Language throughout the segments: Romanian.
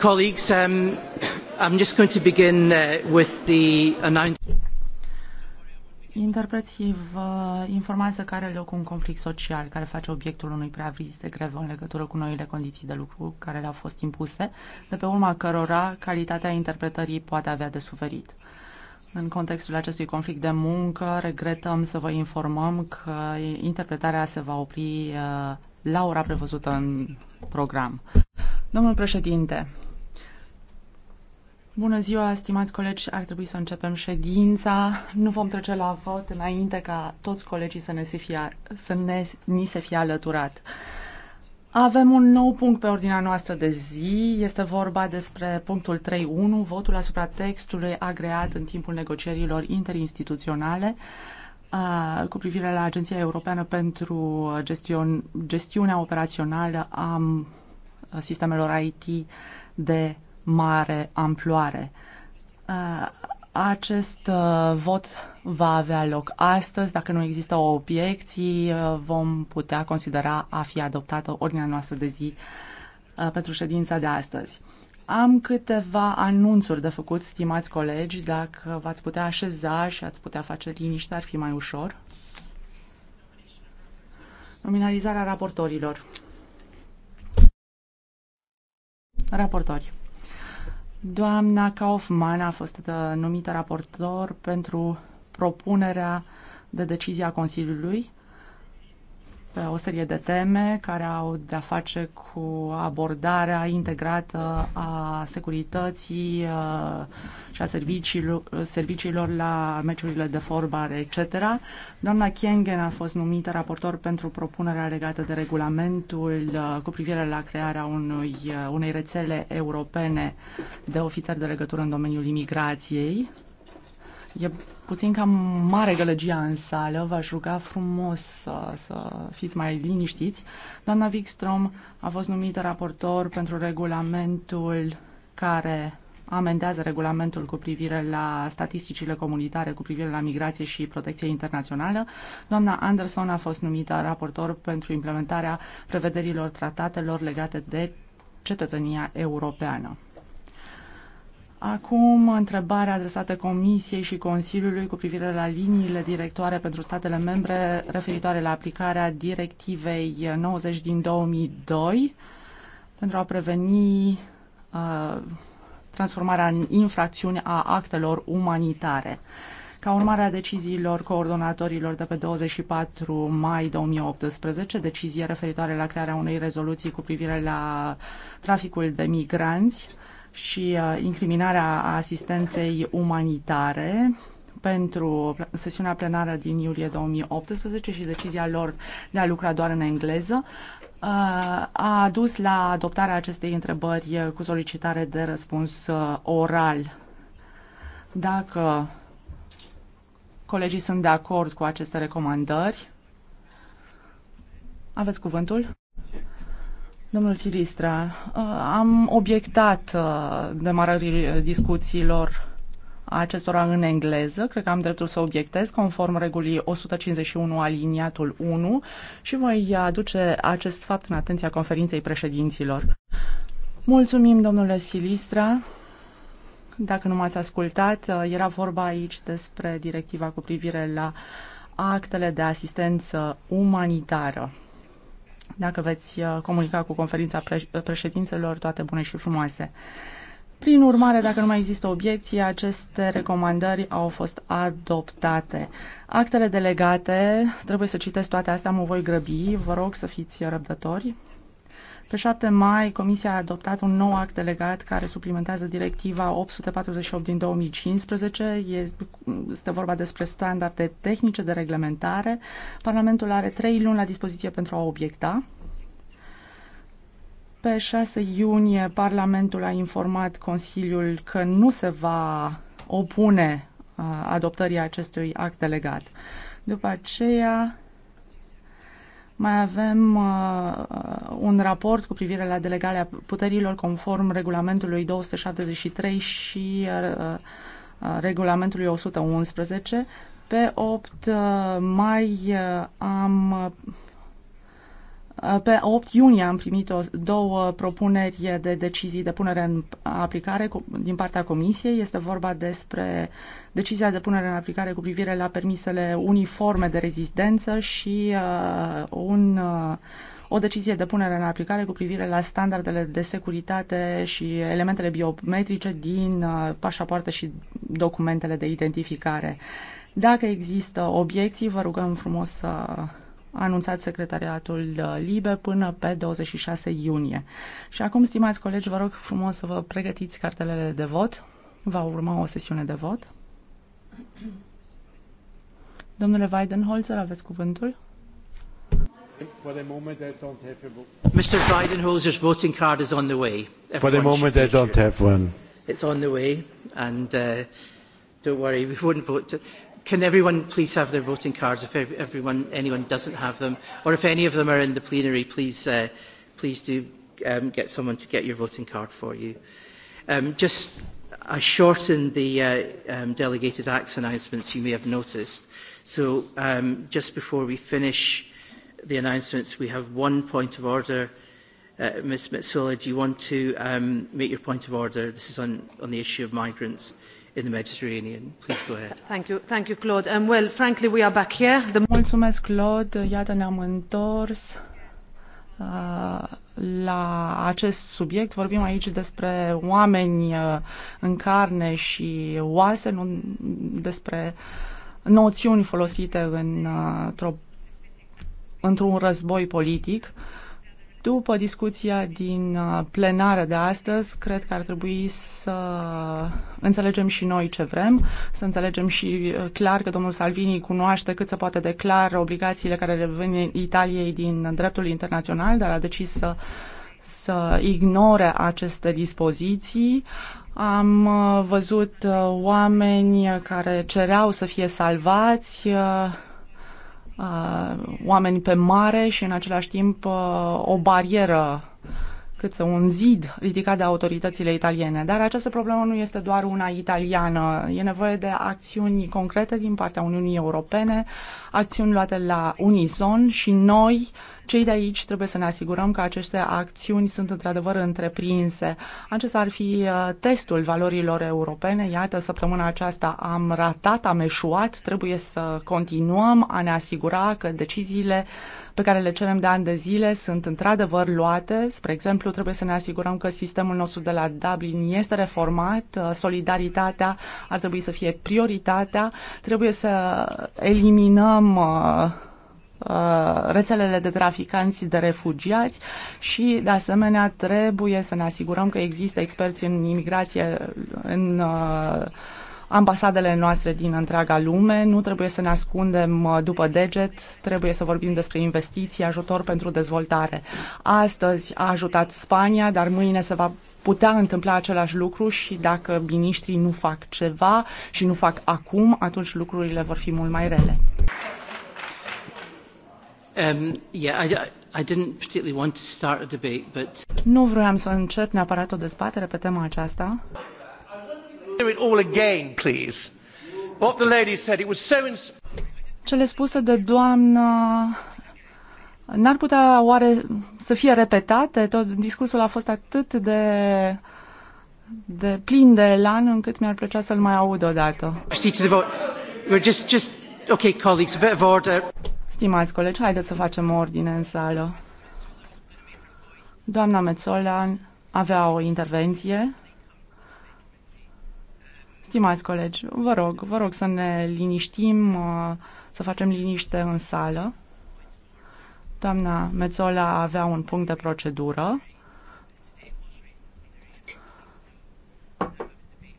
Colleagues, um, I'm just going to begin uh, with the announcement. Interpreții vă uh, informează că are loc un conflict social care face obiectul unui preaviz de grevă în legătură cu noile condiții de lucru care le-au fost impuse, de pe urma cărora calitatea interpretării poate avea de suferit. În contextul acestui conflict de muncă, regretăm să vă informăm că interpretarea se va opri uh, la ora prevăzută în program. Domnul președinte, Bună ziua, stimați colegi, ar trebui să începem ședința. Nu vom trece la vot înainte ca toți colegii să ne, se fie, să ne ni se fie alăturat. Avem un nou punct pe ordinea noastră de zi. Este vorba despre punctul 3.1, votul asupra textului agreat în timpul negocierilor interinstituționale cu privire la Agenția Europeană pentru gestion, gestiunea operațională a sistemelor IT de mare amploare. Uh, acest uh, vot va avea loc astăzi. Dacă nu există obiecții, uh, vom putea considera a fi adoptată ordinea noastră de zi pentru ședința de astăzi. Am câteva anunțuri de făcut, stimați colegi. Dacă v-ați putea așeza și ați putea face liniște, ar fi mai ușor. Nominalizarea raportorilor. Raportori. Doamna Kaufmann a fost uh, numită raportor pentru propunerea de decizie a Consiliului o serie de teme care au de-a face cu abordarea integrată a securității uh, și a serviciilor, serviciilor la meciurile de forbare, etc. Doamna Kiengen a fost numită raportor pentru propunerea legată de regulamentul uh, cu privire la crearea unui, uh, unei rețele europene de ofițeri de legătură în domeniul imigrației. E puțin cam mare gălăgia în sală, v-aș ruga frumos să, să fiți mai liniștiți. Doamna Wikstrom a fost numită raportor pentru regulamentul care amendează regulamentul cu privire la statisticile comunitare cu privire la migrație și protecție internațională. Doamna Anderson a fost numită raportor pentru implementarea prevederilor tratatelor legate de cetățenia europeană. Acum, întrebarea adresată Comisiei și Consiliului cu privire la liniile directoare pentru statele membre referitoare la aplicarea directivei 90 din 2002 pentru a preveni uh, transformarea în infracțiuni a actelor umanitare. Ca urmare a deciziilor coordonatorilor de pe 24 mai 2018, decizie referitoare la crearea unei rezoluții cu privire la traficul de migranți, și uh, incriminarea asistenței umanitare pentru sesiunea plenară din iulie 2018 și decizia lor de a lucra doar în engleză uh, a adus la adoptarea acestei întrebări cu solicitare de răspuns uh, oral. Dacă colegii sunt de acord cu aceste recomandări, aveți cuvântul? Domnul Silistra, uh, am obiectat uh, demarării uh, discuțiilor acestora în engleză. Cred că am dreptul să obiectez conform regulii 151 aliniatul 1 și voi aduce acest fapt în atenția conferinței președinților. Mulțumim, domnule Silistra. Dacă nu m-ați ascultat, era vorba aici despre directiva cu privire la actele de asistență umanitară dacă veți uh, comunica cu conferința președințelor toate bune și frumoase. Prin urmare, dacă nu mai există obiecții, aceste recomandări au fost adoptate. Actele delegate, trebuie să citesc toate astea, mă voi grăbi, vă rog să fiți răbdători. Pe 7 mai, Comisia a adoptat un nou act delegat care suplimentează directiva 848 din 2015. Este vorba despre standarde tehnice de reglementare. Parlamentul are trei luni la dispoziție pentru a obiecta. Pe 6 iunie, Parlamentul a informat Consiliul că nu se va opune adoptării acestui act delegat. După aceea, mai avem uh, un raport cu privire la delegarea puterilor conform regulamentului 273 și uh, uh regulamentului 111. Pe 8 uh, mai uh, am Uh, pe 8 iunie am primit o, două propuneri de decizii de punere în aplicare din partea Comisiei. Este vorba despre decizia de punere în aplicare cu privire la permisele uniforme de rezistență și uh, un, uh, o decizie de punere în aplicare cu privire la standardele de securitate și elementele biometrice din uh, pașapoarte și documentele de identificare. Dacă există obiecții, vă rugăm frumos să. Uh, a anunțat secretariatul uh, LIBE până pe 26 iunie. Și acum, stimați colegi, vă rog frumos să vă pregătiți cartelele de vot. Va urma o sesiune de vot. Domnule Weidenholzer, aveți cuvântul? Mr. Weidenholzer's voting card is on the way. Everyone For the moment I don't have one. It's on the way and uh, don't worry, we won't vote. To... Can everyone please have their voting cards if everyone, anyone doesn't have them? Or if any of them are in the plenary, please, uh, please do um, get someone to get your voting card for you. Um, just, I shortened the uh, um, delegated acts announcements you may have noticed. So um, just before we finish the announcements, we have one point of order. Uh, Ms Metsola, do you want to um, make your point of order? This is on, on the issue of migrants in the Mediterranean. Please go ahead. Thank you, thank you, Claude. Um, well, frankly, we are back here. The... Mulțumesc, Claude. Iată, ne-am întors uh, la acest subiect. Vorbim aici despre oameni uh, în carne și oase, nu despre noțiuni folosite în, uh, într-un război politic. Uh, după discuția din uh, plenară de astăzi, cred că ar trebui să înțelegem și noi ce vrem, să înțelegem și uh, clar că domnul Salvini cunoaște cât se poate de clar obligațiile care revin Italiei din dreptul internațional, dar a decis să, să ignore aceste dispoziții. Am uh, văzut oameni care cereau să fie salvați, Uh, oameni pe mare și în același timp uh, o barieră cât să un zid ridicat de autoritățile italiene. Dar această problemă nu este doar una italiană. E nevoie de acțiuni concrete din partea Uniunii Europene, acțiuni luate la unison și noi, cei de aici, trebuie să ne asigurăm că aceste acțiuni sunt într-adevăr întreprinse. Acesta ar fi uh, testul valorilor europene. Iată, săptămâna aceasta am ratat, am eșuat. Trebuie să continuăm a ne asigura că deciziile pe care le cerem de ani de zile sunt într-adevăr luate. Spre exemplu, trebuie să ne asigurăm că sistemul nostru de la Dublin este reformat, uh, solidaritatea ar trebui să fie prioritatea, trebuie să eliminăm uh, uh, rețelele de traficanți de refugiați și, de asemenea, trebuie să ne asigurăm că există experți în imigrație, în ambasadele noastre din întreaga lume. Nu trebuie să ne ascundem uh, după deget, trebuie să vorbim despre investiții, ajutor pentru dezvoltare. Astăzi a ajutat Spania, dar mâine se va putea întâmpla același lucru și dacă miniștrii nu fac ceva și nu fac acum, atunci lucrurile vor fi mult mai rele. Um, yeah, I, I didn't particularly want to start a debate, but... Nu vroiam să încep neapărat o dezbatere pe tema aceasta it all again, please. What the lady said, it was so Cele spuse de doamnă n-ar putea oare să fie repetate? Tot discursul a fost atât de de plin de elan încât mi-ar plăcea să-l mai aud odată. Just, just, okay, colleagues, a bit of order. Stimați colegi, haideți să facem ordine în sală. Doamna Mețolan avea o intervenție. Stimați colegi, vă rog, vă rog să ne liniștim, uh, să facem liniște în sală. Doamna Mețola avea un punct de procedură.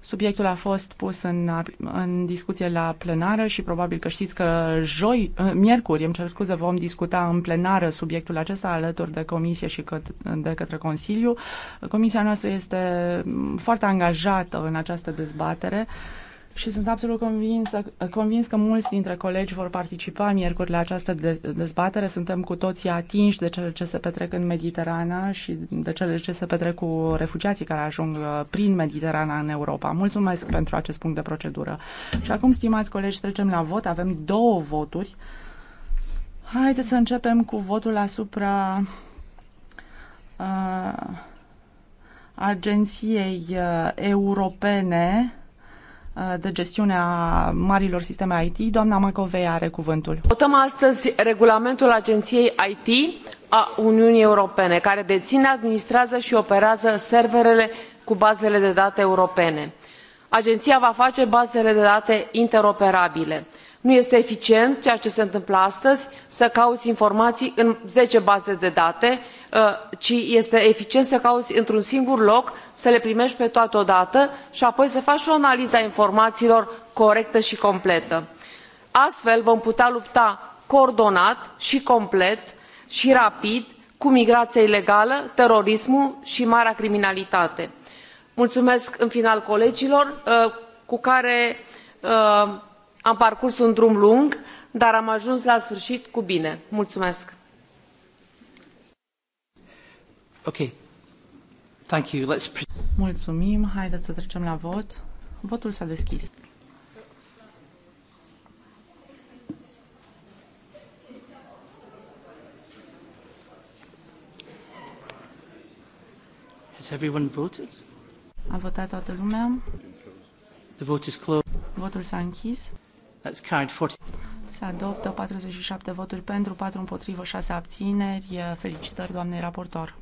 Subiectul a fost pus în, în discuție la plenară și probabil că știți că joi, miercuri, îmi cer scuze, vom discuta în plenară subiectul acesta alături de Comisie și de către Consiliu. Comisia noastră este foarte angajată în această dezbatere. Uh, și sunt absolut convins, convins că mulți dintre colegi vor participa miercuri la această dezbatere. Suntem cu toții atinși de cele ce se petrec în Mediterana și de cele ce se petrec cu refugiații care ajung uh, prin Mediterana în Europa. Mulțumesc pentru acest punct de procedură. Și acum, stimați colegi, trecem la vot. Avem două voturi. Haideți să începem cu votul asupra uh, Agenției uh, Europene de gestiune a marilor sisteme IT. Doamna Macovei are cuvântul. Votăm astăzi regulamentul agenției IT a Uniunii Europene, care deține, administrează și operează serverele cu bazele de date europene. Agenția va face bazele de date interoperabile. Nu este eficient ceea ce se întâmplă astăzi să cauți informații în zece baze de date Uh, ci este eficient să cauți într un singur loc să le primești pe toate odată și apoi să faci o analiză a informațiilor corectă și completă. astfel vom putea lupta coordonat și complet și rapid cu migrația ilegală terorismul și marea criminalitate. mulțumesc în final colegilor uh, cu care uh, am parcurs un drum lung dar am ajuns la sfârșit cu bine. mulțumesc! Ok. Thank you. Let's... Mulțumim. Haideți să trecem la vot. Votul s-a deschis. Has everyone voted? A votat toată lumea. The vote is closed. Votul s-a închis. That's carried 40. Se adoptă 47 voturi pentru, 4 împotrivă, 6 abțineri. Felicitări, doamnei raportor.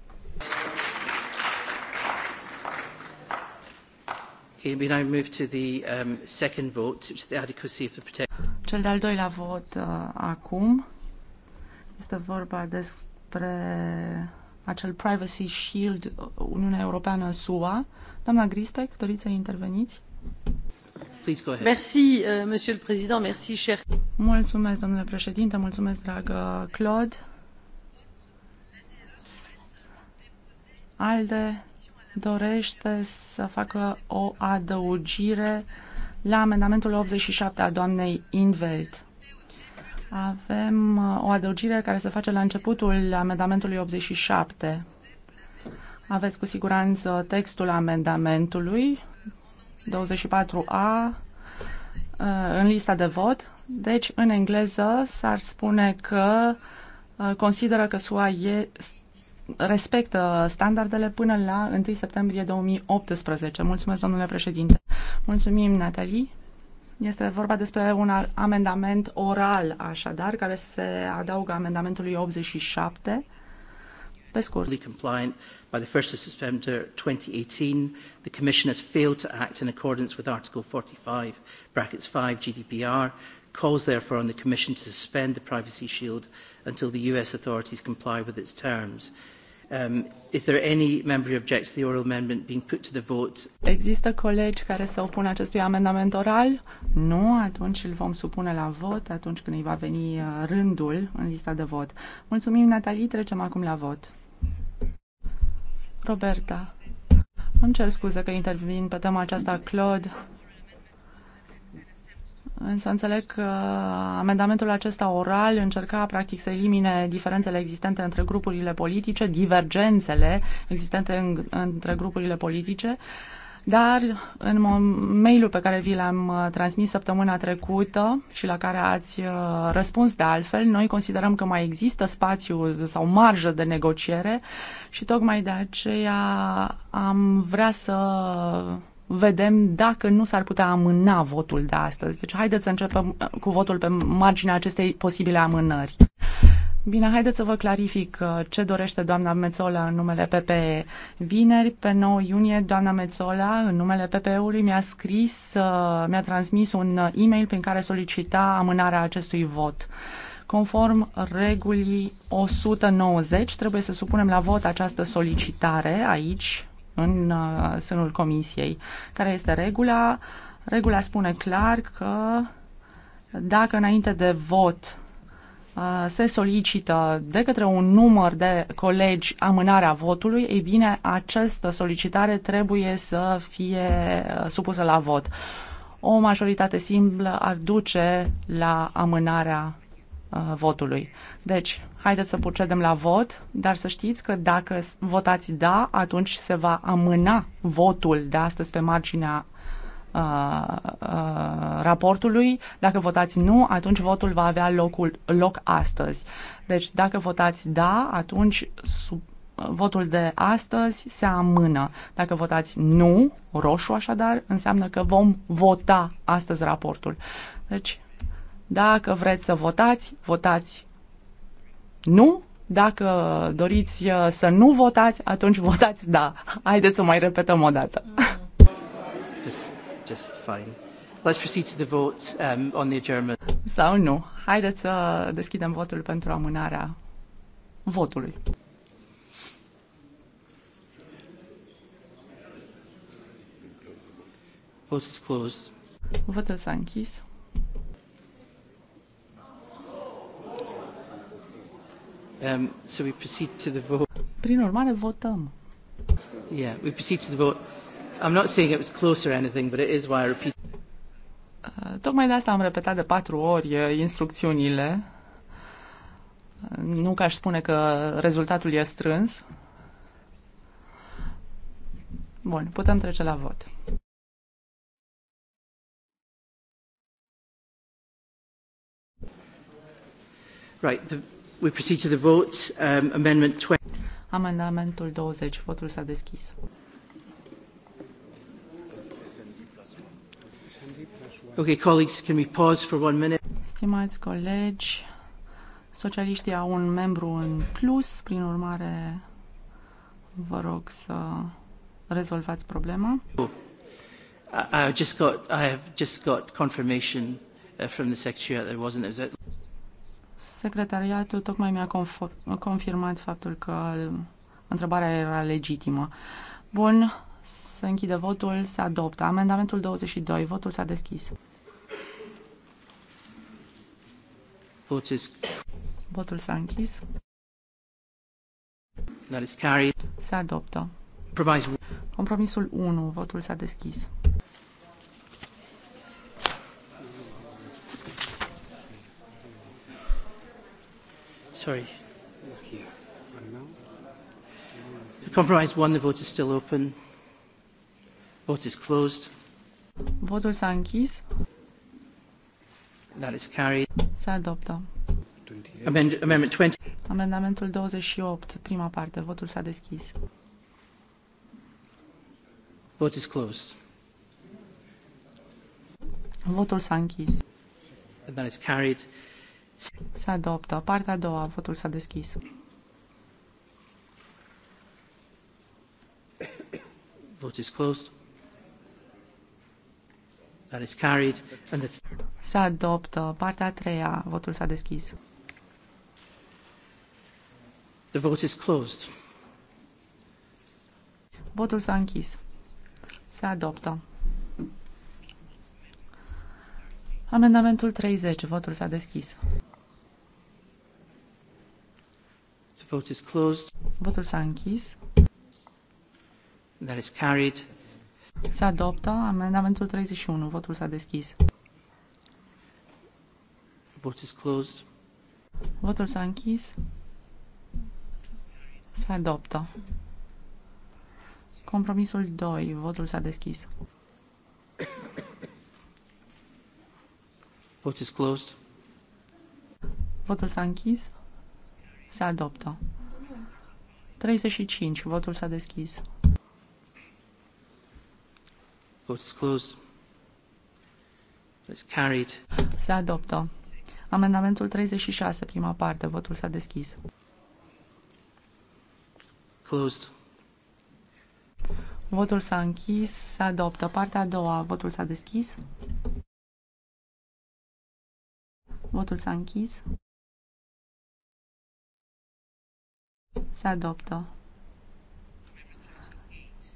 We now move to the um, second vote, which is the adequacy of the protection. Cel de-al doilea vot uh, acum este vorba despre acel Privacy Shield uh, Uniunea Europeană SUA. Doamna Grispec, doriți să interveniți? Please go ahead. Merci, uh, Monsieur le Président, merci, cher. Mulțumesc, domnule președinte, mulțumesc, dragă Claude. ALDE dorește să facă o adăugire la amendamentul 87 a doamnei Invelt. Avem uh, o adăugire care se face la începutul amendamentului 87. Aveți cu siguranță textul amendamentului 24A uh, în lista de vot. Deci, în engleză s-ar spune că uh, consideră că SUA este respectă standardele până la 1 septembrie 2018. Mulțumesc, domnule președinte. Mulțumim, Natalie. Este vorba despre un amendament oral, așadar, care se adaugă amendamentului 87. Pe scurt. compliant by the 1st of September 2018, the Commission has failed to act in accordance with Article 45, brackets 5 GDPR, calls therefore on the Commission to suspend the Privacy Shield until the US authorities comply with its terms. Um, is there any member who objects to the oral amendment being put to the vote? Există colegi care se opun acestui amendament oral? Nu, atunci îl vom supune la vot atunci când îi va veni uh, rândul în lista de vot. Mulțumim, Natalie, trecem acum la vot. Roberta, îmi cer scuze că intervin pe tema aceasta, Claude. Însă înțeleg că amendamentul acesta oral încerca practic să elimine diferențele existente între grupurile politice, divergențele existente în, între grupurile politice, dar în mailul pe care vi l-am uh, transmis săptămâna trecută și la care ați uh, răspuns de altfel, noi considerăm că mai există spațiu sau marjă de negociere și tocmai de aceea am vrea să vedem dacă nu s-ar putea amâna votul de astăzi. Deci haideți să începem uh, cu votul pe marginea acestei posibile amânări. Bine, haideți să vă clarific uh, ce dorește doamna Mețola în numele PPE. Vineri, pe 9 iunie, doamna Mețola, în numele PPE-ului, mi-a scris, uh, mi-a transmis un e-mail prin care solicita amânarea acestui vot. Conform regulii 190, trebuie să supunem la vot această solicitare aici, în uh, sânul comisiei. Care este regula? Regula spune clar că dacă înainte de vot uh, se solicită de către un număr de colegi amânarea votului, ei bine, această solicitare trebuie să fie uh, supusă la vot. O majoritate simplă ar duce la amânarea votului. Deci, Haideți să procedem la vot, dar să știți că dacă votați da, atunci se va amâna votul de astăzi pe marginea uh, uh, raportului. Dacă votați nu, atunci votul va avea locul, loc astăzi. Deci dacă votați da, atunci sub, votul de astăzi se amână. Dacă votați nu, roșu așadar, înseamnă că vom vota astăzi raportul. Deci, dacă vreți să votați, votați nu, dacă doriți uh, să nu votați, atunci votați da. Haideți să mai repetăm o dată. Mm. Just, just fine. Let's proceed to the vote um, on the adjournment. Sau nu. Haideți să deschidem votul pentru amânarea votului. Vote is closed. Votul s-a închis. Um, so we proceed to the vote. Prin urmare, votăm. Yeah, we proceed to the vote. I'm not saying it was close or anything, but it is why I repeat. Uh, tocmai de asta am repetat de patru ori uh, instrucțiunile. Uh, nu că aș spune că rezultatul e strâns. Bun, putem trece la vot. Right, the We proceed to the vote. Um, amendment 20. Amendamentul 20. Votul s-a deschis. Okay, colleagues, can we pause for one minute? Stimați colegi, socialiștii au un membru în plus, prin urmare vă rog să rezolvați problema. I, I just got I have just got confirmation uh, from the secretary that there wasn't. It was at Secretariatul tocmai mi-a confirmat faptul că întrebarea era legitimă. Bun, se închide votul, se adoptă. Amendamentul 22, votul s-a deschis. Votul s-a închis. Se adoptă. Compromisul 1, votul s-a deschis. Sorry. Compromise 1, the vote is still open. Vote is closed. Votul s-a închis. That is carried. Se adoptă. Amend amendment 20. Amendamentul 28, prima parte. Votul s-a deschis. Vote is closed. Votul s-a închis. And that is carried se adoptă. Partea a doua, votul s-a deschis. Vote is closed. That is carried. And the... Se adoptă. Partea a treia, votul s-a deschis. The vote is closed. Votul s-a închis. Se adoptă. Amendamentul 30. Votul s-a deschis. Vote is closed. Votul s-a închis. That is carried. Se adoptă amendamentul 31. Votul s-a deschis. Vote is closed. Votul s-a închis. Se adoptă. Compromisul 2. Votul s-a deschis. Vote is closed. Votul s-a închis. Se adoptă. 35. Votul s-a deschis. Vote's closed. It's carried. Se adoptă. Amendamentul 36, prima parte. Votul s-a deschis. Closed. Votul s-a închis. Se adoptă. Partea a doua. Votul s-a deschis. Votul s-a închis. Se adoptă.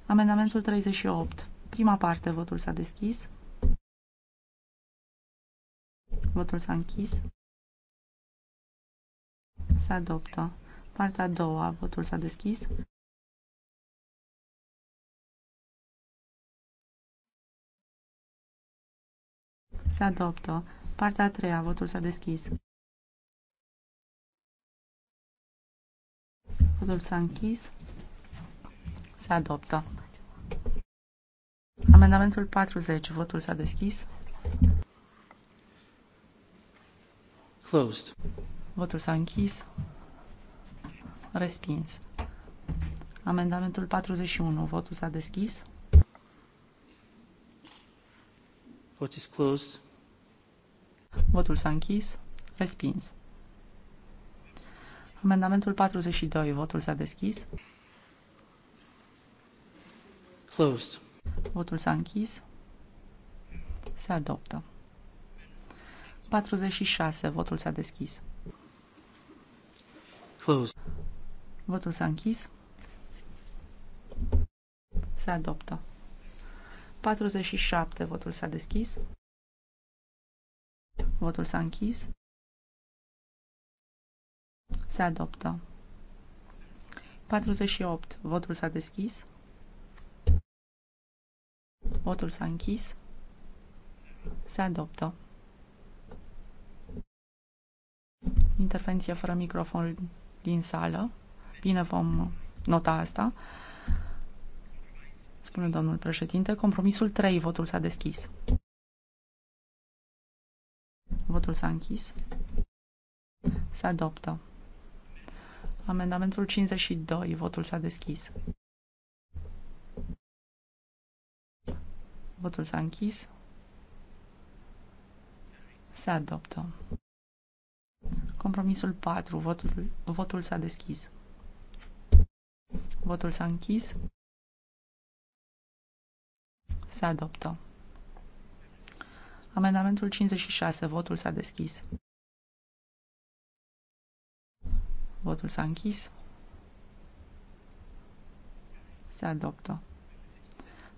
Amendamentul 38. Prima parte, votul s-a deschis. Votul s-a închis. Se adoptă. Partea a doua, votul s-a deschis. Se adoptă. Partea a treia, votul s-a deschis. Votul s-a închis. Se adoptă. Amendamentul 40. Votul s-a deschis. Closed. Votul s-a închis. Respins. Amendamentul 41. Votul s-a deschis. Vote is closed. Votul s-a închis. Respins. Amendamentul 42. Votul s-a deschis. Closed. Votul s-a închis. Se adoptă. 46. Votul s-a deschis. Closed. Votul s-a închis. Se adoptă. 47. Votul s-a deschis. Votul s-a închis. Se adoptă. 48. Votul s-a deschis. Votul s-a închis. Se adoptă. Intervenție fără microfon din sală. Bine vom nota asta. Spune domnul președinte. Compromisul 3. Votul s-a deschis. Votul s-a închis. Se adoptă. Amendamentul 52. Votul s-a deschis. Votul s-a închis. Se adoptă. Compromisul 4. Votul, votul s-a deschis. Votul s-a închis. Se adoptă. Amendamentul 56. Votul s-a deschis. Votul s-a închis. Se adoptă.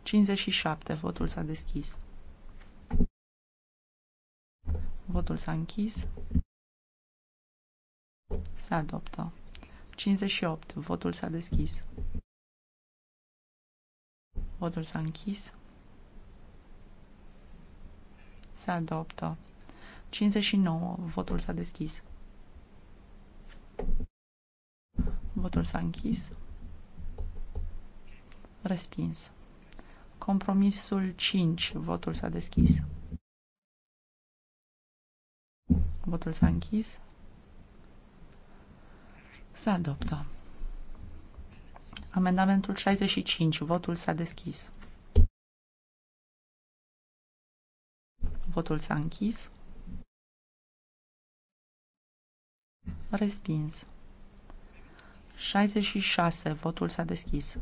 57. Votul s-a deschis. Votul s-a închis. Se adoptă. 58. Votul s-a deschis. Votul s-a închis. Se adoptă. 59. Votul s-a deschis. Votul s-a închis. Respins. Compromisul 5. Votul s-a deschis. Votul s-a închis. Se adoptă. Amendamentul 65. Votul s-a deschis. Votul s-a închis. Respins. 66. Votul s-a deschis.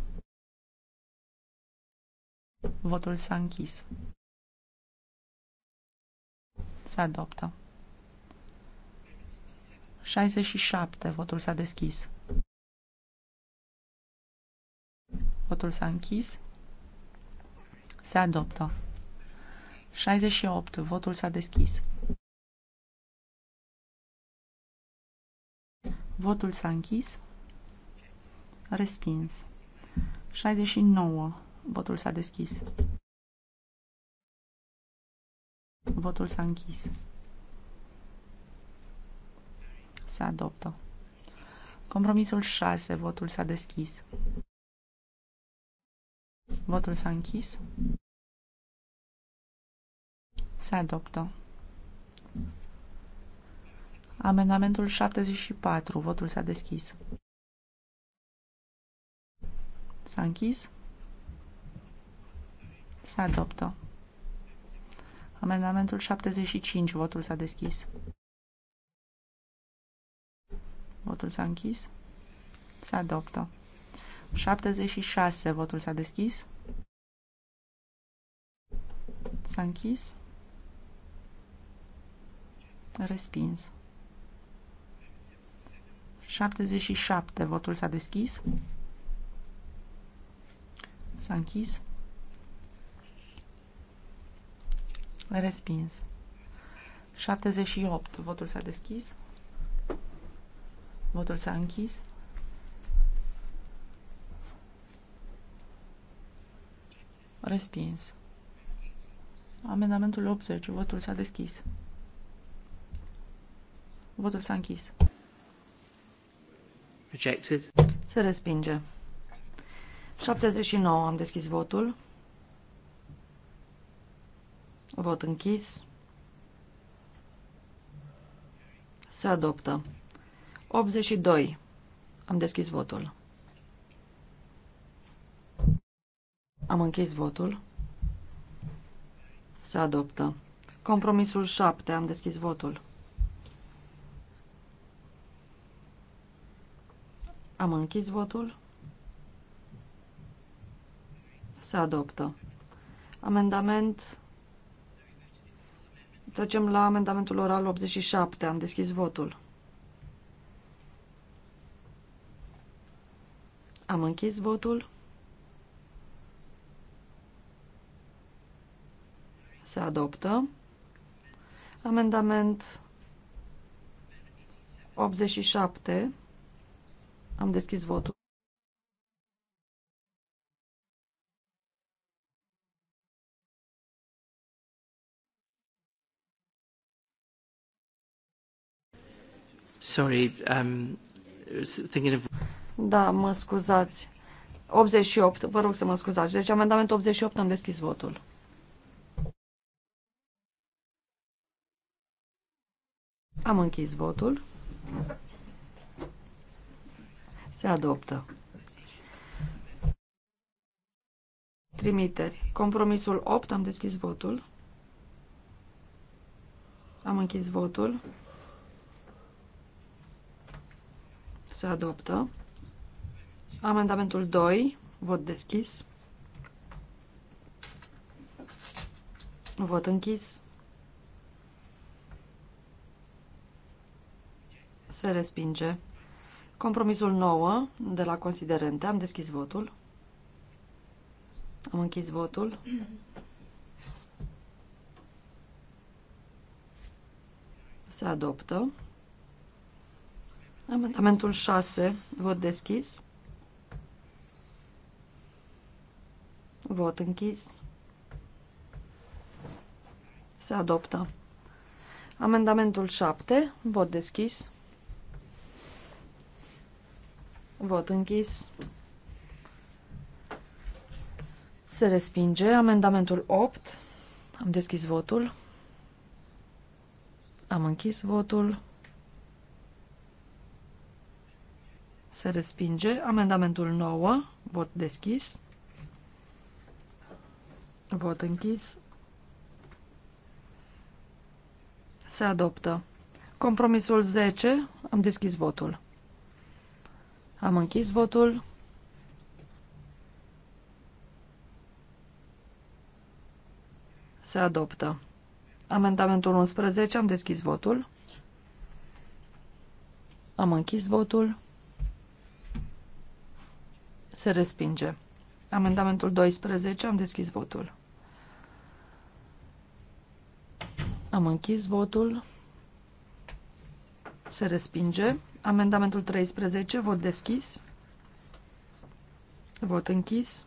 Votul s-a închis. Se adoptă. 67. Votul s-a deschis. Votul s-a închis. Se adoptă. 68. Votul s-a deschis. Votul s-a închis. Respins. 69. Votul s-a deschis. Votul s-a închis. Se adoptă. Compromisul 6. Votul s-a deschis. Votul s-a închis. Se adoptă. Amendamentul 74. Votul s-a deschis. S-a închis. Se adoptă. Amendamentul 75. Votul s-a deschis. Votul s-a închis. Se adoptă. 76. Votul s-a deschis. S-a închis. Respins. 77. Votul s-a deschis. S-a închis. Respins. 78. Votul s-a deschis. Votul s-a închis. Respins. Amendamentul 80. Votul s-a deschis. Votul s-a închis. Rejected. Se respinge. 79. Am deschis votul. Vot închis. Se adoptă. 82. Am deschis votul. Am închis votul. Se adoptă. Compromisul 7. Am deschis votul. Am închis votul. Se adoptă. Amendament. Trecem la amendamentul oral 87. Am deschis votul. Am închis votul. Se adoptă. Amendament 87. Am deschis votul. Sorry, um, thinking of... Da, mă scuzați. 88, vă rog să mă scuzați. Deci amendamentul 88 am deschis votul. Am închis votul. Se adoptă. Trimiteri. Compromisul 8, am deschis votul. Am închis votul. Se adoptă. Amendamentul 2. Vot deschis. Vot închis. Se respinge. Compromisul 9 de la considerente. Am deschis votul. Am închis votul. Se adoptă. Amendamentul 6, vot deschis. Vot închis. Se adoptă. Amendamentul 7, vot deschis. Vot închis. Se respinge. Amendamentul 8. Am deschis votul. Am închis votul. Se respinge. Amendamentul 9. Vot deschis. Vot închis. Se adoptă. Compromisul 10. Am deschis votul. Am închis votul. Se adoptă. Amendamentul 11. Am deschis votul. Am închis votul. Se respinge. Amendamentul 12. Am deschis votul. Am închis votul. Se respinge. Amendamentul 13. Vot deschis. Vot închis.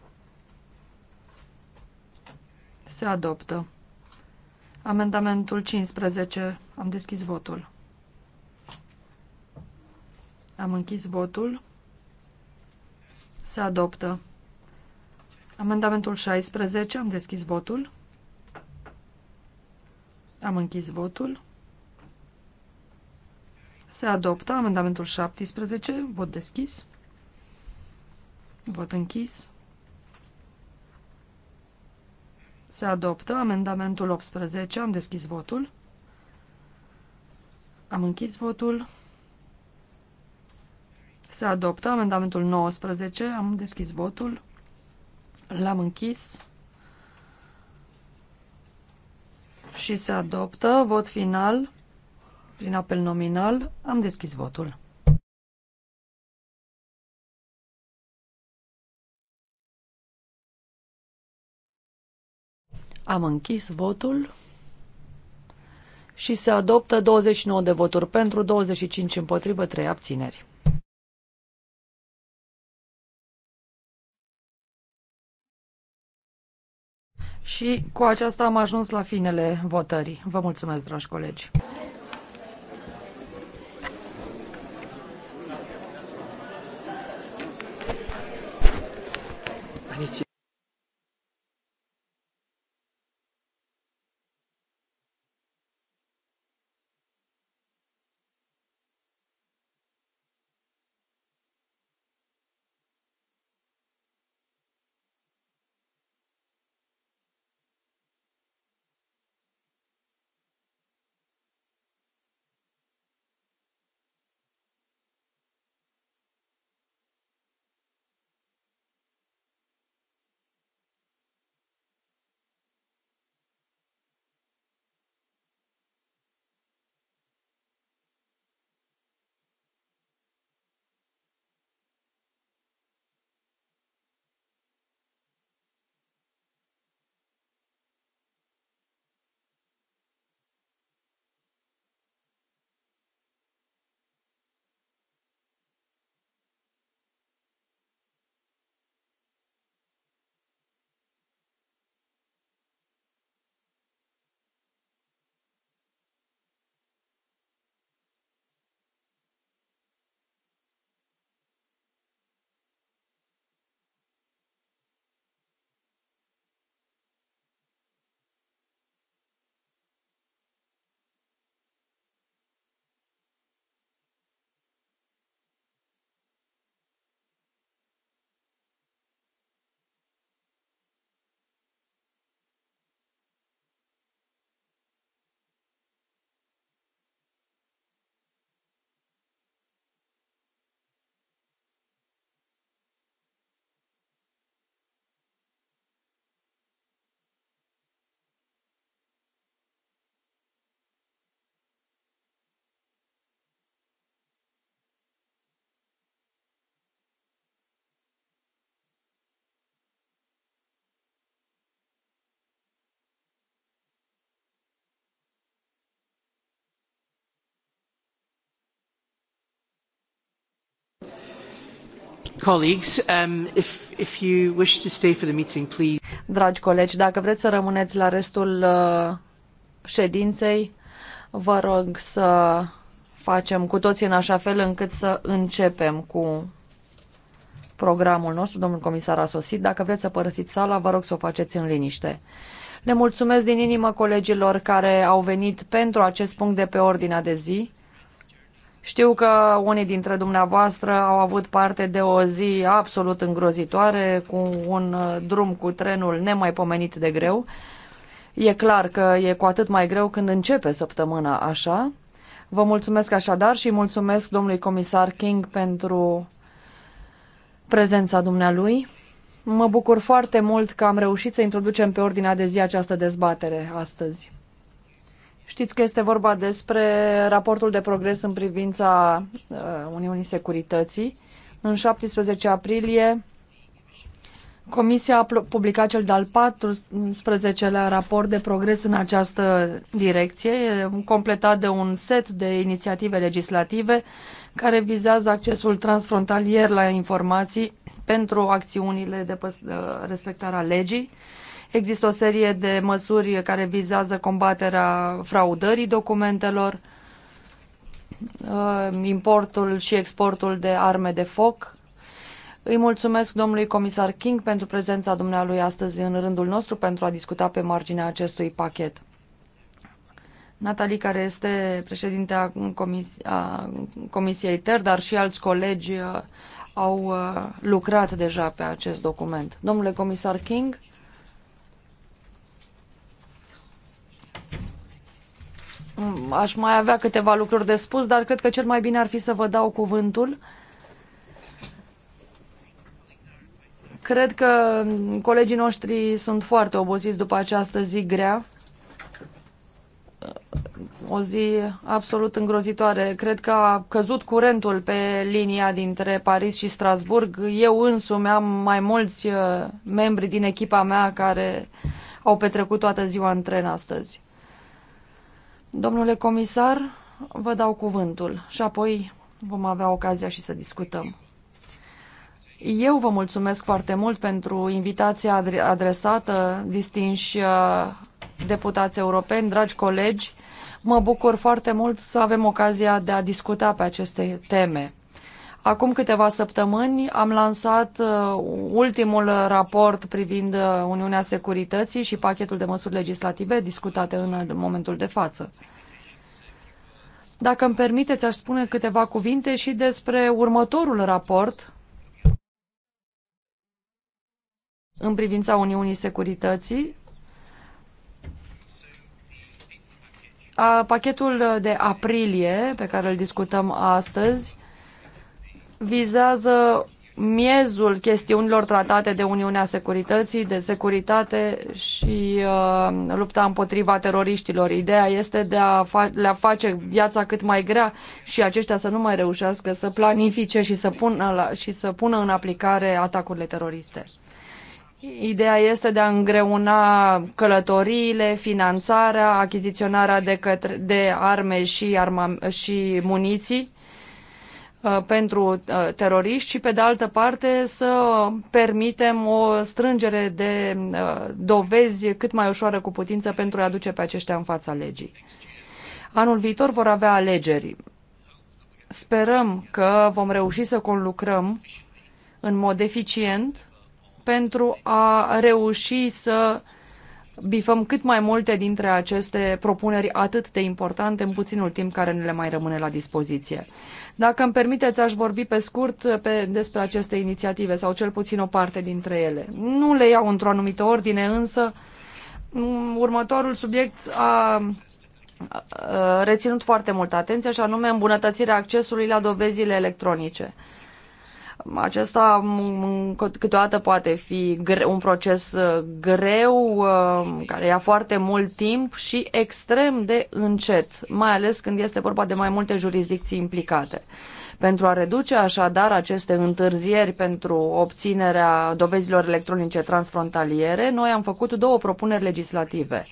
Se adoptă. Amendamentul 15. Am deschis votul. Am închis votul. Se adoptă. Amendamentul 16. Am deschis votul. Am închis votul. Se adoptă amendamentul 17. Vot deschis. Vot închis. Se adoptă amendamentul 18. Am deschis votul. Am închis votul. Se adoptă amendamentul 19. Am deschis votul. L-am închis. Și se adoptă vot final prin apel nominal. Am deschis votul. Am închis votul și se adoptă 29 de voturi pentru, 25 împotrivă, 3 abțineri. Și cu aceasta am ajuns la finele votării. Vă mulțumesc, dragi colegi! Colleagues, um, if, if you wish to stay for the meeting, please. Dragi colegi, dacă vreți să rămâneți la restul uh, ședinței, vă rog să facem cu toții în așa fel încât să începem cu programul nostru. Domnul comisar a sosit. Dacă vreți să părăsiți sala, vă rog să o faceți în liniște. Le mulțumesc din inimă colegilor care au venit pentru acest punct de pe ordinea de zi știu că unii dintre dumneavoastră au avut parte de o zi absolut îngrozitoare, cu un uh, drum cu trenul nemaipomenit de greu. E clar că e cu atât mai greu când începe săptămâna așa. Vă mulțumesc așadar și mulțumesc domnului comisar King pentru prezența dumnealui. Mă bucur foarte mult că am reușit să introducem pe ordinea de zi această dezbatere astăzi. Știți că este vorba despre raportul de progres în privința uh, Uniunii Securității. În 17 aprilie, Comisia a publicat cel de-al 14-lea raport de progres în această direcție, completat de un set de inițiative legislative care vizează accesul transfrontalier la informații pentru acțiunile de uh, respectarea legii, Există o serie de măsuri care vizează combaterea fraudării documentelor, uh, importul și exportul de arme de foc. Îi mulțumesc domnului comisar King pentru prezența dumnealui astăzi în rândul nostru pentru a discuta pe marginea acestui pachet. Natalie, care este președintea a Comisiei TER, dar și alți colegi uh, au uh, lucrat deja pe acest document. Domnule comisar King, Mm, aș mai avea câteva lucruri de spus, dar cred că cel mai bine ar fi să vă dau cuvântul. Cred că colegii noștri sunt foarte obosiți după această zi grea. O zi absolut îngrozitoare. Cred că a căzut curentul pe linia dintre Paris și Strasburg. Eu însumi am mai mulți uh, membri din echipa mea care au petrecut toată ziua în tren astăzi. Domnule comisar, vă dau cuvântul și apoi vom avea ocazia și să discutăm. Eu vă mulțumesc foarte mult pentru invitația adresată, distinși uh, deputați europeni, dragi colegi. Mă bucur foarte mult să avem ocazia de a discuta pe aceste teme. Acum câteva săptămâni am lansat uh, ultimul raport privind uh, Uniunea Securității și pachetul de măsuri legislative discutate în momentul de față. Dacă îmi permiteți, aș spune câteva cuvinte și despre următorul raport în privința Uniunii Securității. A, pachetul de aprilie pe care îl discutăm astăzi vizează miezul chestiunilor tratate de Uniunea Securității, de securitate și uh, lupta împotriva teroriștilor. Ideea este de a fa- le -a face viața cât mai grea și aceștia să nu mai reușească să planifice și să pună, la, și să pună în aplicare atacurile teroriste. Ideea este de a îngreuna călătoriile, finanțarea, achiziționarea de, către, de arme și, arma, și muniții Uh, pentru uh, teroriști și, pe de altă parte, să permitem o strângere de uh, dovezi cât mai ușoară cu putință pentru a aduce pe aceștia în fața legii. Anul viitor vor avea alegeri. Sperăm că vom reuși să conlucrăm în mod eficient pentru a reuși să bifăm cât mai multe dintre aceste propuneri atât de importante în puținul timp care ne le mai rămâne la dispoziție. Dacă îmi permiteți, aș vorbi pe scurt pe, despre aceste inițiative, sau cel puțin o parte dintre ele. Nu le iau într-o anumită ordine, însă mm, următorul subiect a reținut foarte mult atenția și anume îmbunătățirea accesului la dovezile electronice. Acesta câteodată poate fi un proces uh, greu, uh, care ia foarte mult timp și extrem de încet, mai ales când este vorba de mai multe jurisdicții implicate. Pentru a reduce așadar aceste întârzieri pentru obținerea dovezilor electronice transfrontaliere, noi am făcut două propuneri legislative,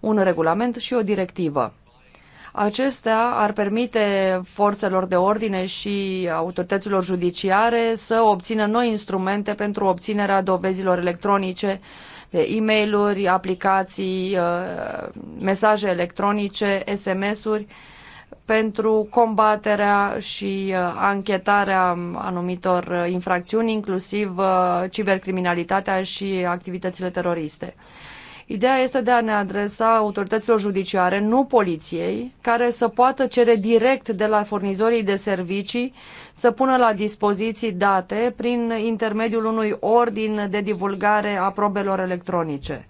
un regulament și o directivă. Acestea ar permite forțelor de ordine și autorităților judiciare să obțină noi instrumente pentru obținerea dovezilor electronice de e mail aplicații, uh, mesaje electronice, SMS-uri pentru combaterea și uh, anchetarea anumitor uh, infracțiuni, inclusiv cibercriminalitatea și activitățile teroriste. Ideea este de a ne adresa autorităților judiciare, nu poliției, care să poată cere direct de la furnizorii de servicii să pună la dispoziții date prin intermediul unui ordin de divulgare a probelor electronice.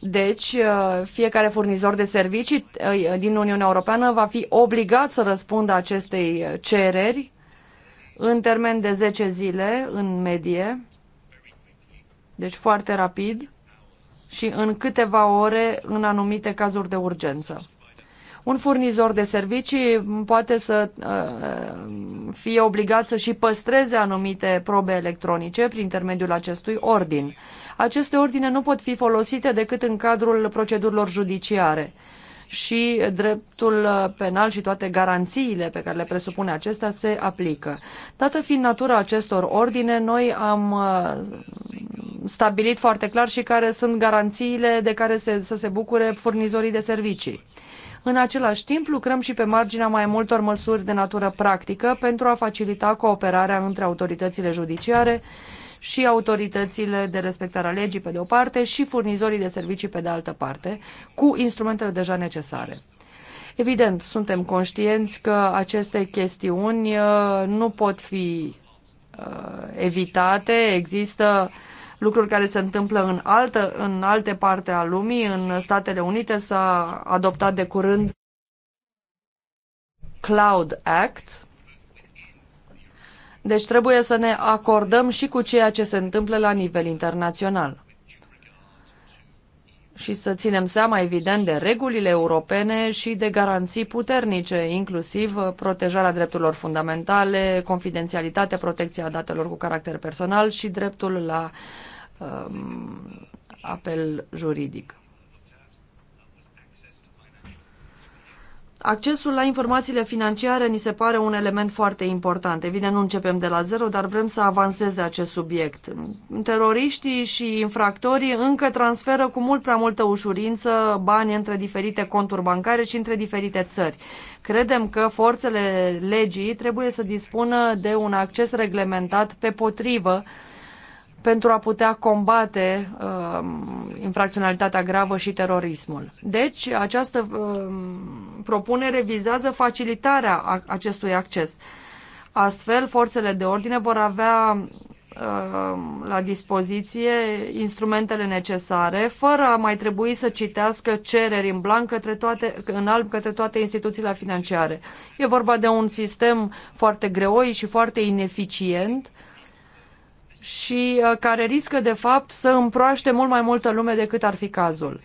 Deci, uh, fiecare furnizor de servicii uh, din Uniunea Europeană va fi obligat să răspundă acestei cereri în termen de 10 zile, în medie, deci foarte rapid, și în câteva ore în anumite cazuri de urgență. Un furnizor de servicii poate să uh, fie obligat să și păstreze anumite probe electronice prin intermediul acestui ordin. Aceste ordine nu pot fi folosite decât în cadrul procedurilor judiciare și dreptul uh, penal și toate garanțiile pe care le presupune acesta se aplică. Dată fiind natura acestor ordine, noi am uh, stabilit foarte clar și care sunt garanțiile de care se, să se bucure furnizorii de servicii. În același timp, lucrăm și pe marginea mai multor măsuri de natură practică pentru a facilita cooperarea între autoritățile judiciare și autoritățile de respectare a legii pe de o parte și furnizorii de servicii pe de altă parte, cu instrumentele deja necesare. Evident, suntem conștienți că aceste chestiuni uh, nu pot fi uh, evitate, există uh, lucruri care se întâmplă în, altă, în alte parte a lumii. În Statele Unite s-a adoptat de curând Cloud Act. Deci trebuie să ne acordăm și cu ceea ce se întâmplă la nivel internațional și să ținem seama, evident, de regulile europene și de garanții puternice, inclusiv protejarea drepturilor fundamentale, confidențialitate, protecția datelor cu caracter personal și dreptul la um, apel juridic. Accesul la informațiile financiare ni se pare un element foarte important. Evident, nu începem de la zero, dar vrem să avanseze acest subiect. Teroriștii și infractorii încă transferă cu mult prea multă ușurință bani între diferite conturi bancare și între diferite țări. Credem că forțele legii trebuie să dispună de un acces reglementat pe potrivă uh, pentru a putea combate uh, infracționalitatea gravă și terorismul. Deci, această uh, propunere vizează facilitarea a, acestui acces. Astfel, forțele de ordine vor avea um, la dispoziție instrumentele necesare, fără a mai trebui să citească cereri în blanc către toate, în alb către toate instituțiile financiare. E vorba de un sistem foarte greoi și foarte ineficient și uh, care riscă, de fapt, să împroaște mult mai multă lume decât ar fi cazul.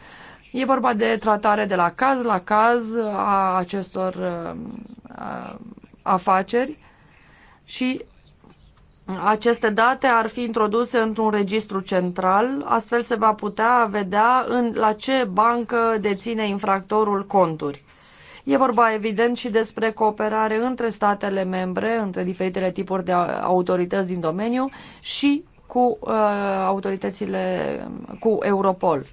E vorba de tratare de la caz la caz uh, a acestor uh, afaceri și aceste date ar fi introduse într-un registru central, astfel se va putea vedea în, la ce bancă deține infractorul conturi. E vorba, evident, și despre cooperare între statele membre, între diferitele tipuri de autorități din domeniu și cu uh, autoritățile, cu Europol.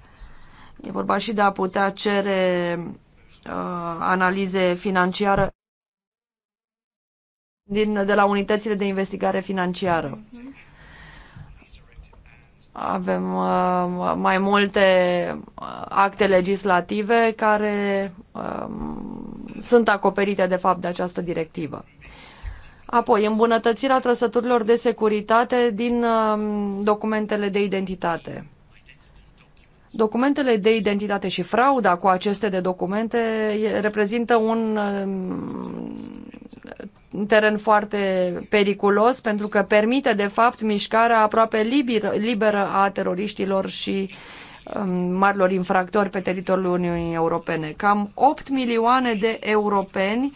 E vorba și de a putea cere uh, analize financiară din, de la unitățile de investigare financiară. Uh-huh avem uh, mai multe uh, acte legislative care um, sunt acoperite de fapt de această directivă. Apoi, îmbunătățirea trăsăturilor de securitate din um, documentele de identitate. Documentele de identitate și frauda cu aceste de documente reprezintă un um, teren foarte periculos pentru că permite de fapt mișcarea aproape liberă a teroriștilor și um, marilor infractori pe teritoriul Uniunii Europene. Cam 8 milioane de europeni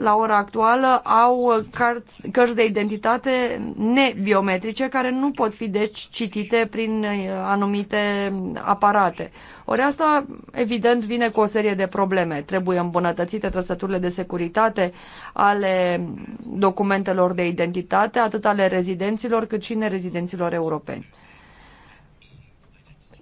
la ora actuală au cărți, cărți de identitate nebiometrice care nu pot fi deci citite prin uh, anumite aparate. Ori asta evident vine cu o serie de probleme. Trebuie îmbunătățite trăsăturile de securitate ale documentelor de identitate, atât ale rezidenților cât și nerezidenților europeni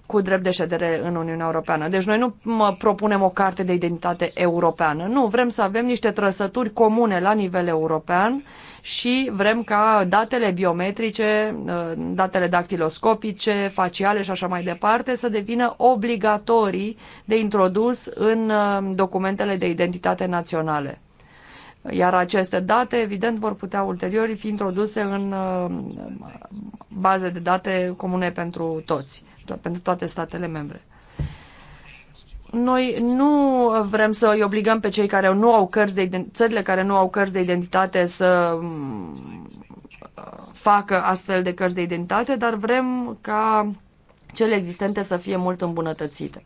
cu drept de ședere în Uniunea Europeană. Deci noi nu propunem o carte de identitate europeană. Nu, vrem să avem niște trăsături comune la nivel european și vrem ca datele biometrice, uh, datele dactiloscopice, faciale și așa mai departe să devină obligatorii de introdus în uh, documentele de identitate naționale. Iar aceste date, evident, vor putea ulterior fi introduse în uh, baze de date comune pentru toți pentru toate statele membre. Noi nu vrem să îi obligăm pe cei care nu au cărți de țările care nu au cărți de identitate să uh, facă astfel de cărți de identitate, dar vrem ca cele existente să fie mult îmbunătățite.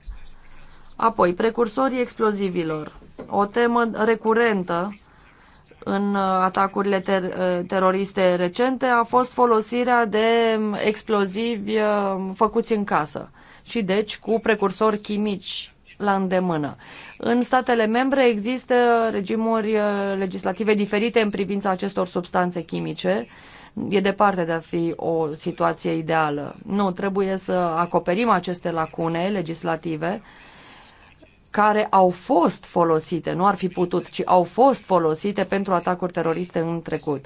Apoi, precursorii explozivilor, o temă recurentă în uh, atacurile ter uh, teroriste recente a fost folosirea de um, explozivi uh, făcuți în casă și deci cu precursori chimici la îndemână. În statele membre există regimuri legislative diferite în privința acestor substanțe chimice. E departe de a fi o situație ideală. Nu, trebuie să acoperim aceste lacune legislative care au fost folosite, nu ar fi putut, ci au fost folosite pentru atacuri teroriste în trecut.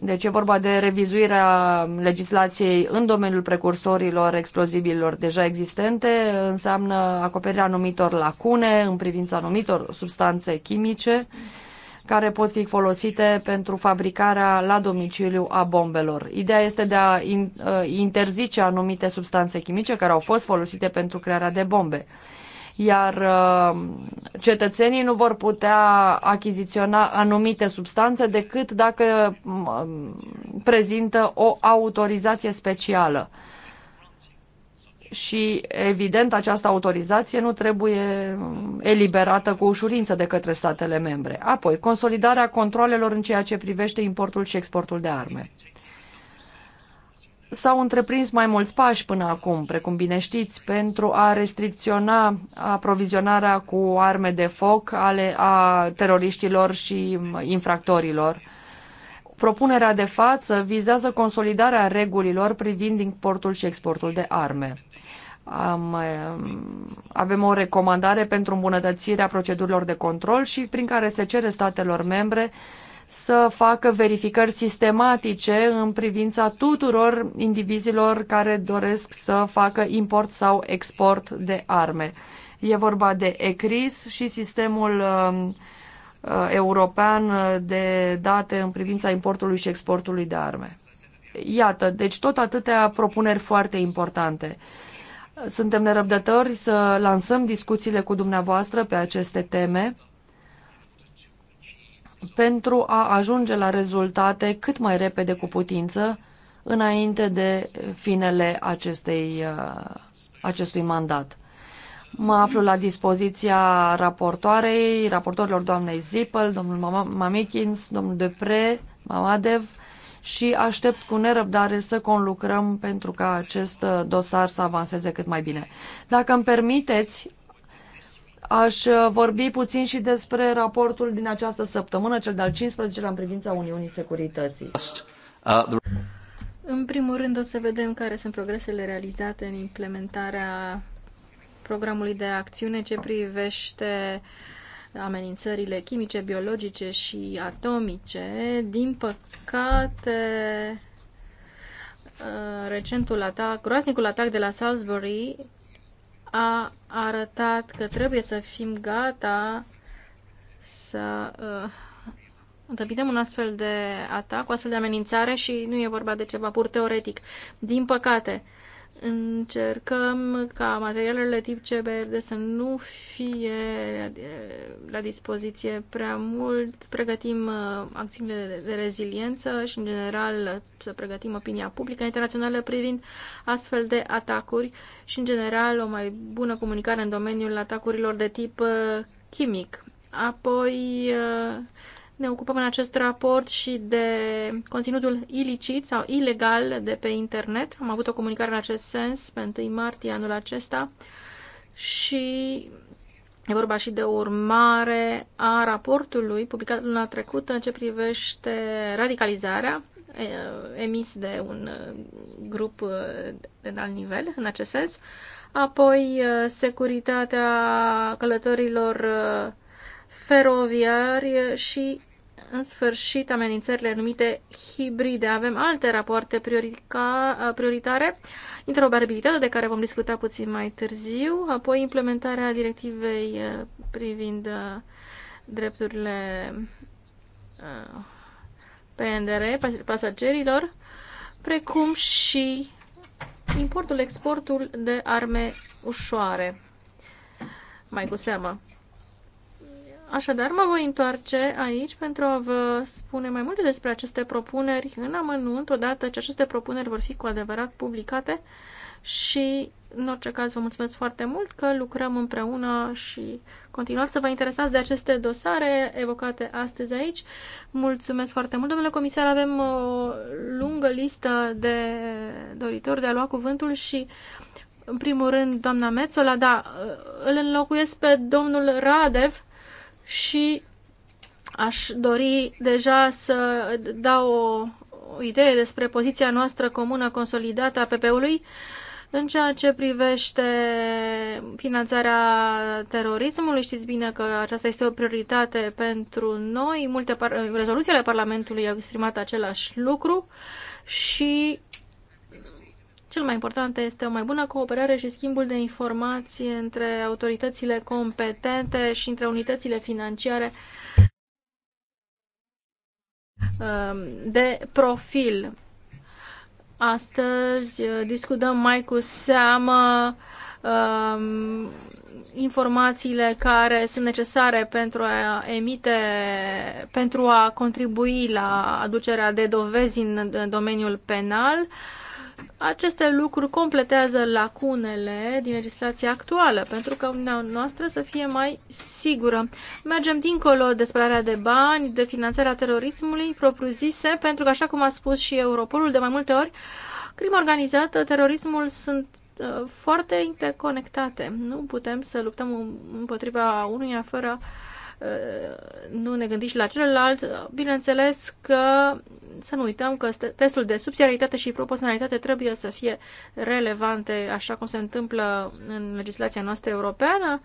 Deci e vorba de revizuirea legislației în domeniul precursorilor explozibililor deja existente, înseamnă acoperirea anumitor lacune în privința anumitor substanțe chimice care pot fi folosite pentru fabricarea la domiciliu a bombelor. Ideea este de a uh, interzice anumite substanțe chimice care au fost folosite pentru crearea de bombe iar uh, cetățenii nu vor putea achiziționa anumite substanțe decât dacă mm, prezintă o autorizație specială. Și, evident, această autorizație nu trebuie mm, eliberată cu ușurință de către statele membre. Apoi, consolidarea controlelor în ceea ce privește importul și exportul de arme. S-au întreprins mai mulți pași până acum, precum bine știți, pentru a restricționa aprovizionarea cu arme de foc ale a teroriștilor și infractorilor. Propunerea de față vizează consolidarea regulilor privind importul și exportul de arme. Am, avem o recomandare pentru îmbunătățirea procedurilor de control și prin care se cere statelor membre să facă verificări sistematice în privința tuturor indivizilor care doresc să facă import sau export de arme. E vorba de ECRIS și sistemul um, uh, european de date în privința importului și exportului de arme. Iată, deci tot atâtea propuneri foarte importante. Suntem nerăbdători să lansăm discuțiile cu dumneavoastră pe aceste teme pentru a ajunge la rezultate cât mai repede cu putință înainte de finele acestei, uh, acestui mandat. Mă aflu la dispoziția raportoarei, raportorilor doamnei Zipel, domnul Mamikins, domnul Depre, Mamadev și aștept cu nerăbdare să conlucrăm pentru ca acest dosar să avanseze cât mai bine. Dacă îmi permiteți, Aș uh, vorbi puțin și despre raportul din această săptămână, cel de-al 15-lea în privința Uniunii Securității. Uh, în primul rând o să vedem care sunt progresele realizate în implementarea programului de acțiune ce privește amenințările chimice, biologice și atomice. Din păcate, uh, recentul atac, groaznicul atac de la Salisbury a arătat că trebuie să fim gata să uh, întâmpinăm un astfel de atac, o astfel de amenințare și nu e vorba de ceva pur teoretic. Din păcate, Încercăm ca materialele tip CBRD să nu fie la dispoziție prea mult. Pregătim uh, acțiunile de reziliență și, în general, să pregătim opinia publică internațională privind astfel de atacuri și, în general, o mai bună comunicare în domeniul atacurilor de tip uh, chimic. Apoi, uh, ne ocupăm în acest raport și de conținutul ilicit sau ilegal de pe internet. Am avut o comunicare în acest sens pe 1 martie anul acesta și e vorba și de urmare a raportului publicat luna trecută în ce privește radicalizarea emis de un grup de alt nivel în acest sens. Apoi securitatea călătorilor feroviari și în sfârșit, amenințările numite hibride. Avem alte rapoarte priorica, prioritare, interoperabilitatea de care vom discuta puțin mai târziu, apoi implementarea directivei uh, privind uh, drepturile uh, PNR pasagerilor, precum și importul-exportul de arme ușoare. Mai cu seamă. Așadar, mă voi întoarce aici pentru a vă spune mai multe despre aceste propuneri în amănunt, odată ce aceste propuneri vor fi cu adevărat publicate și, în orice caz, vă mulțumesc foarte mult că lucrăm împreună și continuați să vă interesați de aceste dosare evocate astăzi aici. Mulțumesc foarte mult, domnule comisar, avem o lungă listă de doritori de a lua cuvântul și în primul rând, doamna Mețola, da, îl înlocuiesc pe domnul Radev, și aș dori deja să dau o, idee despre poziția noastră comună consolidată a PP-ului în ceea ce privește finanțarea terorismului. Știți bine că aceasta este o prioritate pentru noi. Multe par- rezoluțiile ale Parlamentului au exprimat același lucru și cel mai important este o mai bună cooperare și schimbul de informații între autoritățile competente și între unitățile financiare um, de profil. Astăzi uh, discutăm mai cu seamă um, informațiile care sunt necesare pentru a emite, pentru a contribui la aducerea de dovezi în domeniul penal. Aceste lucruri completează lacunele din legislația actuală pentru că Uniunea noastră să fie mai sigură. Mergem dincolo de spălarea de bani, de finanțarea terorismului propriu-zise, pentru că, așa cum a spus și Europolul de mai multe ori, crima organizată, terorismul sunt uh, foarte interconectate. Nu putem să luptăm împotriva unuia fără uh, nu ne gândim și la celălalt, bineînțeles că să nu uităm că testul de subsidiaritate și proporționalitate trebuie să fie relevante, așa cum se întâmplă în legislația noastră europeană.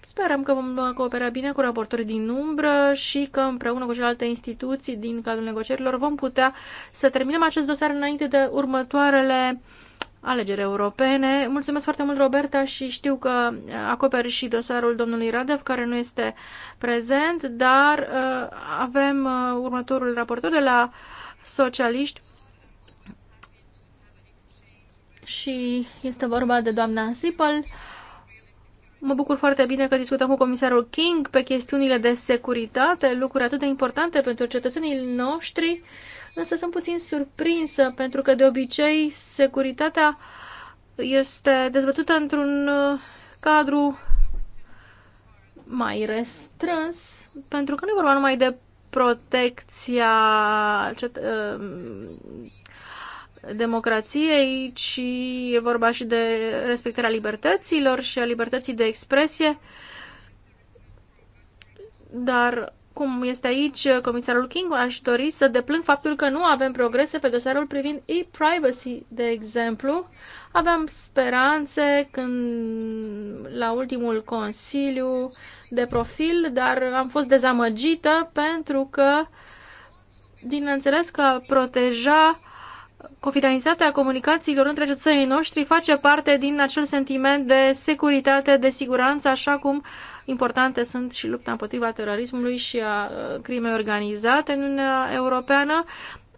Sperăm că vom coopera bine cu raportorii din umbră și că împreună cu celelalte instituții din cadrul negocierilor vom putea să terminăm acest dosar înainte de următoarele alegeri europene. Mulțumesc foarte mult, Roberta, și știu că uh, acoperi și dosarul domnului Radev, care nu este prezent, dar uh, avem uh, următorul raportor de la socialiști și este vorba de doamna Sipel. Mă bucur foarte bine că discutăm cu comisarul King pe chestiunile de securitate, lucruri atât de importante pentru cetățenii noștri însă sunt puțin surprinsă pentru că de obicei securitatea este dezbătută într-un uh, cadru mai restrâns, pentru că nu e vorba numai de protecția cet, uh, democrației, ci e vorba și de respectarea libertăților și a libertății de expresie, dar cum este aici uh, comisarul King, aș dori să deplâng faptul că nu avem progrese pe dosarul privind e-privacy, de exemplu. Aveam speranțe când la ultimul consiliu de profil, dar am fost dezamăgită pentru că, bineînțeles că proteja confidențialitatea comunicațiilor între cetățenii noștri face parte din acel sentiment de securitate, de siguranță, așa cum uh, Importante sunt și lupta împotriva terorismului și a uh, crimei organizate în Uniunea Europeană.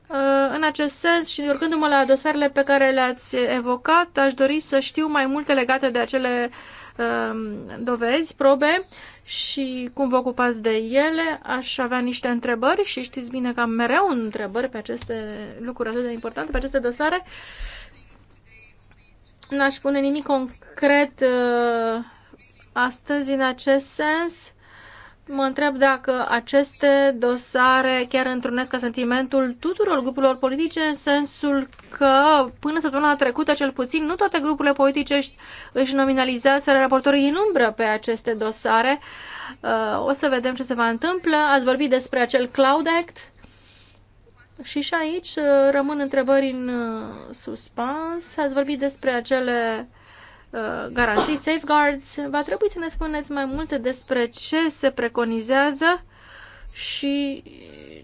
Uh, în acest sens și urcându-mă la dosarele pe care le-ați evocat, aș dori să știu mai multe legate de acele um, dovezi, probe și cum vă ocupați de ele. Aș avea niște întrebări și știți bine că am mereu întrebări pe aceste lucruri atât de importante, pe aceste dosare. N-aș spune nimic concret uh, astăzi în acest sens. Mă întreb dacă aceste dosare chiar întrunesc sentimentul tuturor grupurilor politice în sensul că până săptămâna trecută cel puțin nu toate grupurile politice își nominalizează raportorii în umbră pe aceste dosare. Uh, o să vedem ce se va întâmpla. Ați vorbit despre acel Cloud Act și și aici uh, rămân întrebări în uh, suspans. Ați vorbit despre acele Uh, garanții, safeguards. Va trebui să ne spuneți mai multe despre ce se preconizează și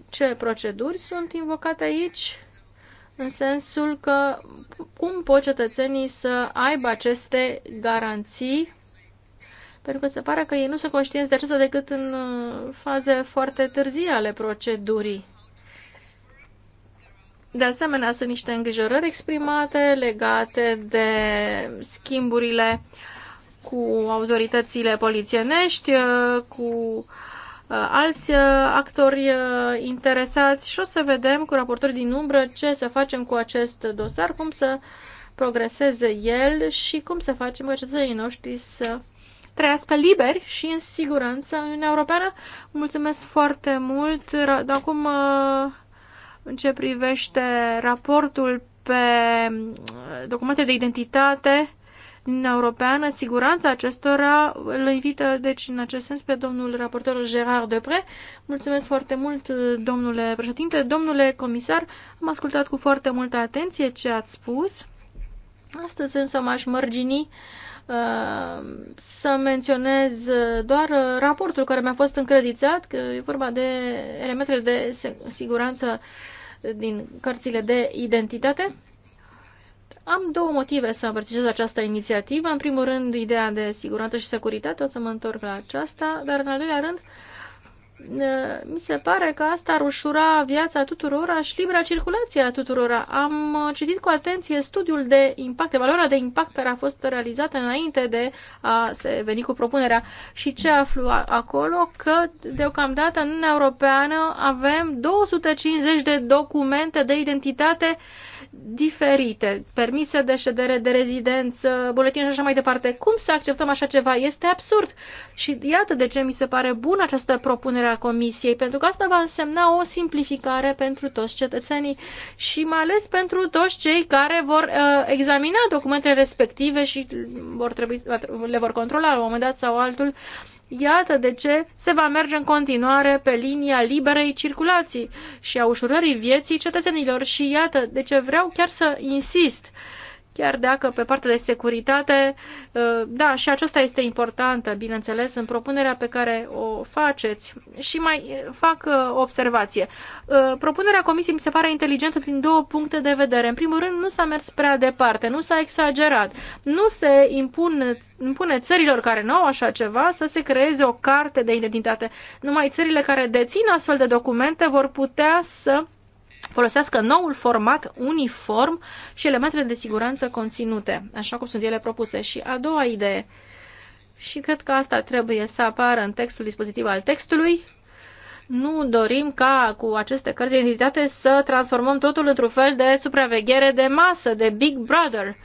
ce proceduri sunt invocate aici, în sensul că cum pot cetățenii să aibă aceste garanții, pentru că se pare că ei nu sunt conștienți de acesta decât în uh, faze foarte târzii ale procedurii. De asemenea, sunt niște îngrijorări exprimate legate de schimburile cu autoritățile polițienești, uh, cu uh, alți uh, actori interesați și o să vedem cu raportori din umbră ce să facem cu acest dosar, cum să progreseze el și cum să facem ca cetățenii noștri să trăiască liberi și în siguranță în Uniunea Europeană. Mulțumesc foarte mult. Acum în ce privește raportul pe mm, documente de identitate din europeană, siguranța acestora, îl invită, deci, în acest sens, pe domnul raportor Gerard Depre. Mulțumesc foarte mult, domnule președinte. Domnule comisar, am ascultat cu foarte multă atenție ce ați spus. Astăzi însă m-aș mărgini uh, să menționez doar raportul care mi-a fost încredițat, că e vorba de elementele de siguranță din cărțile de identitate. Am două motive să împărțișez această inițiativă. În primul rând, ideea de siguranță și securitate, o să mă întorc la aceasta, dar în al doilea rând, uh, mi se pare că asta ar ușura viața tuturora și libera circulație a tuturora. Am uh, citit cu atenție studiul de impact, valoarea de impact care a fost realizată înainte de a se veni cu propunerea și ce aflu acolo, că deocamdată în Uniunea Europeană avem 250 de documente de identitate uh, diferite, permise de ședere, de rezidență, buletin și așa mai departe. Cum să acceptăm așa ceva? Este absurd. Și iată de ce mi se pare bună această propunere a Comisiei, pentru că asta va însemna o simplificare pentru toți cetățenii și mai ales pentru toți cei care vor uh, examina documentele respective și vor trebui, le vor controla la un moment dat sau altul. Uh, Iată de ce se va merge în continuare pe linia liberei circulații și a ușurării vieții cetățenilor și iată de ce vreau chiar să insist chiar dacă pe partea de securitate, uh, da, și aceasta este importantă, bineînțeles, în propunerea pe care o faceți. Și mai uh, fac o uh, observație. Propunerea comisiei mi se pare inteligentă din două puncte de vedere. În primul rând, nu s-a mers prea departe, nu s-a exagerat. Nu se impune, impune țărilor care nu au așa ceva să se creeze o carte de identitate. Numai țările care dețin astfel de documente vor putea să folosească noul format uniform și elementele de siguranță conținute, așa cum sunt ele propuse. Și a doua idee, și cred că asta trebuie să apară în textul dispozitiv al textului, nu dorim ca cu aceste cărți de identitate să transformăm totul într-un fel de supraveghere de masă, de Big Brother. Uh,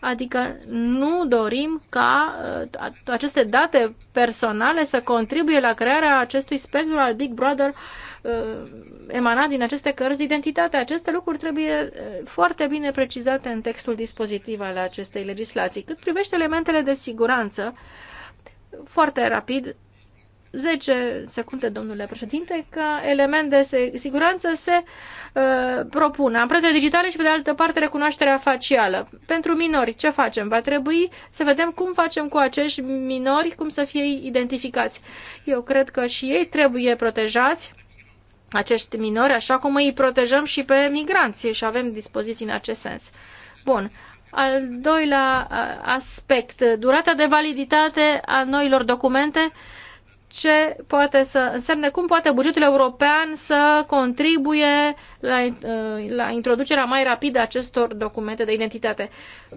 Adică nu dorim ca uh, aceste date personale să contribuie la crearea acestui spectru al Big Brother uh, emanat din aceste cărți identitate. Aceste lucruri trebuie uh, foarte bine precizate în textul dispozitiv al acestei legislații. Cât privește elementele de siguranță, foarte rapid, 10 secunde, domnule președinte, ca element de siguranță se uh, propun amprentele digitale și, pe de altă parte, recunoașterea facială. Pentru minori, ce facem? Va trebui să vedem cum facem cu acești minori, cum să fie identificați. Eu cred că și ei trebuie protejați, acești minori, așa cum îi protejăm și pe migranți și avem dispoziții în acest sens. Bun. Al doilea uh, aspect, durata de validitate a noilor documente uh, ce poate să însemne, cum poate bugetul european să contribuie la, uh, la introducerea mai rapidă a acestor documente de identitate.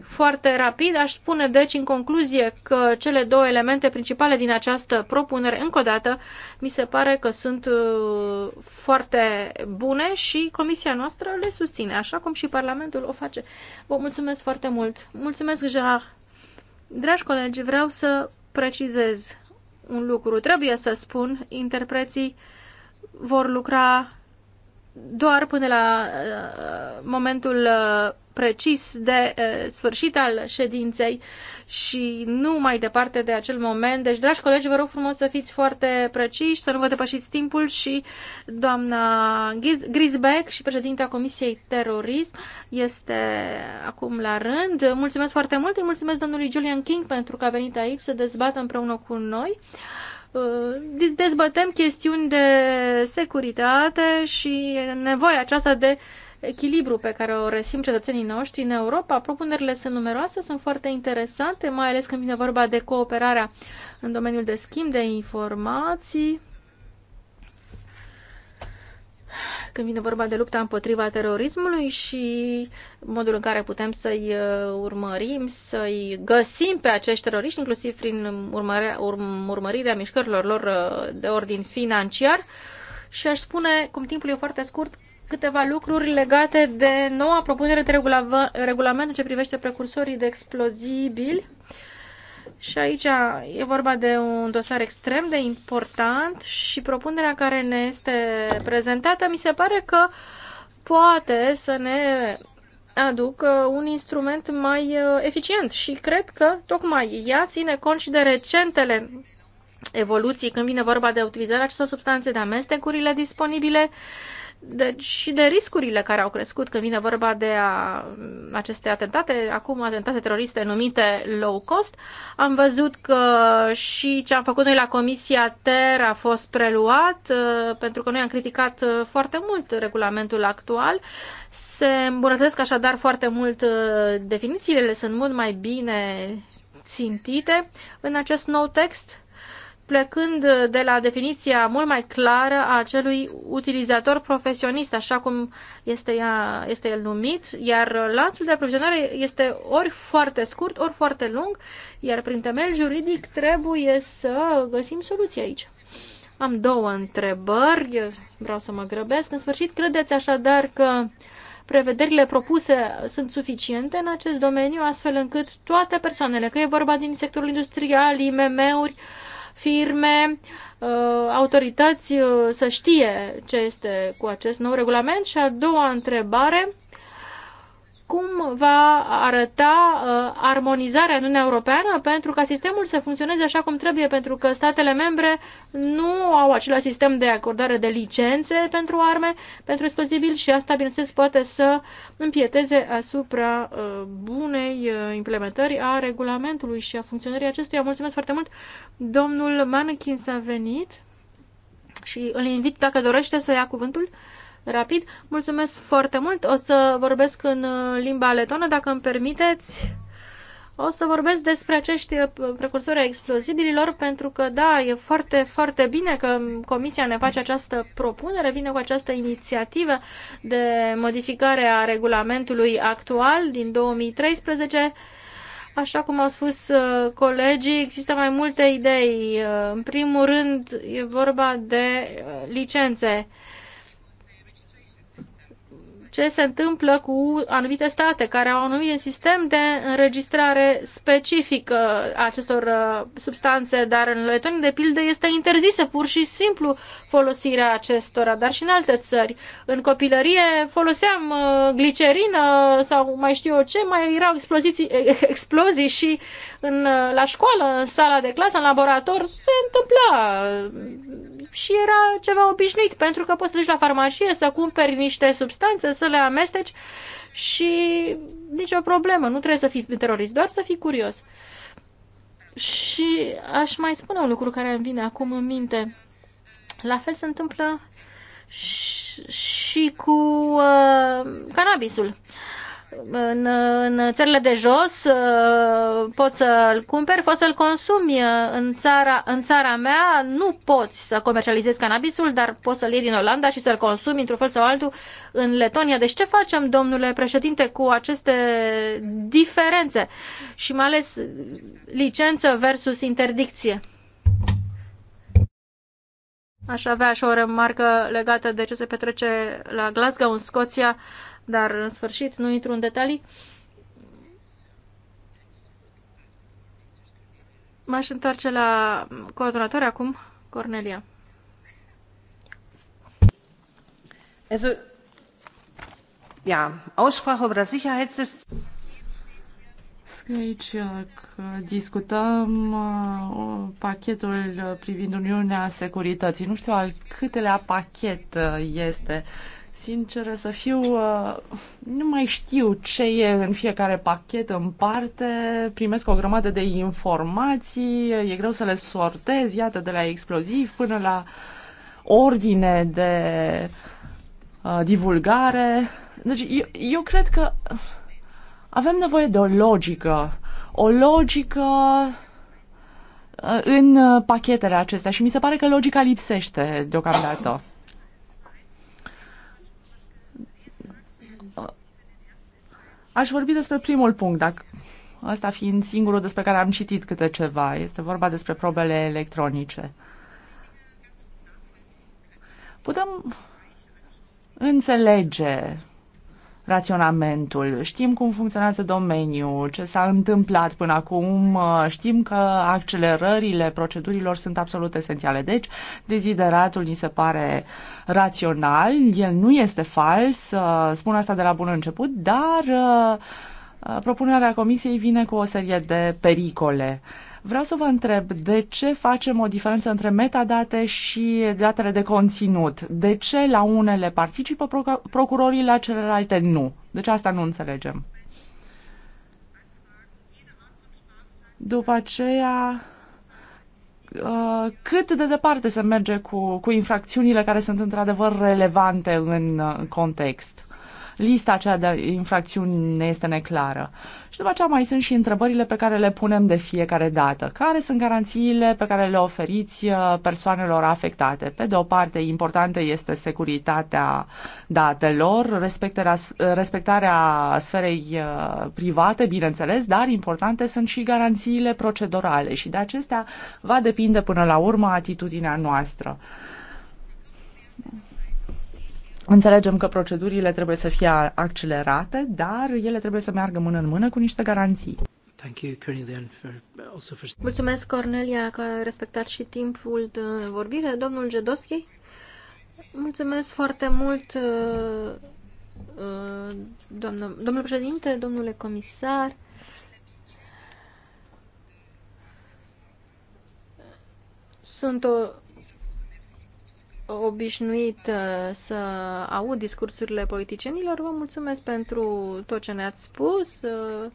Foarte rapid, aș spune deci în concluzie că cele două elemente principale din această propunere, încă o dată, mi se pare că sunt uh, foarte bune și comisia noastră le susține, așa cum și Parlamentul o face. Vă mulțumesc foarte mult! Mulțumesc, Gerard! Dragi colegi, vreau să precizez un lucru. Trebuie să spun, interpreții vor lucra doar până la uh, momentul uh, precis de uh, sfârșit al ședinței și nu mai departe de acel moment. Deci, dragi colegi, vă rog frumos să fiți foarte preciși, să nu vă depășiți timpul și doamna Grisbeck și președintea Comisiei Terorism este acum la rând. Mulțumesc foarte mult, îi mulțumesc domnului Julian King pentru că a venit aici să dezbată împreună cu noi dezbătem chestiuni de securitate și nevoia aceasta de echilibru pe care o resim cetățenii noștri în Europa. Propunerile sunt numeroase, sunt foarte interesante, mai ales când vine vorba de cooperarea în domeniul de schimb de informații, când vine vorba de lupta împotriva terorismului și modul în care putem să-i uh, urmărim, să-i găsim pe acești teroriști, inclusiv prin urmărea, urm, urmărirea mișcărilor lor uh, de ordin financiar. Și aș spune, cum timpul e foarte scurt, câteva lucruri legate de noua propunere de regulament în ce privește precursorii de explozibili. Uh, și aici e vorba de un dosar extrem de important și propunerea care ne este prezentată mi se pare că poate să ne aducă un instrument mai uh, eficient și cred că tocmai ea ține cont și de recentele evoluții când vine vorba de utilizarea acestor substanțe, de amestecurile disponibile deci și de riscurile care au crescut când vine vorba de a, aceste atentate, acum atentate teroriste numite low cost, am văzut că și ce am făcut noi la Comisia TER a fost preluat, uh, pentru că noi am criticat uh, foarte mult regulamentul actual. Se îmbunătățesc așadar foarte mult uh, definițiile, le sunt mult mai bine țintite în acest nou text plecând uh, de la definiția mult mai clară a acelui utilizator profesionist, așa cum este, ea, este el numit, iar lanțul de aprovizionare este ori foarte scurt, ori foarte lung, iar prin temel juridic trebuie să găsim soluții aici. Am două întrebări, vreau să mă grăbesc. În sfârșit, credeți așadar că prevederile propuse sunt suficiente în acest domeniu, astfel încât toate persoanele, că e vorba din sectorul industrial, IMM-uri, uh, firme, uh, autorități uh, să știe ce este cu acest nou regulament. Și a doua întrebare cum va arăta uh, armonizarea în Uniunea Europeană pentru ca sistemul să funcționeze așa cum trebuie, pentru că statele membre nu au același sistem de acordare de licențe pentru arme, pentru explozibili și asta, bineînțeles, poate să împieteze asupra uh, bunei uh, implementări a regulamentului și a funcționării acestuia. Mulțumesc foarte mult! Domnul Manekin s-a venit și îl invit, dacă dorește, să ia cuvântul rapid. Mulțumesc foarte mult. O să vorbesc în uh, limba letonă, dacă îmi permiteți. O să vorbesc despre acești uh, precursori a explozibililor, pentru că, da, e foarte, foarte bine că Comisia ne face această propunere, vine cu această inițiativă de modificare a regulamentului actual din 2013. Așa cum au spus uh, colegii, există mai multe idei. În primul rând, e vorba de licențe ce se întâmplă cu anumite state care au anumit un sistem de înregistrare specifică a acestor uh, substanțe, dar în Letonia, de pildă, este interzisă pur și simplu folosirea acestora, dar și în alte țări. În copilărie foloseam uh, glicerină sau mai știu eu ce, mai erau explozii, explozii și în, uh, la școală, în sala de clasă, în laborator, se întâmpla și era ceva obișnuit, pentru că poți să duci la farmacie să cumperi niște substanțe, să le amesteci și nicio problemă, nu trebuie să fii terorist, doar să fii curios. Și aș mai spune un lucru care îmi vine acum în minte. La fel se întâmplă și, cu uh, cannabisul. Uh, în, în țările de jos uh, poți să-l cumperi, poți să-l consumi. În țara, în țara mea nu poți să comercializezi cannabisul, dar poți să-l iei din Olanda și să-l consumi într-un fel sau altul în Letonia. Deci ce facem, domnule președinte, cu aceste diferențe? Și mai ales licență versus interdicție. Aș avea și o remarcă legată de ce se petrece la Glasgow, în Scoția. Uh, dar în sfârșit nu intru în detalii. M-aș întoarce la coordonator acum, Cornelia. Also, ja, Aussprache über das Sicherheitssystem. Aici uh, discutăm uh, pachetul uh, privind Uniunea Securității. Nu știu al câtelea pachet este Sinceră să fiu, uh, nu mai știu ce e în fiecare pachet în parte, primesc o grămadă de informații, e greu să le sortez, iată, de la exploziv până la ordine de uh, divulgare. Deci eu, eu cred că avem nevoie de o logică, o logică uh, în pachetele acestea și mi se pare că logica lipsește deocamdată. Aș vorbi despre primul punct, dacă ăsta fiind singurul despre care am citit câte ceva. Este vorba despre probele electronice. Putem înțelege raționamentul. Știm cum funcționează domeniul, ce s-a întâmplat până acum, știm că accelerările procedurilor sunt absolut esențiale. Deci, dezideratul ni se pare rațional, el nu este fals, uh, spun asta de la bun început, dar uh, uh, propunerea comisiei vine cu o serie de pericole. Vreau să vă întreb de ce facem o diferență între metadate și datele de conținut? De ce la unele participă procurorii, la celelalte nu? Deci asta nu înțelegem. După aceea, uh, cât de departe se merge cu, cu infracțiunile care sunt într-adevăr relevante în uh, context? lista aceea de infracțiuni ne este neclară. Și după aceea mai sunt și întrebările pe care le punem de fiecare dată. Care sunt garanțiile pe care le oferiți uh, persoanelor afectate? Pe de o parte, importantă este securitatea datelor, respectarea, uh, respectarea sferei uh, private, bineînțeles, dar importante sunt și garanțiile procedurale și de acestea va depinde până la urmă atitudinea noastră. Înțelegem că procedurile trebuie să fie accelerate, dar ele trebuie să meargă mână în mână cu niște garanții. Uh, mulțumesc, Cornelia, că ai respectat și timpul de vorbire. Domnul Gedoschi, mulțumesc foarte mult, uh, uh, doamnă, domnul președinte, domnule comisar. Sunt o obișnuit uh, să aud discursurile politicienilor. Vă mulțumesc pentru tot ce ne-ați spus. Uh,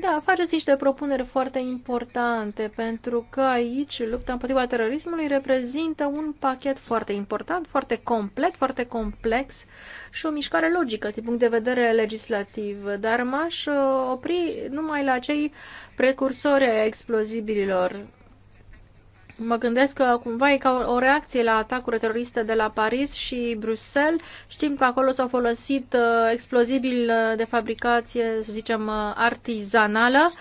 da, faceți niște propuneri foarte importante, pentru că aici lupta împotriva terorismului reprezintă un pachet foarte important, foarte complet, foarte complex și o mișcare logică din punct de vedere legislativ. Dar m-aș uh, opri numai la cei precursori ai explozibililor Mă gândesc că cumva e ca o reacție la atacurile teroriste de la Paris și Bruxelles. Știm că acolo s-au folosit uh, explozibili uh, de fabricație, să zicem, uh, artizanală.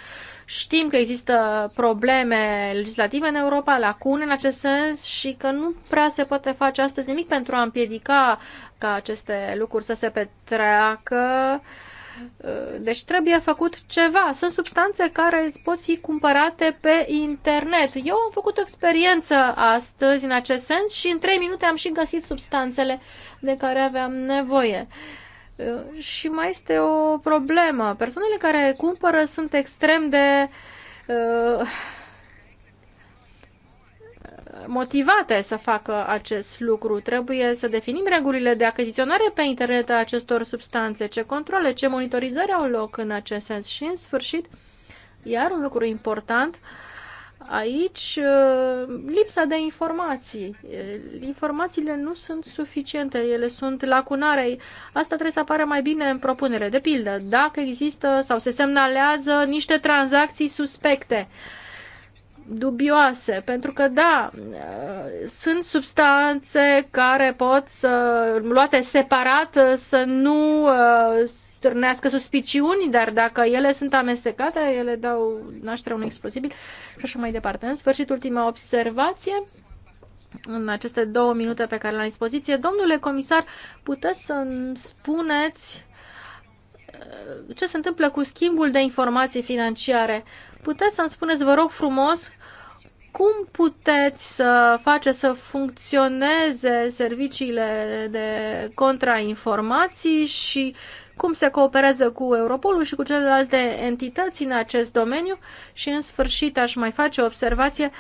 Știm că există probleme legislative în Europa, lacune în acest sens și că nu prea se poate face astăzi nimic pentru a împiedica ca aceste lucruri să se petreacă. Uh, Uh, deci trebuie făcut ceva. Sunt substanțe care pot fi cumpărate pe internet. Eu am făcut o experiență astăzi în acest sens și în 3 minute am și găsit substanțele de care aveam nevoie. Uh, și mai este o problemă. Persoanele care cumpără sunt extrem de uh, motivate să facă acest lucru. Trebuie să definim regulile de achiziționare pe internet a acestor substanțe, ce controle, ce monitorizări au loc în acest sens și, în sfârșit, iar un lucru important, aici uh, lipsa de informații. Uh, informațiile nu sunt suficiente, ele sunt lacunare. Asta trebuie să apară mai bine în propunere. De pildă, dacă există sau se semnalează niște tranzacții suspecte, uh, dubioase, pentru că da, sunt substanțe care pot să luate separat să nu uh, stârnească suspiciuni, dar dacă ele sunt amestecate, ele dau naștere unui explozibil și așa mai departe. În sfârșit, ultima observație în aceste două minute pe care le-am dispoziție. Domnule comisar, puteți să-mi spuneți uh, ce se întâmplă cu schimbul de informații financiare? Puteți să-mi spuneți, vă rog frumos, cum puteți să faceți să funcționeze serviciile de contrainformații și cum se cooperează cu Europolul și cu celelalte entități în acest domeniu și în sfârșit aș mai face o observație.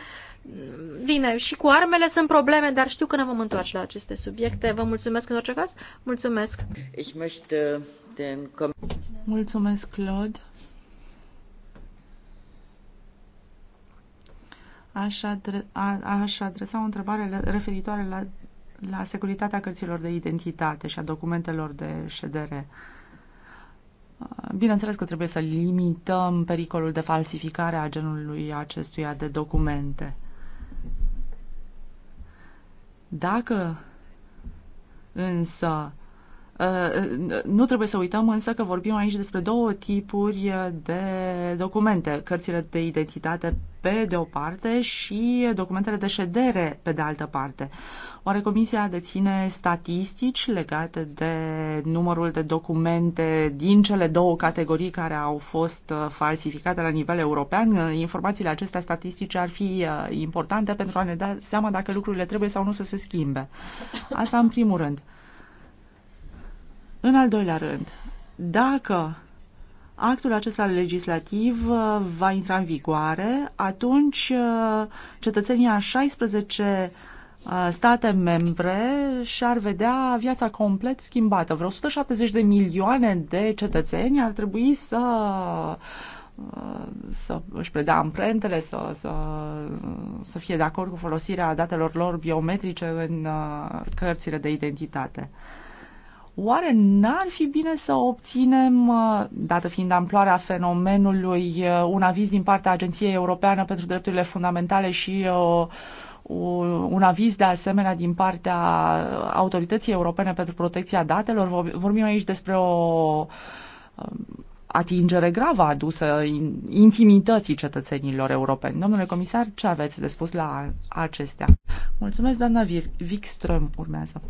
Bine, și cu armele sunt probleme, dar știu că ne vom întoarce la aceste subiecte. Vă mulțumesc în orice caz. Mulțumesc. Mulțumesc, Claude. aș, adre- a, aș adresa o întrebare referitoare la, la securitatea cărților de identitate și a documentelor de ședere. Bineînțeles că trebuie să limităm pericolul de falsificare a genului acestuia de documente. Dacă însă Uh, nu trebuie să uităm însă că vorbim aici despre două tipuri uh, de documente. Cărțile de identitate pe de o parte și documentele de ședere pe de altă parte. Oare Comisia deține statistici legate de numărul de documente din cele două categorii care au fost uh, falsificate la nivel european? Informațiile acestea statistice ar fi importante pentru a ne da seama dacă lucrurile trebuie sau nu să se schimbe. Asta în primul rând. În al doilea rând, dacă actul acesta legislativ uh, va intra în vigoare, atunci uh, cetățenii a 16 uh, state membre și-ar vedea viața complet schimbată. Vreo 170 de milioane de cetățeni ar trebui să să își predea amprentele, să, să, să fie de acord cu folosirea datelor lor biometrice în cărțile de identitate. Oare n-ar fi bine să obținem, uh, dată fiind amploarea fenomenului, uh, un aviz din partea Agenției Europeană pentru Drepturile Fundamentale și uh, un aviz de asemenea din partea Autorității Europene pentru Protecția Datelor? Vorbim aici despre o um, atingere gravă adusă intimității cetățenilor europeni. Domnule comisar, ce aveți de spus la acestea? Mulțumesc, doamna Wikström, urmează.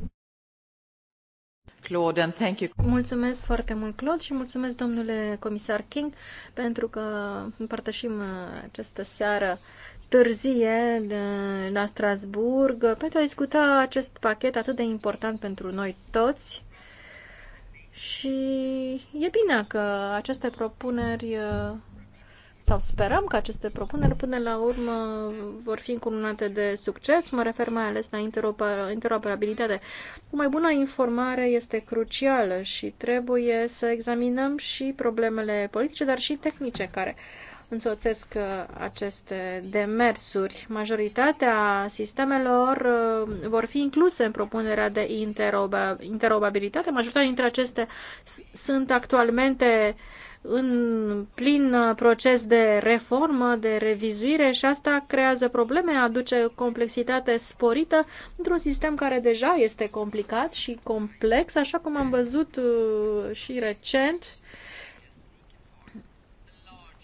Claude, and thank you. Mulțumesc foarte mult, Claude, și mulțumesc, domnule comisar King, pentru că împărtășim uh, această seară târzie de, la Strasburg pentru a discuta acest pachet atât de important pentru noi toți. Și e bine că aceste propuneri uh, sau sperăm că aceste propuneri până la urmă vor fi încununate de succes. Mă refer mai ales la interoperabilitate. O mai bună informare este crucială și trebuie să examinăm și problemele politice, dar și tehnice care însoțesc uh, aceste demersuri. Majoritatea sistemelor uh, vor fi incluse în propunerea de interoperabilitate. Majoritatea dintre aceste sunt actualmente uh, în plin uh, proces de reformă, de revizuire și asta creează probleme, aduce complexitate sporită într-un sistem care deja este complicat și complex, așa cum am văzut uh, și recent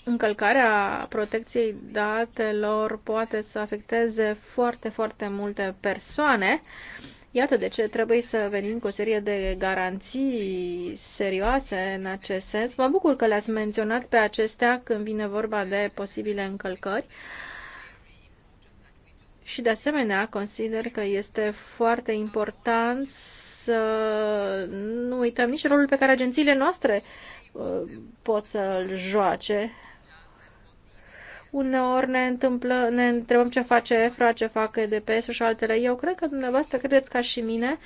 încălcarea protecției datelor poate să afecteze foarte, foarte multe persoane. Uh, Iată de ce trebuie să venim cu o serie de garanții serioase în acest sens. Mă bucur că le-ați menționat pe acestea când vine vorba de posibile încălcări. Și de asemenea, consider că este foarte important să nu uităm nici rolul pe care agențiile noastre uh, pot să-l joace uneori ne, întâmplă, ne întrebăm ce face EFRA, ce fac EDPS și altele. Eu cred că dumneavoastră credeți ca și mine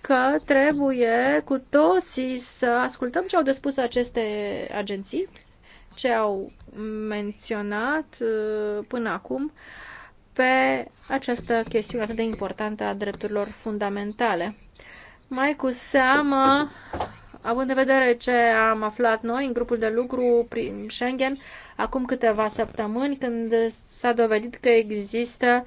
că trebuie cu toții să ascultăm ce au de spus aceste agenții, ce au menționat uh, până acum pe această chestiune atât de importantă a drepturilor fundamentale. Mai cu seamă Având în vedere ce am aflat noi în grupul de lucru prin Schengen acum câteva săptămâni, când s-a dovedit că există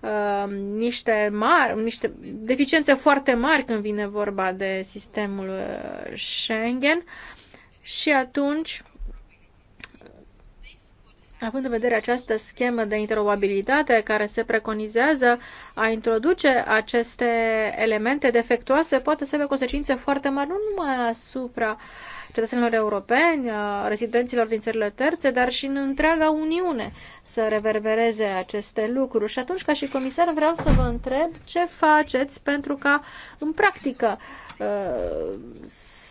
uh, niște mari, niște deficiențe foarte mari când vine vorba de sistemul uh, Schengen și atunci având în vedere această schemă de interoperabilitate care se preconizează a introduce aceste elemente defectuoase, poate să aibă consecințe foarte mari, nu numai asupra cetățenilor europeni, rezidenților din țările terțe, dar și în întreaga Uniune să reverbereze aceste lucruri. Și atunci, ca și comisar, vreau să vă întreb ce faceți pentru ca, în practică,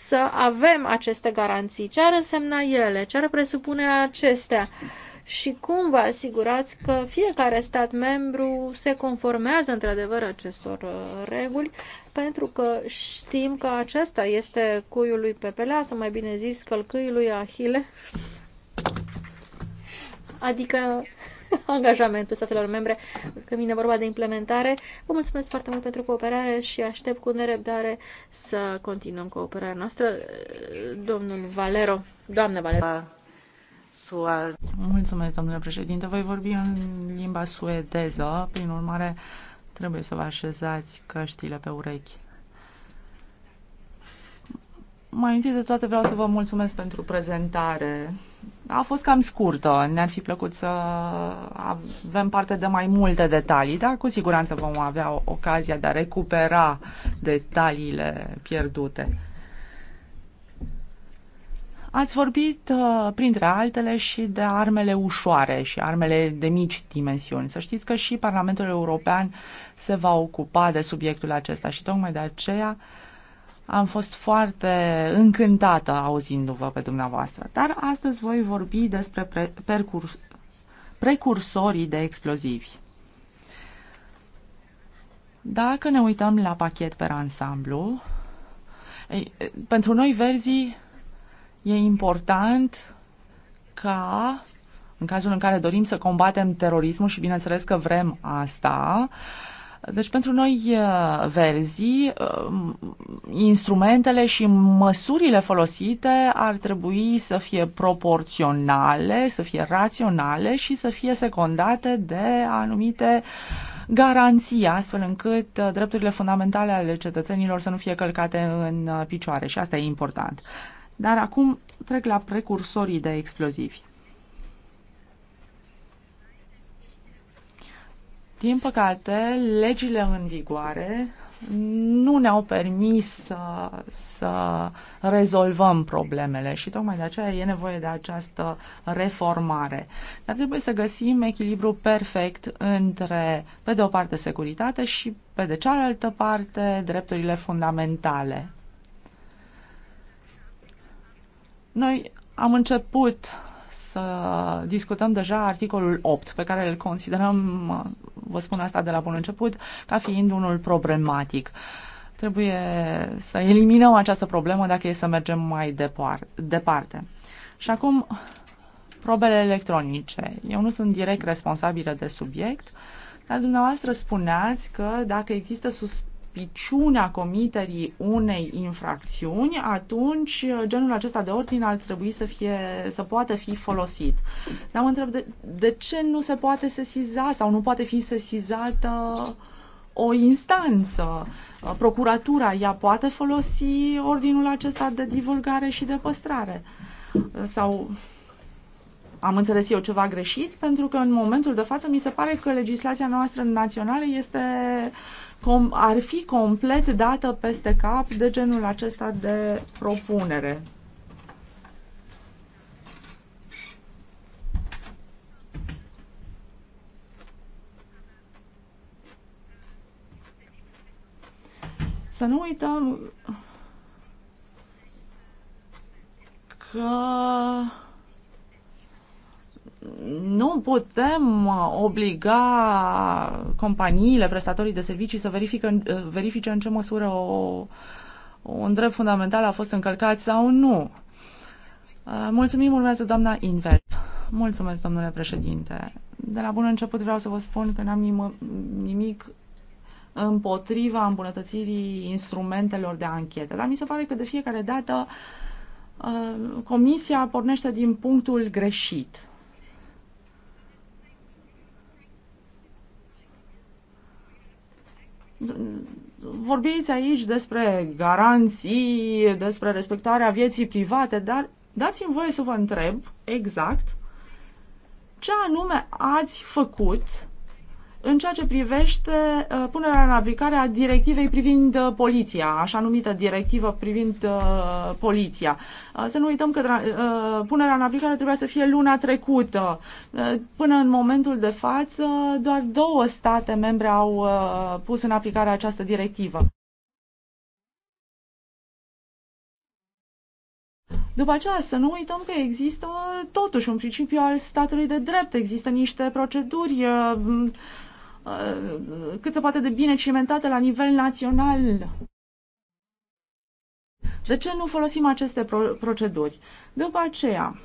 să avem aceste garanții. Ce ar însemna ele? Ce ar presupune acestea? și cum vă asigurați că fiecare stat membru se conformează într-adevăr acestor uh, reguli, pentru că știm că aceasta este cuiul lui Pepelea, sau mai bine zis călcâiul lui Ahile, adică angajamentul statelor membre când vine vorba de implementare. Vă mulțumesc foarte mult pentru cooperare și aștept cu nerăbdare să continuăm cooperarea noastră. Uh, domnul Valero, doamne Valero. Sual. Mulțumesc, domnule președinte. Voi vorbi în limba suedeză, prin urmare trebuie să vă așezați căștile pe urechi. Mai întâi de toate vreau să vă mulțumesc pentru prezentare. A fost cam scurtă, ne-ar fi plăcut să avem parte de mai multe detalii, dar cu siguranță vom avea ocazia de a recupera detaliile pierdute. Ați vorbit, uh, printre altele, și de armele ușoare și armele de mici dimensiuni. Să știți că și Parlamentul European se va ocupa de subiectul acesta și tocmai de aceea am fost foarte încântată auzindu-vă pe dumneavoastră. Dar astăzi voi vorbi despre pre- percurs- precursorii de explozivi. Dacă ne uităm la pachet pe ansamblu, ei, pentru noi verzii E important ca în cazul în care dorim să combatem terorismul și bineînțeles că vrem asta, deci pentru noi verzi, um, instrumentele și măsurile folosite ar trebui să fie proporționale, să fie raționale și să fie secundate de anumite garanții, astfel încât uh, drepturile fundamentale ale cetățenilor să nu fie călcate în uh, picioare și asta e important. Dar acum trec la precursorii de explozivi. Din păcate, legile în vigoare nu ne-au permis să, să rezolvăm problemele și tocmai de aceea e nevoie de această reformare. Dar trebuie să găsim echilibru perfect între, pe de o parte, securitate și, pe de cealaltă parte, drepturile fundamentale. Noi am început să discutăm deja articolul 8, pe care îl considerăm, vă spun asta de la bun început, ca fiind unul problematic. Trebuie să eliminăm această problemă dacă e să mergem mai departe. Și acum, probele electronice. Eu nu sunt direct responsabilă de subiect, dar dumneavoastră spuneați că dacă există sus- suspiciunea comiterii unei infracțiuni, atunci uh, genul acesta de ordin ar trebui să, fie, să poată fi folosit. Dar mă întreb de, de ce nu se poate sesiza sau nu poate fi sesizată o instanță. Uh, procuratura, ea poate folosi ordinul acesta de divulgare și de păstrare. Uh, sau am înțeles eu ceva greșit, pentru că în momentul de față mi se pare că legislația noastră națională este uh, com, ar fi complet dată peste cap de genul acesta de propunere. Să nu uităm că nu putem uh, obliga companiile, prestatorii de servicii să verifică, uh, verifice în ce măsură o, un drept fundamental a fost încălcat sau nu. Uh, mulțumim, urmează doamna Inver. Mulțumesc, domnule președinte. De la bun început vreau să vă spun că n-am nimic împotriva îmbunătățirii instrumentelor de anchetă, dar mi se pare că de fiecare dată Comisia pornește din punctul greșit vorbiți aici despre garanții, despre respectarea vieții private, dar dați-mi voie să vă întreb exact ce anume ați făcut în ceea ce privește uh, punerea în aplicare a directivei privind uh, poliția, așa numită directivă privind uh, poliția. să nu uităm că punerea în aplicare trebuia să fie luna trecută. până în momentul de față, doar două state membre au pus în aplicare această directivă. După aceea, să nu uităm că există totuși un principiu al statului de drept, există niște proceduri Uh, cât se poate de bine cimentate la nivel național. De ce nu folosim aceste pro- proceduri? După aceea,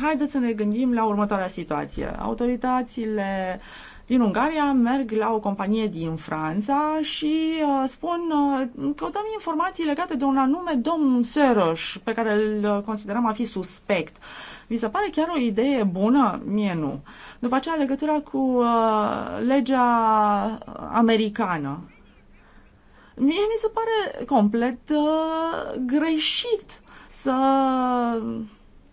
haideți să ne gândim la următoarea situație. Autoritățile din Ungaria merg la o companie din Franța și uh, spun uh, căutăm informații legate de un anume domn Seroș, pe care îl uh, considerăm a fi suspect. Uh, mi se pare chiar o idee bună? Mie nu. După aceea, legătura cu uh, legea americană. Mie mi se pare complet uh, greșit să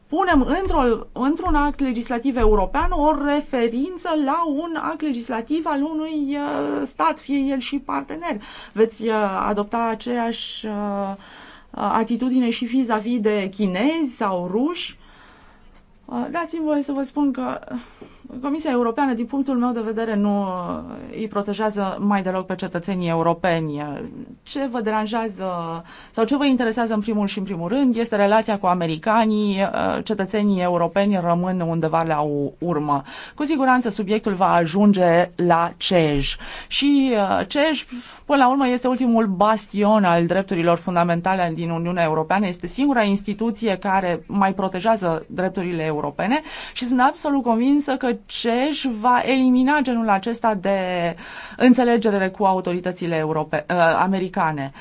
punem într-un într act legislativ european o referință la un act legislativ al unui uh, stat, fie el și partener. Veți uh, adopta aceeași uh, atitudine și vis-a-vis -vis de chinezi sau ruși? Uh, dați-mi voie să vă spun că uh, Comisia Europeană, din punctul meu de vedere, nu îi protejează mai deloc pe cetățenii europeni. Ce vă deranjează sau ce vă interesează în primul și în primul rând este relația cu americanii. Cetățenii europeni rămân undeva la urmă. Cu siguranță subiectul va ajunge la CEJ. Și uh, CEJ, până la urmă, este ultimul bastion al drepturilor fundamentale din Uniunea Europeană. Este singura instituție care mai protejează drepturile europene și sunt absolut convinsă că CEJ va elimina genul acesta de înțelegere cu autoritățile europe, uh, americane.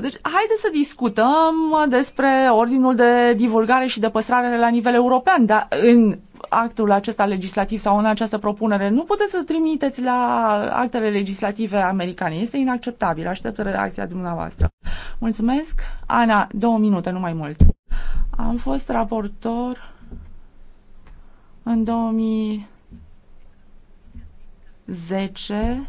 Deci, haideți să discutăm despre ordinul de divulgare și de păstrare la nivel european, dar în actul acesta legislativ sau în această propunere. Nu puteți să trimiteți la actele legislative americane. Este inacceptabil. Aștept reacția dumneavoastră. Mulțumesc. Ana, două minute, nu mai mult. Am fost raportor în 2000 10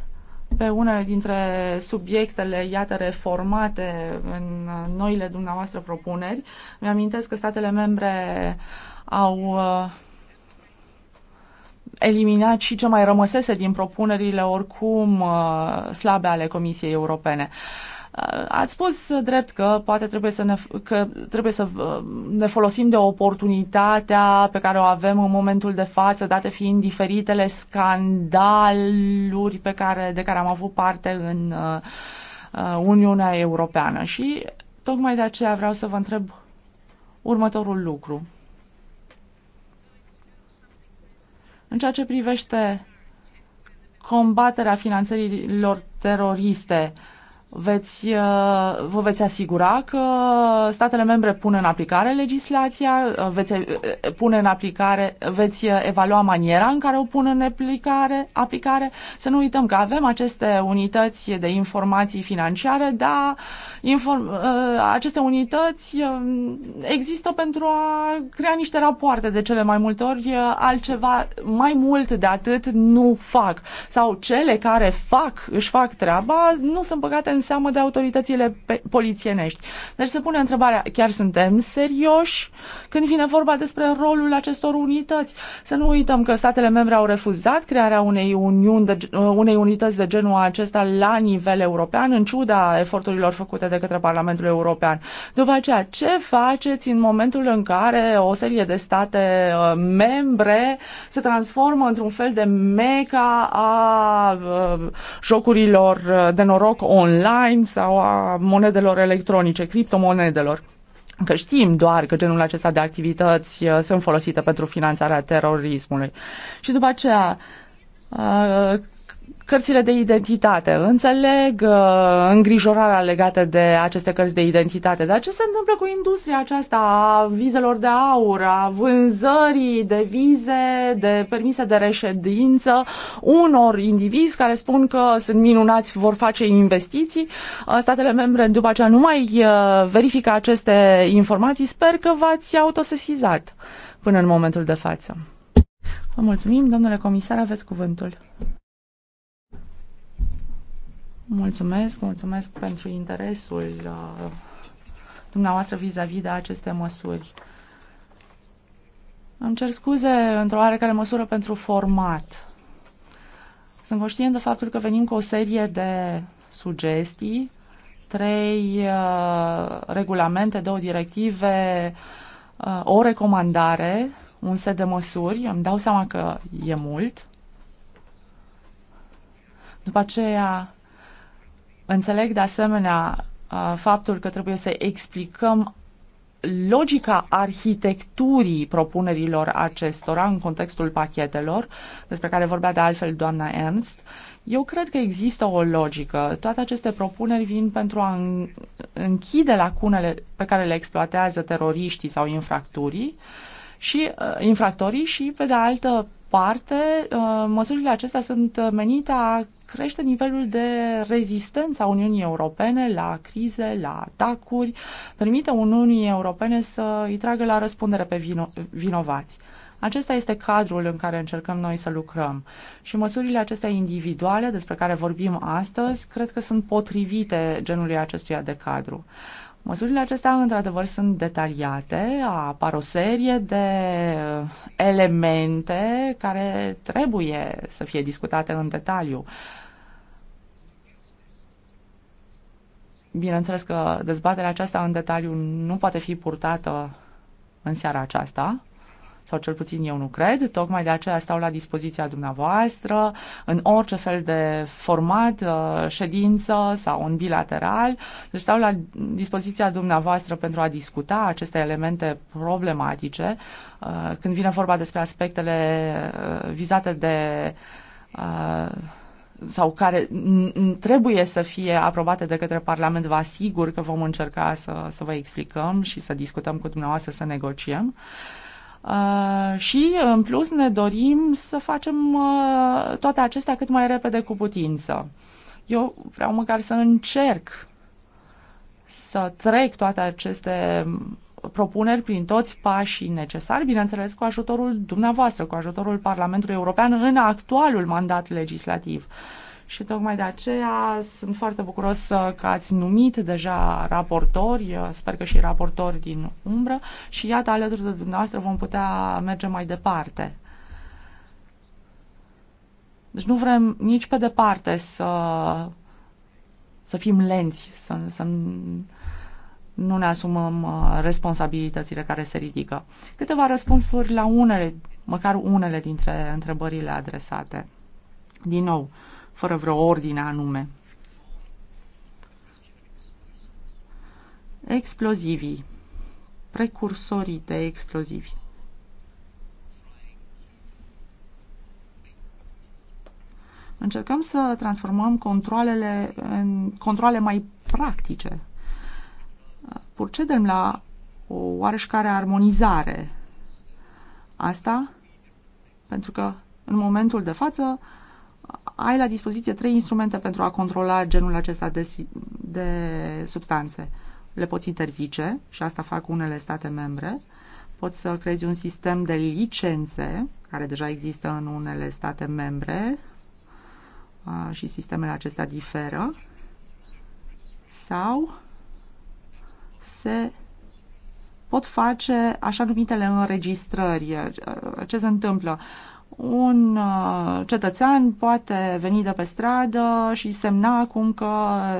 pe unele dintre subiectele, iată, reformate în noile dumneavoastră propuneri. Mi-amintesc că statele membre au uh, eliminat și ce mai rămăsese din propunerile oricum uh, slabe ale Comisiei Europene. Uh, Ați spus drept că poate trebuie să ne, că trebuie să uh, ne folosim de oportunitatea pe care o avem în momentul de față, date fiind diferitele scandaluri pe care, de care am avut parte în uh, uh, Uniunea Europeană. Și tocmai de aceea vreau să vă întreb următorul lucru. În ceea ce privește combaterea finanțărilor teroriste, uh, veți, uh, vă veți asigura că statele membre pun în aplicare legislația, uh, veți uh, pune în aplicare, veți evalua maniera în care o pun în aplicare, aplicare. Să nu uităm că avem aceste unități de informații financiare, dar inform, aceste unități există pentru a crea niște rapoarte de cele mai multe ori, altceva mai mult de atât nu fac. Sau cele care fac, își fac treaba, nu sunt băgate în seamă de autoritățile polițienești. Deci se pune întrebarea, chiar suntem serioși când vine vorba despre rolul acestor unități? Să nu uităm că statele membre au refuzat crearea unei, uniuni de, uh, unei unități de genul acesta la nivel european, în ciuda eforturilor făcute de către Parlamentul European. După aceea, ce faceți în momentul în care o serie de state uh, membre se transformă într-un fel de meca a uh, jocurilor de noroc online online sau a monedelor electronice, criptomonedelor. Că știm doar că genul acesta de activități uh, sunt folosite pentru finanțarea terorismului. Și după aceea, uh, cărțile de identitate. Înțeleg uh, îngrijorarea legată de aceste cărți de identitate, dar ce se întâmplă cu industria aceasta a vizelor de aur, a vânzării de vize, de permise de reședință unor indivizi care spun că sunt minunați, vor face investiții. Uh, statele membre după aceea nu mai uh, verifică aceste informații. Sper că v-ați autosesizat până în momentul de față. Vă mulțumim, domnule comisar, aveți cuvântul. Mulțumesc, mulțumesc pentru interesul uh, dumneavoastră vis-a-vis -vis de aceste măsuri. Îmi cer scuze într-o oarecare măsură pentru format. Sunt conștient de faptul că venim cu o serie de sugestii, trei uh, regulamente, două directive, uh, o recomandare, un set de măsuri. Îmi dau seama că e mult. După aceea Înțeleg de asemenea uh, faptul că trebuie să explicăm logica arhitecturii propunerilor acestora în contextul pachetelor, despre care vorbea de altfel doamna Ernst, eu cred că există o logică. Toate aceste propuneri vin pentru a închide lacunele pe care le exploatează teroriștii sau infractorii și, uh, infractorii și, pe de altă parte, uh, măsurile acestea sunt menite a crește nivelul de rezistență a Uniunii Europene la crize, la atacuri, permite Uniunii Europene să îi tragă la răspundere pe vino- vinovați. Acesta este cadrul în care încercăm noi să lucrăm. Și măsurile acestea individuale despre care vorbim astăzi, cred că sunt potrivite genului acestuia de cadru. Măsurile acestea, într-adevăr, sunt detaliate, apar o serie de uh, elemente care trebuie să fie discutate în detaliu. Bineînțeles că dezbaterea aceasta în detaliu nu poate fi purtată în seara aceasta, sau cel puțin eu nu cred, tocmai de aceea stau la dispoziția dumneavoastră în orice fel de format, uh, ședință sau în bilateral. Deci stau la dispoziția dumneavoastră pentru a discuta aceste elemente problematice uh, când vine vorba despre aspectele uh, vizate de sau care trebuie să fie aprobate de către Parlament, vă asigur că vom încerca să, să vă explicăm și să discutăm cu dumneavoastră, să negociem. Uh, Uh, și, în plus, ne dorim să facem uh, toate acestea cât mai repede cu putință. Eu vreau măcar să încerc să trec toate aceste propuneri prin toți pașii necesari, bineînțeles cu ajutorul dumneavoastră, cu ajutorul Parlamentului European în actualul mandat legislativ. Uh, și tocmai de aceea sunt foarte bucuros că ați numit deja raportori, uh, sper că și raportori din umbră și iată, alături de dumneavoastră vom putea merge mai departe. Deci nu vrem nici pe departe să, să fim lenți, să, să nu ne asumăm uh, responsabilitățile care se ridică. Câteva răspunsuri la unele, măcar unele dintre întrebările adresate. Din nou, uh, fără vreo ordine anume. Explozivii, precursorii de explozivi. Încercăm să transformăm controlele în controle mai practice. Procedem la o oareșcare armonizare. Asta pentru că în momentul de față uh, ai la dispoziție trei instrumente pentru a controla genul acesta de, de substanțe. Le poți interzice, și asta fac unele state membre, poți să creezi un sistem de licențe, care deja există în unele state membre, și sistemele acestea diferă, sau se pot face așa numitele înregistrări. Ce se întâmplă? Uh, un uh, cetățean poate veni de pe stradă și semna acum că,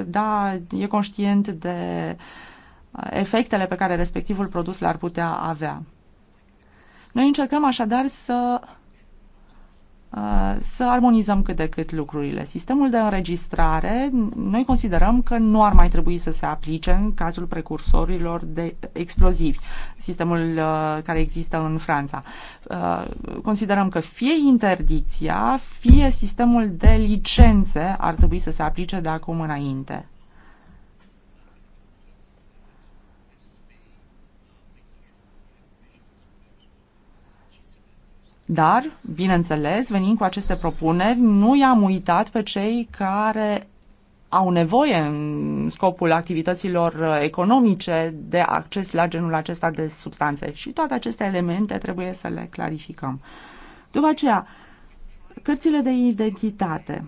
da, e conștient de uh, efectele pe care respectivul produs le-ar putea avea. Noi încercăm așadar să Uh, să armonizăm cât de cât lucrurile. Sistemul de înregistrare, noi considerăm că nu ar mai trebui să se aplice în cazul precursorilor de explozivi, sistemul uh, care există în Franța. Uh, considerăm că fie interdicția, fie sistemul de licențe ar trebui să se aplice de acum înainte. Dar, bineînțeles, venind cu aceste propuneri, nu i-am uitat pe cei care au nevoie în scopul activităților economice de acces la genul acesta de substanțe. Și toate aceste elemente trebuie să le clarificăm. După aceea, cărțile de identitate.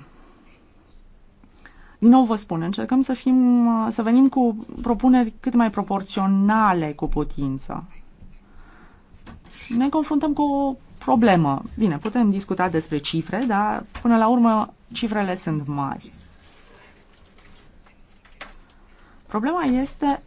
Din nou vă spun, încercăm să, fim, să venim cu propuneri cât mai proporționale cu putință. Ne confruntăm cu o problemă. Bine, putem discuta despre cifre, dar până la urmă cifrele sunt mari. Problema este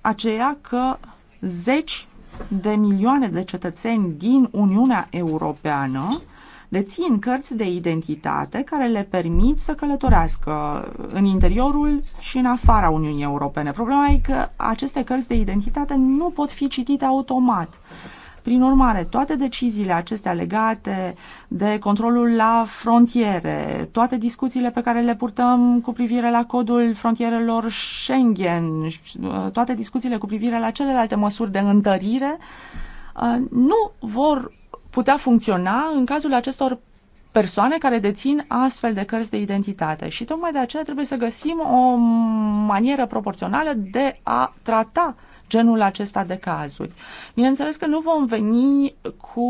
aceea că zeci de milioane de cetățeni din Uniunea Europeană dețin cărți de identitate care le permit să călătorească în interiorul și în afara Uniunii Europene. Problema e că aceste cărți de identitate nu pot fi citite automat. Uh, prin urmare, toate deciziile acestea legate de controlul la frontiere, toate discuțiile pe care le purtăm cu privire la codul frontierelor Schengen, toate discuțiile cu privire la celelalte măsuri de întărire, uh, nu vor putea funcționa în cazul acestor persoane care dețin astfel de cărți de identitate. Și tocmai de aceea trebuie să găsim o manieră proporțională de a trata uh, genul acesta de cazuri. Bineînțeles că nu vom veni cu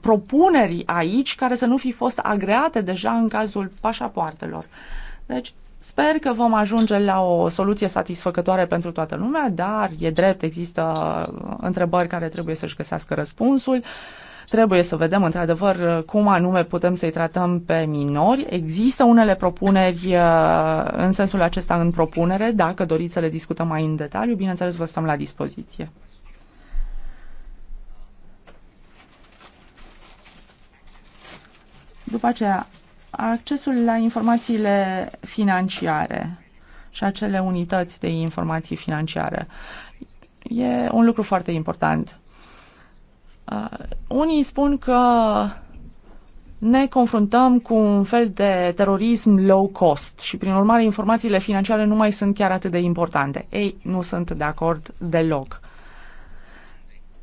propuneri aici care să nu fi fost agreate deja în cazul pașapoartelor. Deci, Sper că vom ajunge la o soluție satisfăcătoare pentru toată lumea, dar e drept, există întrebări care trebuie să-și găsească răspunsul. Uh, Trebuie să vedem, într-adevăr, cum anume putem să-i tratăm pe minori. Există unele propuneri uh, în sensul acesta în propunere. Dacă doriți să le discutăm mai în detaliu, bineînțeles, vă stăm la dispoziție. După aceea, accesul la informațiile financiare și acele unități de informații financiare. E un lucru foarte important. Uh, unii spun că ne confruntăm cu un fel de terorism low cost și, prin urmare, informațiile financiare nu mai sunt chiar atât de importante. Ei, nu sunt de acord deloc.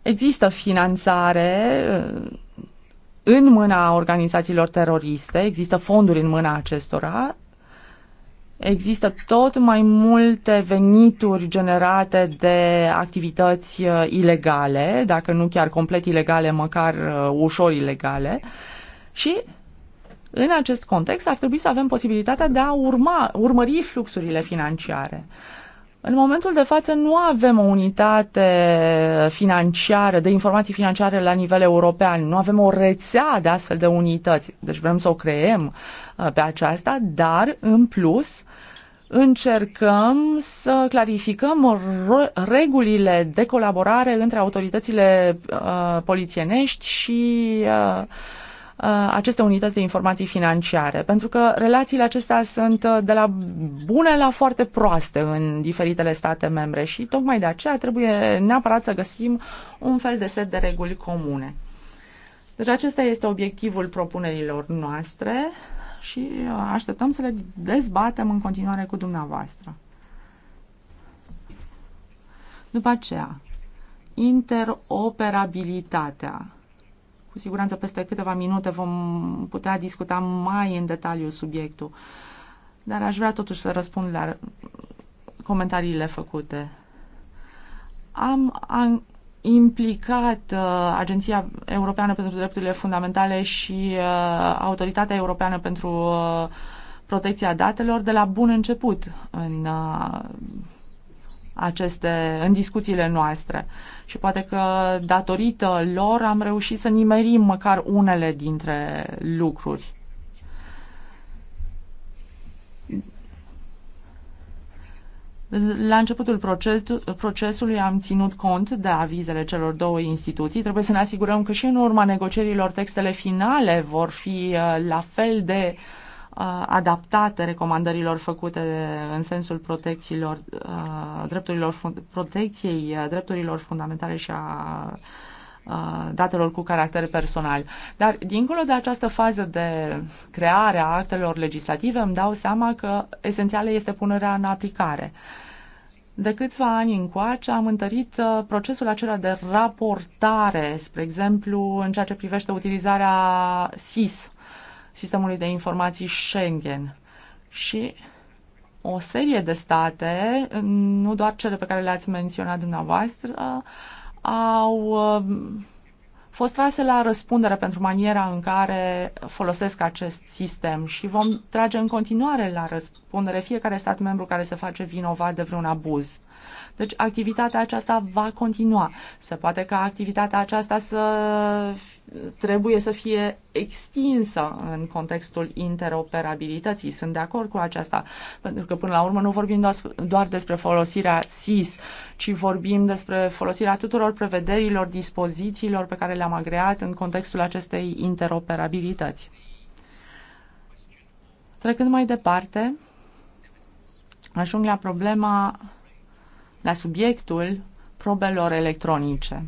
Există finanțare uh, în mâna organizațiilor teroriste, există fonduri în mâna acestora, Există tot mai multe venituri generate de activități uh, ilegale, dacă nu chiar complet ilegale, măcar uh, ușor ilegale. Și în acest context ar trebui să avem posibilitatea de a urma, urmări fluxurile financiare. În momentul de față nu avem o unitate financiară, de informații financiare la nivel european, nu avem o rețea de astfel de unități. Deci vrem să o creem uh, pe aceasta, dar în plus încercăm să clarificăm regulile de colaborare între autoritățile uh, polițienești și uh, uh, aceste unități de informații financiare, pentru că relațiile acestea sunt uh, de la bune la foarte proaste în diferitele state membre și tocmai de aceea trebuie neapărat să găsim un fel de set de reguli comune. Deci acesta este obiectivul propunerilor noastre și uh, așteptăm să le dezbatem în continuare cu dumneavoastră. După aceea, interoperabilitatea. Cu siguranță peste câteva minute vom putea discuta mai în detaliu subiectul, dar aș vrea totuși să răspund la comentariile făcute. Am, am implicat uh, Agenția Europeană pentru Drepturile Fundamentale și uh, Autoritatea Europeană pentru uh, Protecția Datelor de la bun început în uh, aceste, în discuțiile noastre. Și poate că datorită lor am reușit să nimerim măcar unele dintre lucruri. La începutul proces, procesului am ținut cont de avizele celor două instituții. Trebuie să ne asigurăm că și în urma negocierilor textele finale vor fi uh, la fel de uh, adaptate recomandărilor făcute în sensul protecțiilor, uh, drepturilor, protecției drepturilor fundamentale și a datelor cu caracter personal. Dar, dincolo de această fază de creare a actelor legislative, îmi dau seama că esențială este punerea în aplicare. De câțiva ani încoace am întărit uh, procesul acela de raportare, spre exemplu, în ceea ce privește utilizarea SIS, Sistemului de Informații Schengen. Și o serie de state, nu doar cele pe care le-ați menționat dumneavoastră, au uh, fost trase la răspundere pentru maniera în care folosesc acest sistem și vom trage în continuare la răspundere fiecare stat membru care se face vinovat de vreun abuz. Deci activitatea aceasta va continua. Se poate ca activitatea aceasta să trebuie să fie extinsă în contextul interoperabilității. Sunt de acord cu aceasta, pentru că până la urmă nu vorbim doar despre folosirea SIS, ci vorbim despre folosirea tuturor prevederilor, dispozițiilor pe care le-am agreat în contextul acestei interoperabilități. Trecând mai departe, ajung la problema la subiectul probelor electronice.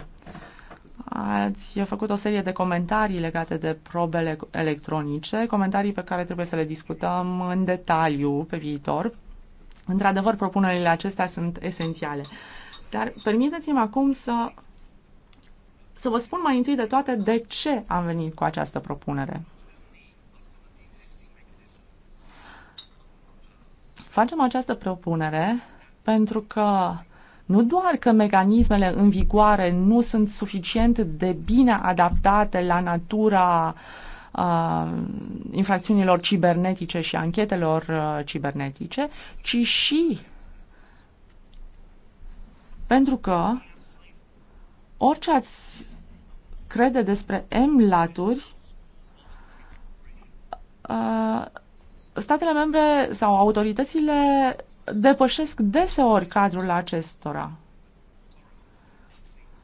Ați făcut o serie de comentarii legate de probele electronice, comentarii pe care trebuie să le discutăm în detaliu pe viitor. Într-adevăr, propunerile acestea sunt esențiale. Dar permiteți-mi acum să, să vă spun mai întâi de toate de ce am venit cu această propunere. Facem această propunere pentru că nu doar că mecanismele în vigoare nu sunt suficient de bine adaptate la natura uh, infracțiunilor cibernetice și anchetelor uh, cibernetice, ci și pentru că orice ați crede despre M-laturi, uh, statele membre sau autoritățile depășesc deseori cadrul acestora.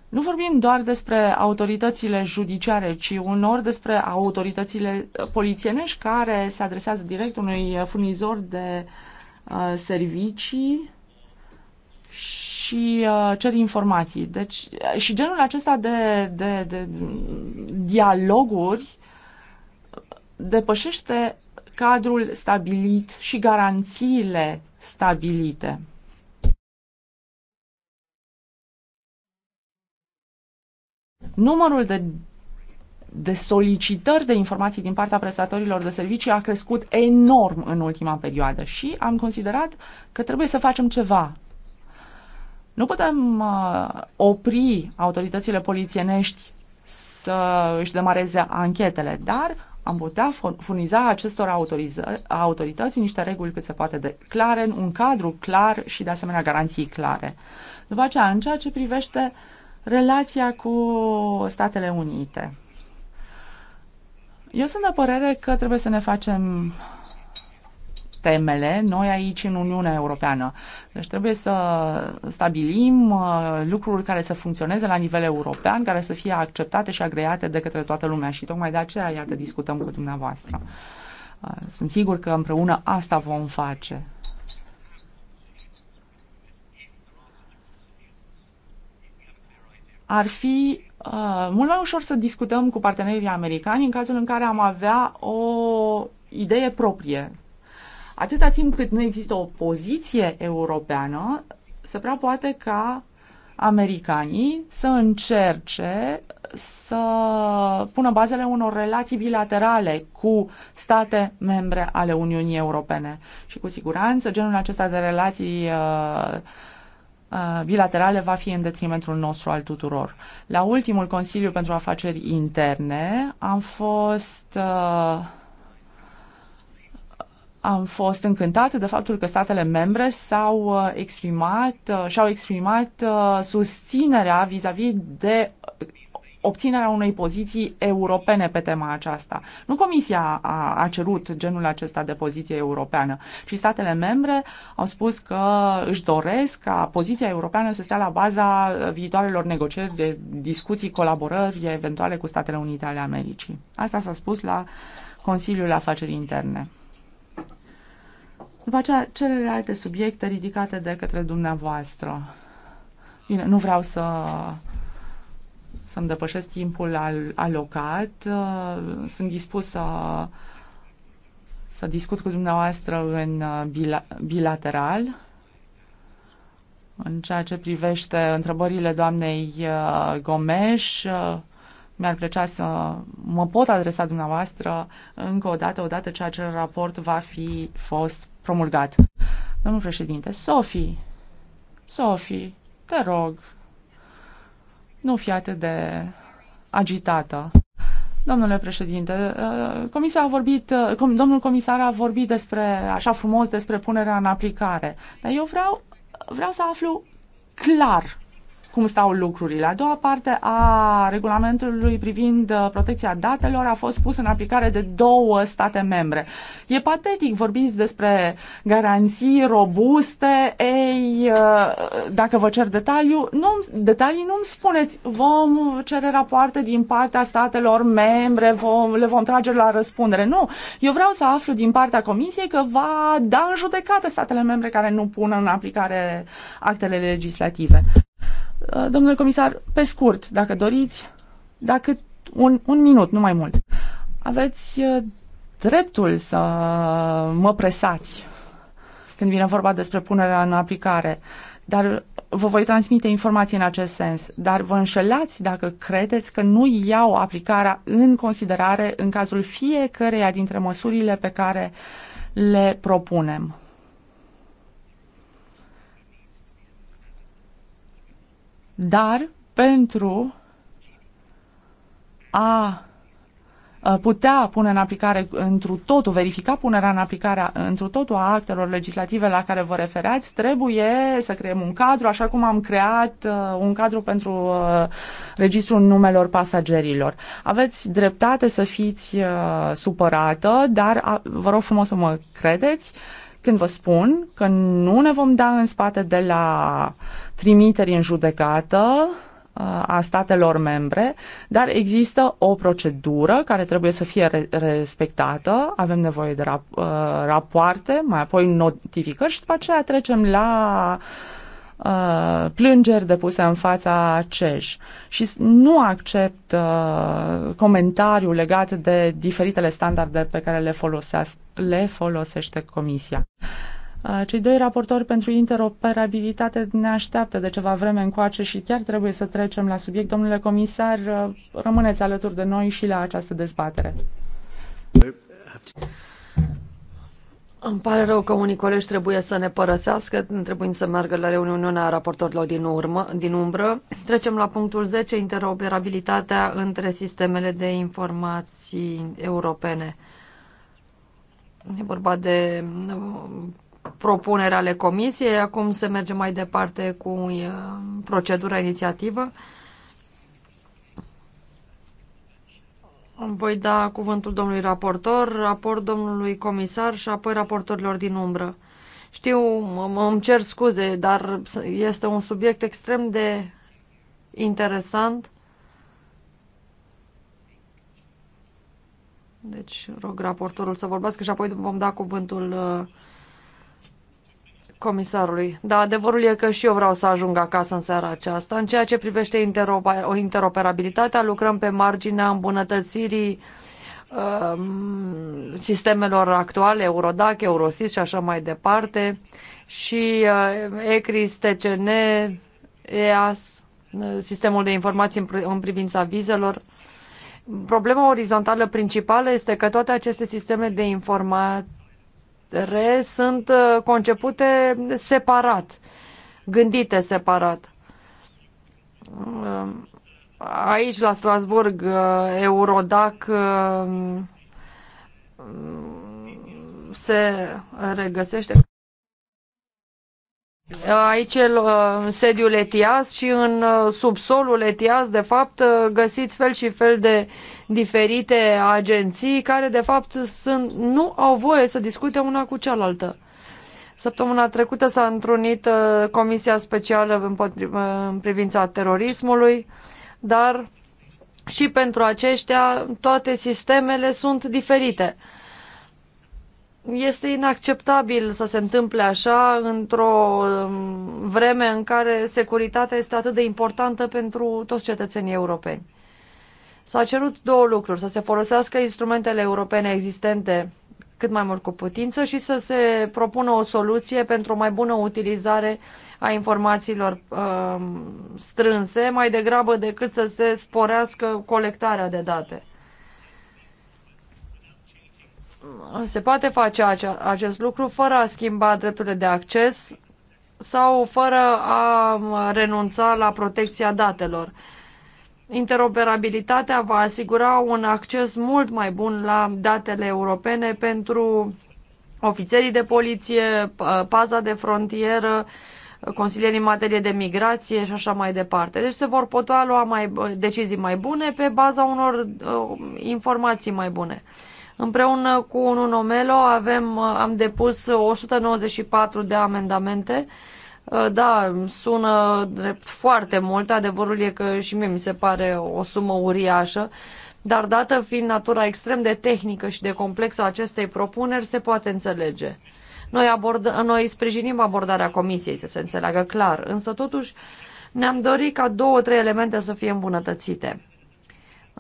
Nu vorbim doar despre autoritățile judiciare, ci unor despre autoritățile polițienești care se adresează direct unui furnizor de uh, servicii și uh, cer informații. Deci, uh, și genul acesta de, de, de dialoguri depășește cadrul stabilit și garanțiile stabilite. Numărul de, de solicitări de informații din partea prestatorilor de servicii a crescut enorm în ultima perioadă și am considerat că trebuie să facem ceva nu putem uh, opri autoritățile polițienești să își demareze anchetele, dar am putea furniza acestor autorități niște reguli cât se poate de clare, un cadru clar și de asemenea garanții clare. După aceea, în ceea ce privește relația cu Statele Unite. Eu sunt de părere că trebuie să ne facem temele noi aici în Uniunea Europeană. Deci trebuie să stabilim uh, lucruri care să funcționeze la nivel european, care să fie acceptate și agreate de către toată lumea și tocmai de aceea, iată, discutăm cu dumneavoastră. Uh, sunt sigur că împreună asta vom face. Ar fi Uh, mult mai ușor să discutăm cu partenerii americani în cazul în care am avea o idee proprie Atâta timp cât nu există o poziție europeană, se prea poate ca americanii să încerce să pună bazele unor relații bilaterale cu state membre ale Uniunii Europene. Și cu siguranță genul acesta de relații uh, uh, bilaterale va fi în detrimentul nostru al tuturor. La ultimul Consiliu pentru Afaceri Interne am fost uh, am fost încântat de faptul că statele membre s-au uh, exprimat, uh, și-au exprimat uh, susținerea vis-a-vis -vis de obținerea unei poziții europene pe tema aceasta. Nu Comisia a, a cerut genul acesta de poziție europeană, ci statele membre au spus că își doresc ca poziția europeană să stea la baza viitoarelor negocieri de discuții, colaborări eventuale cu Statele Unite ale Americii. Asta s-a spus la Consiliul Afaceri Interne. După aceea, celelalte subiecte ridicate de către dumneavoastră. Bine, nu vreau să să-mi depășesc timpul al, alocat. Uh, sunt dispus să, să discut cu dumneavoastră în uh, bila, bilateral. În ceea ce privește întrebările doamnei uh, Gomes, mi-ar plăcea să mă pot adresa dumneavoastră încă o dată, odată ce acel raport va fi fost promulgat. Domnul președinte, Sofie, Sofie, te rog, nu fi atât de agitată. Domnule președinte, uh, comisia a vorbit, uh, domnul comisar a vorbit despre, așa frumos despre punerea în aplicare, dar eu vreau, vreau să aflu clar cum stau lucrurile. A doua parte a regulamentului privind uh, protecția datelor a fost pusă în aplicare de două state membre. E patetic, vorbiți despre garanții robuste, ei, uh, dacă vă cer detaliu, nu, detalii nu-mi spuneți, vom cere rapoarte din partea statelor membre, vom, le vom trage la răspundere. Nu, eu vreau să aflu din partea Comisiei că va da în judecată statele membre care nu pun în aplicare actele legislative. Uh, domnule comisar, pe scurt, dacă doriți, dacă un, un minut, nu mai mult. Aveți uh, dreptul să mă presați când vine vorba despre punerea în aplicare, dar vă voi transmite informații în acest sens, dar vă înșelați dacă credeți că nu iau aplicarea în considerare în cazul fiecăreia dintre măsurile pe care le propunem. Dar pentru a putea pune în aplicare întru totul, verifica punerea în aplicare întru totul a actelor legislative la care vă refereați, trebuie să creăm un cadru, așa cum am creat uh, un cadru pentru uh, registrul numelor pasagerilor. Aveți dreptate să fiți uh, supărată, dar vă rog frumos să mă credeți, când vă spun că nu ne vom da în spate de la trimiteri în judecată uh, a statelor membre, dar există o procedură care trebuie să fie respectată, avem nevoie de rap- uh, rapoarte, mai apoi notificări și după aceea trecem la uh, Uh, plângeri depuse în fața CEJ și nu accept uh, comentariul legat de diferitele standarde pe care le, le folosește Comisia. Uh, cei doi raportori pentru interoperabilitate ne așteaptă de ceva vreme încoace și chiar trebuie să trecem la subiect. Domnule comisar, uh, rămâneți alături de noi și la această dezbatere. Îmi pare rău că unii colegi trebuie să ne părăsească, trebuie să meargă la reuniunea raportorilor din, urmă, din umbră. Trecem la punctul 10, interoperabilitatea între sistemele de informații europene. E vorba de uh, propunere ale comisiei, acum se merge mai departe cu uh, procedura inițiativă. Voi da cuvântul domnului raportor, raport domnului comisar și apoi raportorilor din umbră. Știu, îmi cer scuze, dar este un subiect extrem de interesant. Deci rog raportorul să vorbească și apoi vom da cuvântul uh, comisarului. Da, adevărul e că și eu vreau să ajung acasă în seara aceasta. În ceea ce privește interoper interoperabilitatea, lucrăm pe marginea îmbunătățirii uh, sistemelor actuale, Eurodac, Eurosis și așa mai departe, și uh, ECRIS, TCN, EAS, uh, sistemul de informații în, în privința vizelor. Problema orizontală principală este că toate aceste sisteme de informații re sunt uh, concepute separat, gândite separat. Um, aici, la Strasburg, uh, Eurodac uh, um, se regăsește. Aici uh, în sediul Etias și în uh, subsolul Etias, de fapt, uh, găsiți fel și fel de diferite agenții care, de fapt, sunt, nu au voie să discute una cu cealaltă. Săptămâna trecută s-a întrunit Comisia Specială în privința terorismului, dar și pentru aceștia toate sistemele sunt diferite este inacceptabil să se întâmple așa într-o um, vreme în care securitatea este atât de importantă pentru toți cetățenii europeni. S-a cerut două lucruri, să se folosească instrumentele europene existente cât mai mult cu putință și să se propună o soluție pentru o mai bună utilizare a informațiilor uh, strânse, mai degrabă decât să se sporească colectarea de date se poate face acest lucru fără a schimba drepturile de acces sau fără a renunța la protecția datelor. Interoperabilitatea va asigura un acces mult mai bun la datele europene pentru ofițerii de poliție, paza de frontieră, consilierii în materie de migrație și așa mai departe. Deci se vor putea lua mai, decizii mai bune pe baza unor uh, informații mai bune. Împreună cu un omelo avem, am depus 194 de amendamente. Uh, da, sună drept foarte mult, adevărul e că și mie mi se pare o sumă uriașă, dar dată fiind natura extrem de tehnică și de complexă a acestei propuneri, se poate înțelege. Noi, abord, noi sprijinim abordarea comisiei, să se înțeleagă clar, însă totuși ne-am dorit ca două, trei elemente să fie îmbunătățite.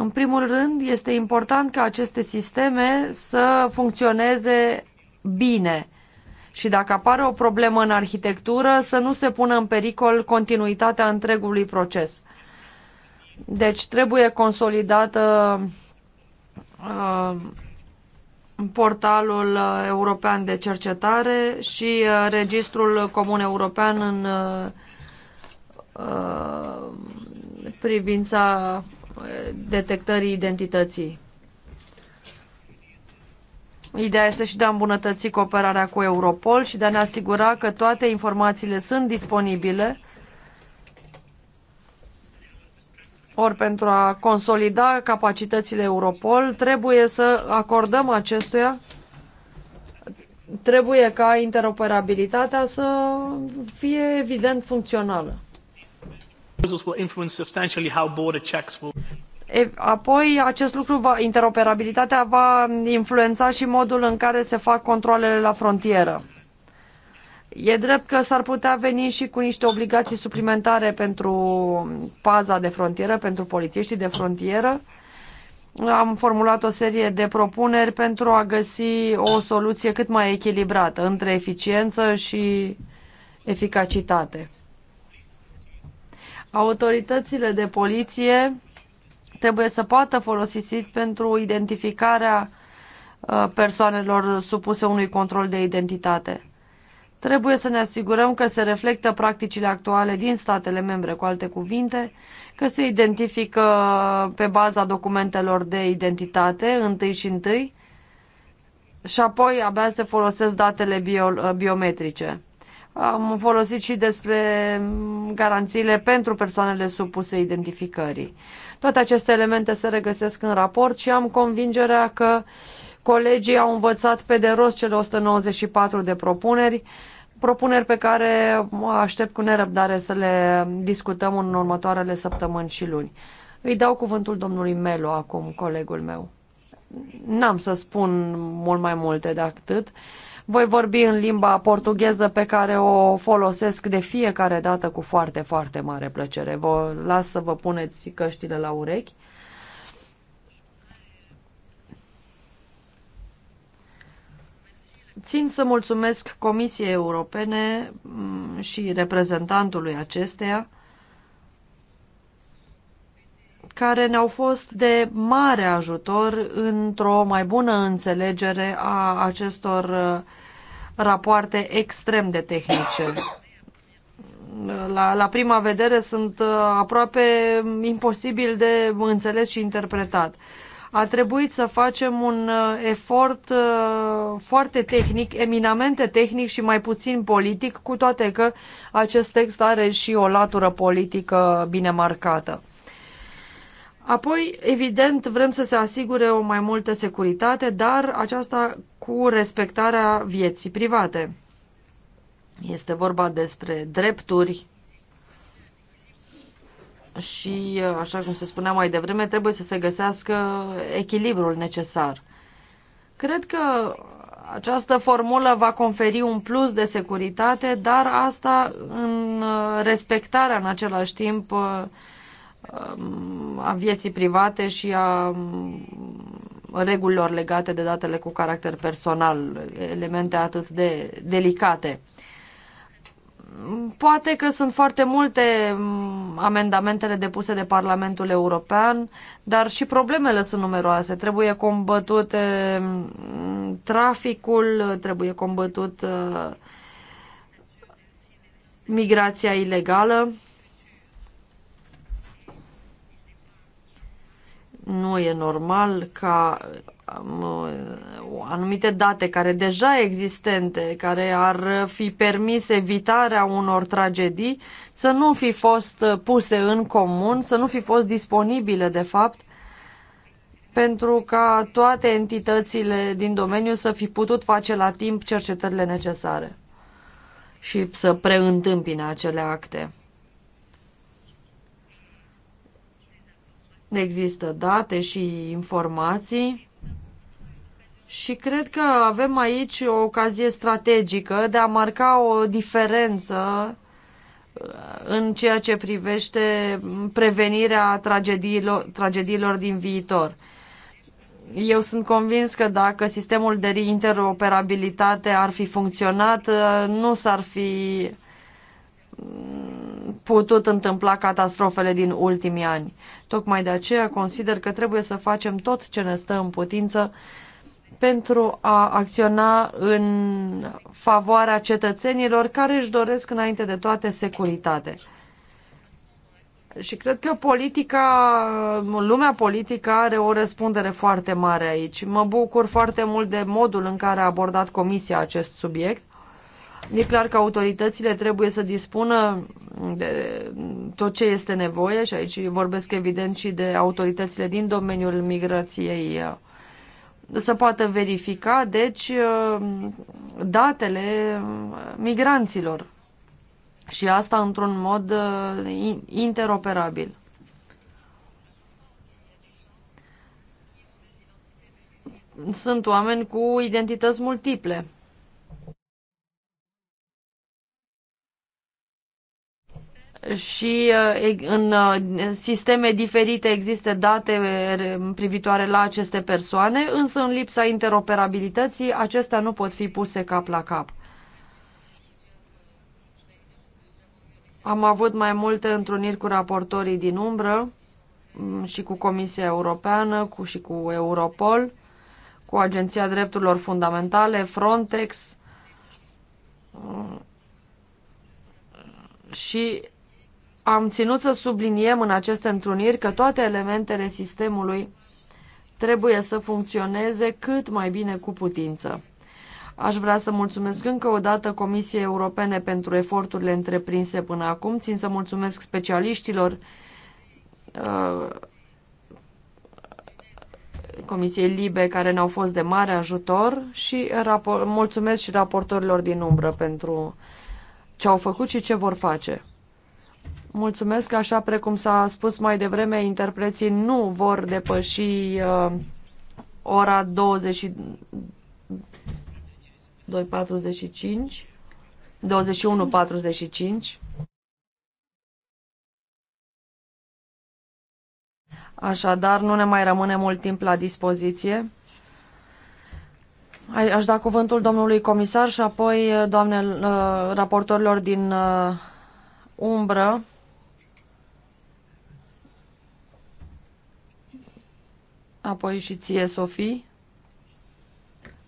În primul rând, este important ca aceste sisteme să funcționeze bine și dacă apare o problemă în arhitectură, să nu se pună în pericol continuitatea întregului proces. Deci trebuie consolidată uh, portalul european de cercetare și uh, registrul comun european în uh, uh privința detectării identității. Ideea este și de a îmbunătăți cooperarea cu Europol și de a ne asigura că toate informațiile sunt disponibile ori pentru a consolida capacitățile Europol, trebuie să acordăm acestuia trebuie ca interoperabilitatea să fie evident funcțională. Apoi, acest lucru, va, interoperabilitatea va influența și modul în care se fac controlele la frontieră. E drept că s-ar putea veni și cu niște obligații suplimentare pentru paza de frontieră, pentru polițiștii de frontieră. Am formulat o serie de propuneri pentru a găsi o soluție cât mai echilibrată între eficiență și eficacitate. Autoritățile de poliție trebuie să poată folosi SIT pentru identificarea uh, persoanelor supuse unui control de identitate. Trebuie să ne asigurăm că se reflectă practicile actuale din statele membre, cu alte cuvinte, că se identifică pe baza documentelor de identitate, întâi și întâi, și apoi abia se folosesc datele bio uh, biometrice. Am folosit și despre garanțiile pentru persoanele supuse identificării. Toate aceste elemente se regăsesc în raport și am convingerea că colegii au învățat pe de rost cele 194 de propuneri, propuneri pe care aștept cu nerăbdare să le discutăm în următoarele săptămâni și luni. Îi dau cuvântul domnului Melo acum, colegul meu. N-am să spun mult mai multe de atât. Voi vorbi în limba portugheză pe care o folosesc de fiecare dată cu foarte, foarte mare plăcere. Vă las să vă puneți căștile la urechi. Țin să mulțumesc Comisiei Europene mm, și reprezentantului acesteia care ne-au fost de mare ajutor într-o mai bună înțelegere a acestor uh, rapoarte extrem de tehnice. La, la prima vedere sunt uh, aproape imposibil de înțeles și interpretat. A trebuit să facem un uh, efort foarte tehnic, eminamente tehnic și mai puțin politic, cu toate că acest text are și o latură politică bine marcată. Apoi, evident, vrem să se asigure o mai multă securitate, dar aceasta cu respectarea vieții private. Este vorba despre drepturi și, așa cum se spunea mai devreme, trebuie să se găsească echilibrul necesar. Cred că această formulă va conferi un plus de securitate, dar asta în uh, respectarea în același timp uh, a vieții private și a mm, regulilor legate de datele cu caracter personal, elemente atât de delicate. Poate că sunt foarte multe mm, amendamentele depuse de Parlamentul European, dar și problemele sunt numeroase. Trebuie combătut mm, traficul, trebuie combătut migrația ilegală. nu e normal ca um, anumite date care deja existente, care ar fi permis evitarea unor tragedii, să nu fi fost puse în comun, să nu fi fost disponibile, de fapt, pentru ca toate entitățile din domeniu să fi putut face la timp cercetările necesare și să preîntâmpine acele acte. Există date și informații și cred că avem aici o ocazie strategică de a marca o diferență uh, în ceea ce privește prevenirea tragediilor, tragediilor din viitor. Eu sunt convins că dacă sistemul de interoperabilitate ar fi funcționat, uh, nu s-ar fi putut întâmpla catastrofele din ultimii ani. Tocmai de aceea consider că trebuie să facem tot ce ne stă în putință pentru a acționa în favoarea cetățenilor care își doresc înainte de toate securitate. Și cred că politica, lumea politică are o răspundere foarte mare aici. Mă bucur foarte mult de modul în care a abordat Comisia acest subiect E clar că autoritățile trebuie să dispună de tot ce este nevoie și aici vorbesc evident și de autoritățile din domeniul migrației să poată verifica, deci, datele migranților și asta într-un mod uh, interoperabil. Sunt oameni cu identități multiple și uh, uh, în sisteme diferite există date uh, privitoare la aceste persoane, însă în lipsa interoperabilității acestea nu pot fi puse cap la cap. Am avut mai multe întruniri cu raportorii din umbră mm, și cu Comisia Europeană cu, și cu Europol, cu Agenția Drepturilor Fundamentale, Frontex mm, și am ținut să subliniem în aceste întruniri că toate elementele sistemului trebuie să funcționeze cât mai bine cu putință. Aș vrea să mulțumesc încă o dată Comisiei Europene pentru eforturile întreprinse până acum. Țin să mulțumesc specialiștilor uh, Comisiei Libe care ne-au fost de mare ajutor și mulțumesc și raportorilor din umbră pentru ce au făcut și ce vor face. Mulțumesc, așa precum s-a spus mai devreme, interpreții nu vor depăși uh, ora 20 21.45 Așadar, nu ne mai rămâne mult timp la dispoziție. Aș da cuvântul domnului comisar și apoi doamne uh, raportorilor din uh, umbră. apoi și ție, Sofie.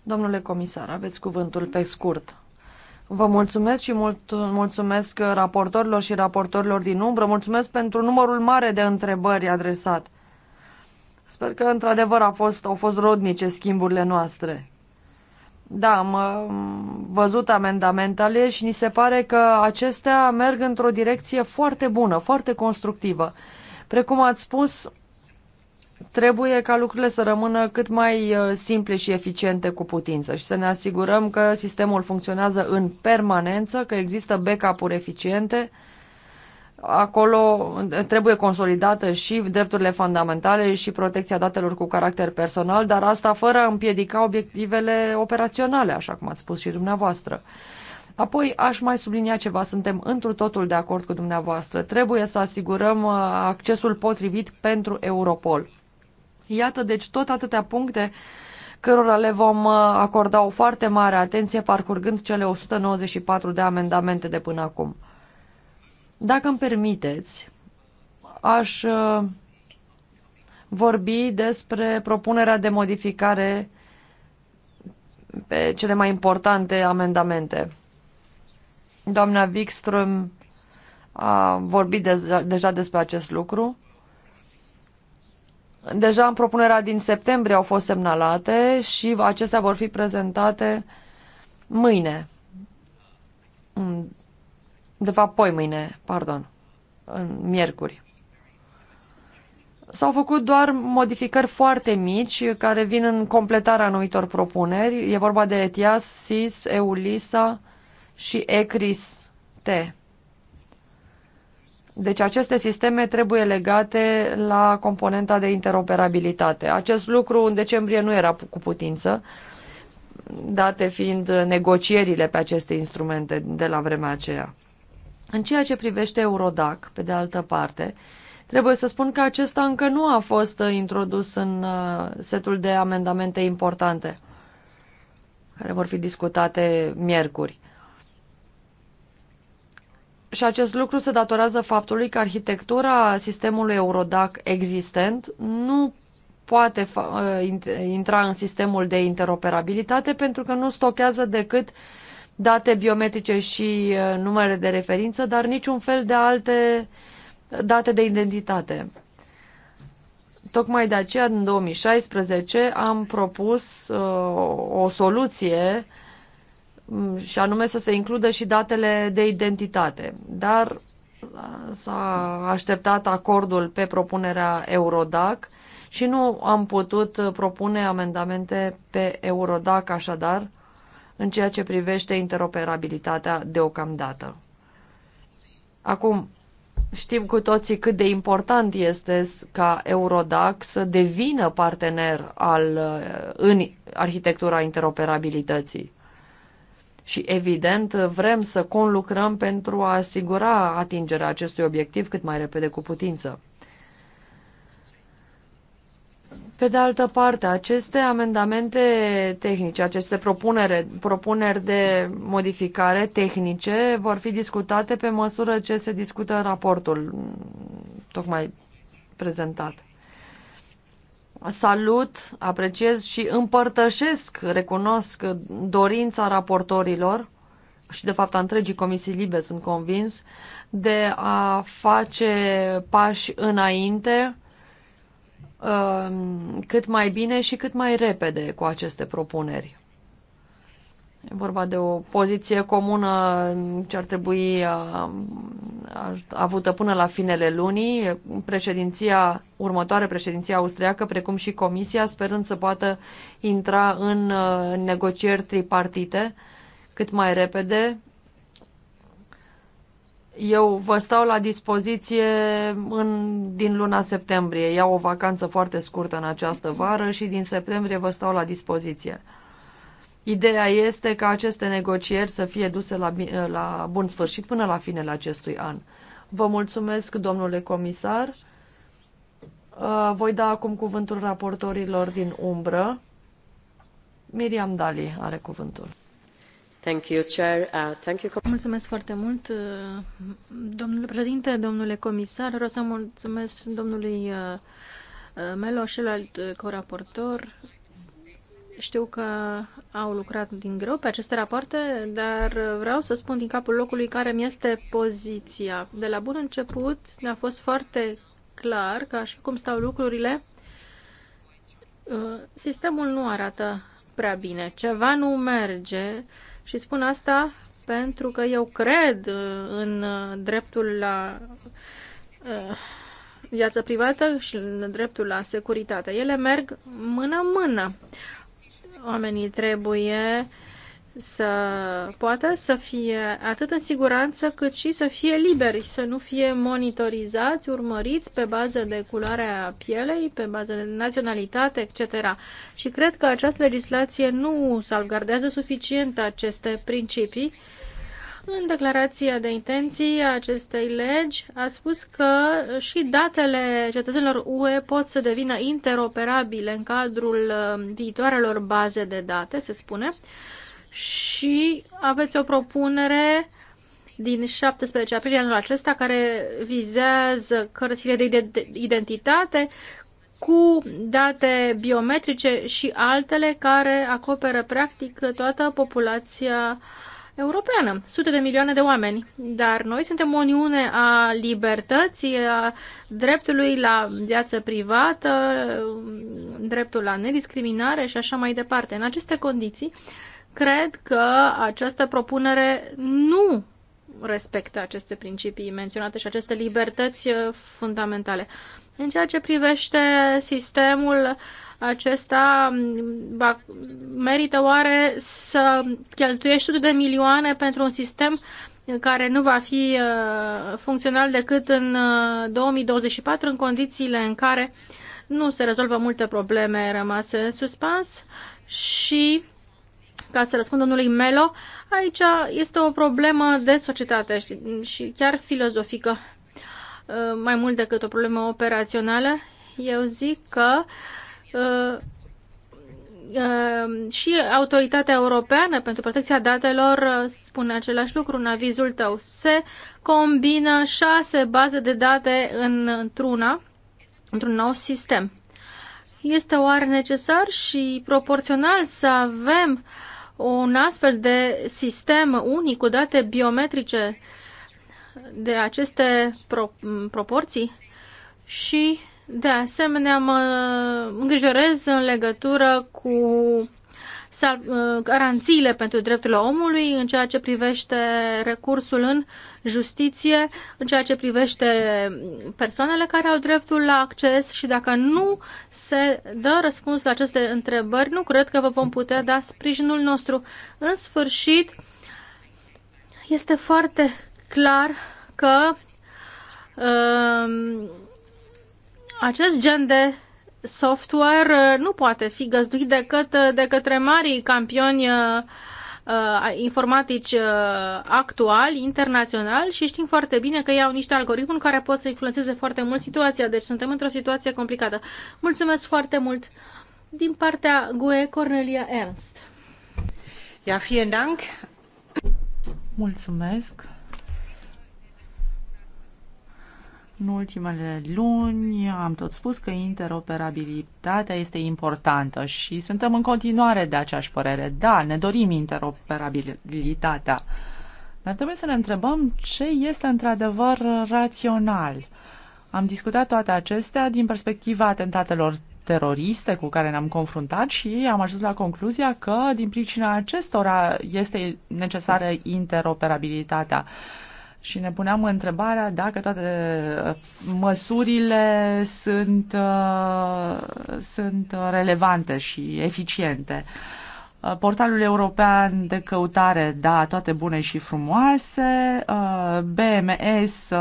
Domnule comisar, aveți cuvântul pe scurt. Vă mulțumesc și mult, mulțumesc raportorilor și raportorilor din umbră. Mulțumesc pentru numărul mare de întrebări adresat. Sper că, într-adevăr, a fost, au fost rodnice schimburile noastre. Da, am văzut amendamentele și ni se pare că acestea merg într-o direcție foarte bună, foarte constructivă. Precum ați spus, Trebuie ca lucrurile să rămână cât mai uh, simple și eficiente cu putință și să ne asigurăm că sistemul funcționează în permanență, că există backup-uri eficiente. Acolo uh, trebuie consolidată și drepturile fundamentale și protecția datelor cu caracter personal, dar asta fără a împiedica obiectivele operaționale, așa cum ați spus și dumneavoastră. Apoi aș mai sublinia ceva, suntem întru totul de acord cu dumneavoastră. Trebuie să asigurăm uh, accesul potrivit pentru Europol. Iată, deci, tot atâtea puncte cărora le vom uh, acorda o foarte mare atenție parcurgând cele 194 de amendamente de până acum. Dacă îmi permiteți, aș uh, vorbi despre propunerea de modificare pe cele mai importante amendamente. Doamna Wikström a vorbit deja despre acest lucru. Deja în propunerea din septembrie au fost semnalate și acestea vor fi prezentate mâine. Mm, de fapt, poi mâine, pardon, în miercuri. S-au făcut doar modificări foarte mici care vin în completarea anumitor propuneri. E vorba de ETIAS, SIS, EULISA și ECRIS-T. Deci aceste sisteme trebuie legate la componenta de interoperabilitate. Acest lucru în decembrie nu era cu putință, date fiind negocierile pe aceste instrumente de la vremea aceea. În ceea ce privește Eurodac, pe de altă parte, trebuie să spun că acesta încă nu a fost introdus în uh, setul de amendamente importante, care vor fi discutate miercuri. Și acest lucru se datorează faptului că arhitectura sistemului Eurodac existent nu poate ă, intra în sistemul de interoperabilitate pentru că nu stochează decât date biometrice și ă, numere de referință, dar niciun fel de alte date de identitate. Tocmai de aceea, în 2016, am propus uh, o soluție uh, Mm, și anume să se includă și datele de identitate. Dar uh, s-a așteptat acordul pe propunerea Eurodac și nu am putut propune amendamente pe Eurodac așadar în ceea ce privește interoperabilitatea deocamdată. Acum, știm cu toții cât de important este ca Eurodac să devină partener al, uh, în arhitectura interoperabilității. Și evident vrem să conlucrăm pentru a asigura atingerea acestui obiectiv cât mai repede cu putință. Pe de altă parte, aceste amendamente tehnice, aceste propunere, propuneri de modificare tehnice vor fi discutate pe măsură ce se discută raportul tocmai prezentat. Salut, apreciez și împărtășesc, recunosc dorința raportorilor și de fapt a întregii comisii libe, sunt convins, de a face pași înainte um, cât mai bine și cât mai repede cu aceste propuneri. E vorba de o poziție comună ce ar trebui uh, avută până la finele lunii. Președinția, următoare președinția austriacă, precum și Comisia, sperând să poată intra în uh, negocieri tripartite cât mai repede. Eu vă stau la dispoziție în, din luna septembrie. Iau o vacanță foarte scurtă în această vară și din septembrie vă stau la dispoziție. Ideea este ca aceste negocieri să fie duse la, la bun sfârșit până la finele acestui an. Vă mulțumesc, domnule comisar. Uh, voi da acum cuvântul raportorilor din umbră. Miriam Dali are cuvântul. Thank you, Chair. Uh, thank you. Mulțumesc foarte mult, uh, domnule președinte, domnule comisar. Vreau să mulțumesc domnului uh, Melo, celălalt coraportor, știu că au lucrat din greu pe aceste rapoarte, dar vreau să spun din capul locului care mi este poziția. De la bun început ne-a fost foarte clar că așa cum stau lucrurile, uh, sistemul nu arată prea bine. Ceva nu merge și spun asta pentru că eu cred uh, în uh, dreptul la viață privată și în dreptul la securitate. Ele merg mână-mână. Oamenii trebuie să poată să fie atât în siguranță cât și să fie liberi, să nu fie monitorizați, urmăriți pe bază de culoarea pielei, pe bază de naționalitate, etc. Și cred că această legislație nu salvgardează suficient aceste principii în declarația de intenții a acestei legi a spus că și datele cetățenilor UE pot să devină interoperabile în cadrul uh, viitoarelor baze de date, se spune, și aveți o propunere din 17 aprilie anul acesta care vizează cărțile de identitate cu date biometrice și altele care acoperă practic toată populația uh, europeană, sute de milioane de oameni. Dar noi suntem o uniune a libertății, a dreptului la viață privată, dreptul la nediscriminare și așa mai departe. În aceste condiții, cred că această propunere nu respectă aceste principii menționate și aceste libertăți uh, fundamentale. În ceea ce privește sistemul acesta ba, merită oare să cheltuiești sute de milioane pentru un sistem care nu va fi uh, funcțional decât în 2024, uh, în condițiile în care nu se rezolvă multe probleme rămase în suspans și ca să răspund domnului Melo, aici este o problemă de societate și chiar filozofică, uh, mai mult decât o problemă operațională. Eu zic că uh, Uh, uh, uh, și Autoritatea Europeană pentru Protecția Datelor spune același lucru în avizul tău. Se combină șase baze de date în, într-una, într-un nou sistem. Este oare necesar și proporțional să avem un astfel de sistem unic cu date biometrice de aceste pro, proporții? Și de asemenea, mă îngrijorez în legătură cu uh, garanțiile pentru drepturile omului în ceea ce privește recursul în justiție, în ceea ce privește persoanele care au dreptul la acces și dacă nu se dă răspuns la aceste întrebări, nu cred că vă vom putea da sprijinul nostru. În sfârșit, este foarte clar că uh, acest gen de software uh, nu poate fi găzduit decât uh, de către marii campioni uh, informatici actuali, internaționali și știm foarte bine că iau niște algoritmi care pot să influențeze foarte mult situația, deci suntem într-o situație complicată. Mulțumesc foarte mult din partea GUE Cornelia Ernst. Ja, vielen Dank. Mulțumesc. În ultimele luni am tot spus că interoperabilitatea este importantă și suntem în continuare de aceeași părere. Da, ne dorim interoperabilitatea, dar trebuie să ne întrebăm ce este într-adevăr rațional. Am discutat toate acestea din perspectiva atentatelor teroriste cu care ne-am confruntat și am ajuns la concluzia că din pricina acestora este necesară interoperabilitatea și ne puneam întrebarea dacă toate uh, măsurile sunt, uh, sunt uh, relevante și eficiente. Portalul european de căutare, da, toate bune și frumoase, BMS,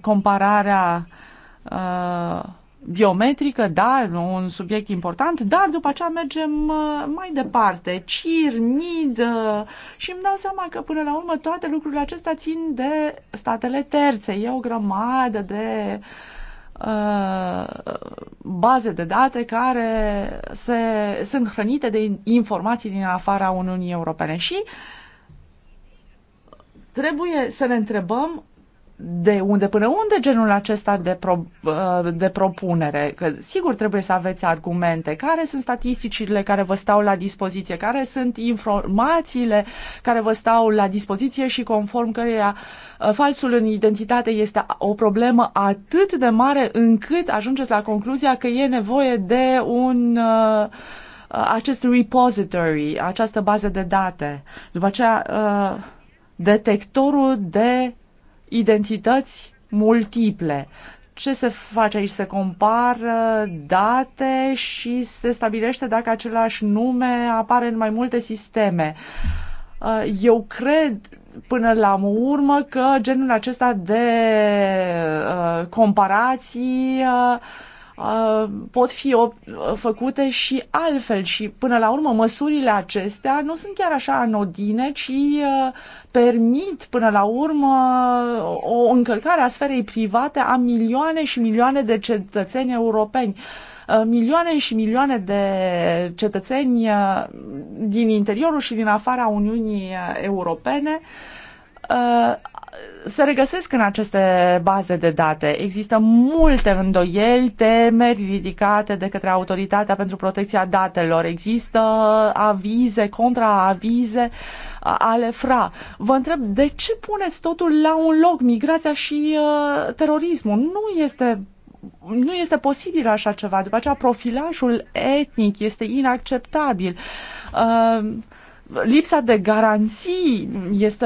compararea biometrică, da, un subiect important, dar după aceea mergem uh, mai departe, CIR, MID uh, și îmi dau seama că până la urmă toate lucrurile acestea țin de statele terțe. E o grămadă de uh, baze de date care se, sunt hrănite de informații din afara Uniunii Europene și trebuie să ne întrebăm de unde până unde genul acesta de, pro, uh, de propunere? Că sigur trebuie să aveți argumente. Care sunt statisticile care vă stau la dispoziție? Care sunt informațiile care vă stau la dispoziție și conform căreia uh, falsul în identitate este o problemă atât de mare încât ajungeți la concluzia că e nevoie de un uh, acest repository, această bază de date. După aceea, detectorul de identități multiple. Ce se face aici? Se compară date și se stabilește dacă același nume apare în mai multe sisteme. Uh, eu cred până la urmă că genul acesta de uh, comparații uh, Uh, pot fi uh, făcute și altfel și până la urmă măsurile acestea nu sunt chiar așa anodine, ci uh, permit până la urmă o încălcare a sferei private a milioane și milioane de cetățeni europeni milioane și milioane de cetățeni din interiorul și din afara Uniunii Europene se regăsesc în aceste baze de date. Există multe îndoieli, temeri ridicate de către Autoritatea pentru Protecția Datelor. Există avize, contraavize uh, ale FRA. Vă întreb, de ce puneți totul la un loc, migrația și uh, terorismul? Nu este nu este posibil așa ceva. După aceea, profilajul etnic este inacceptabil. Uh, lipsa de garanții este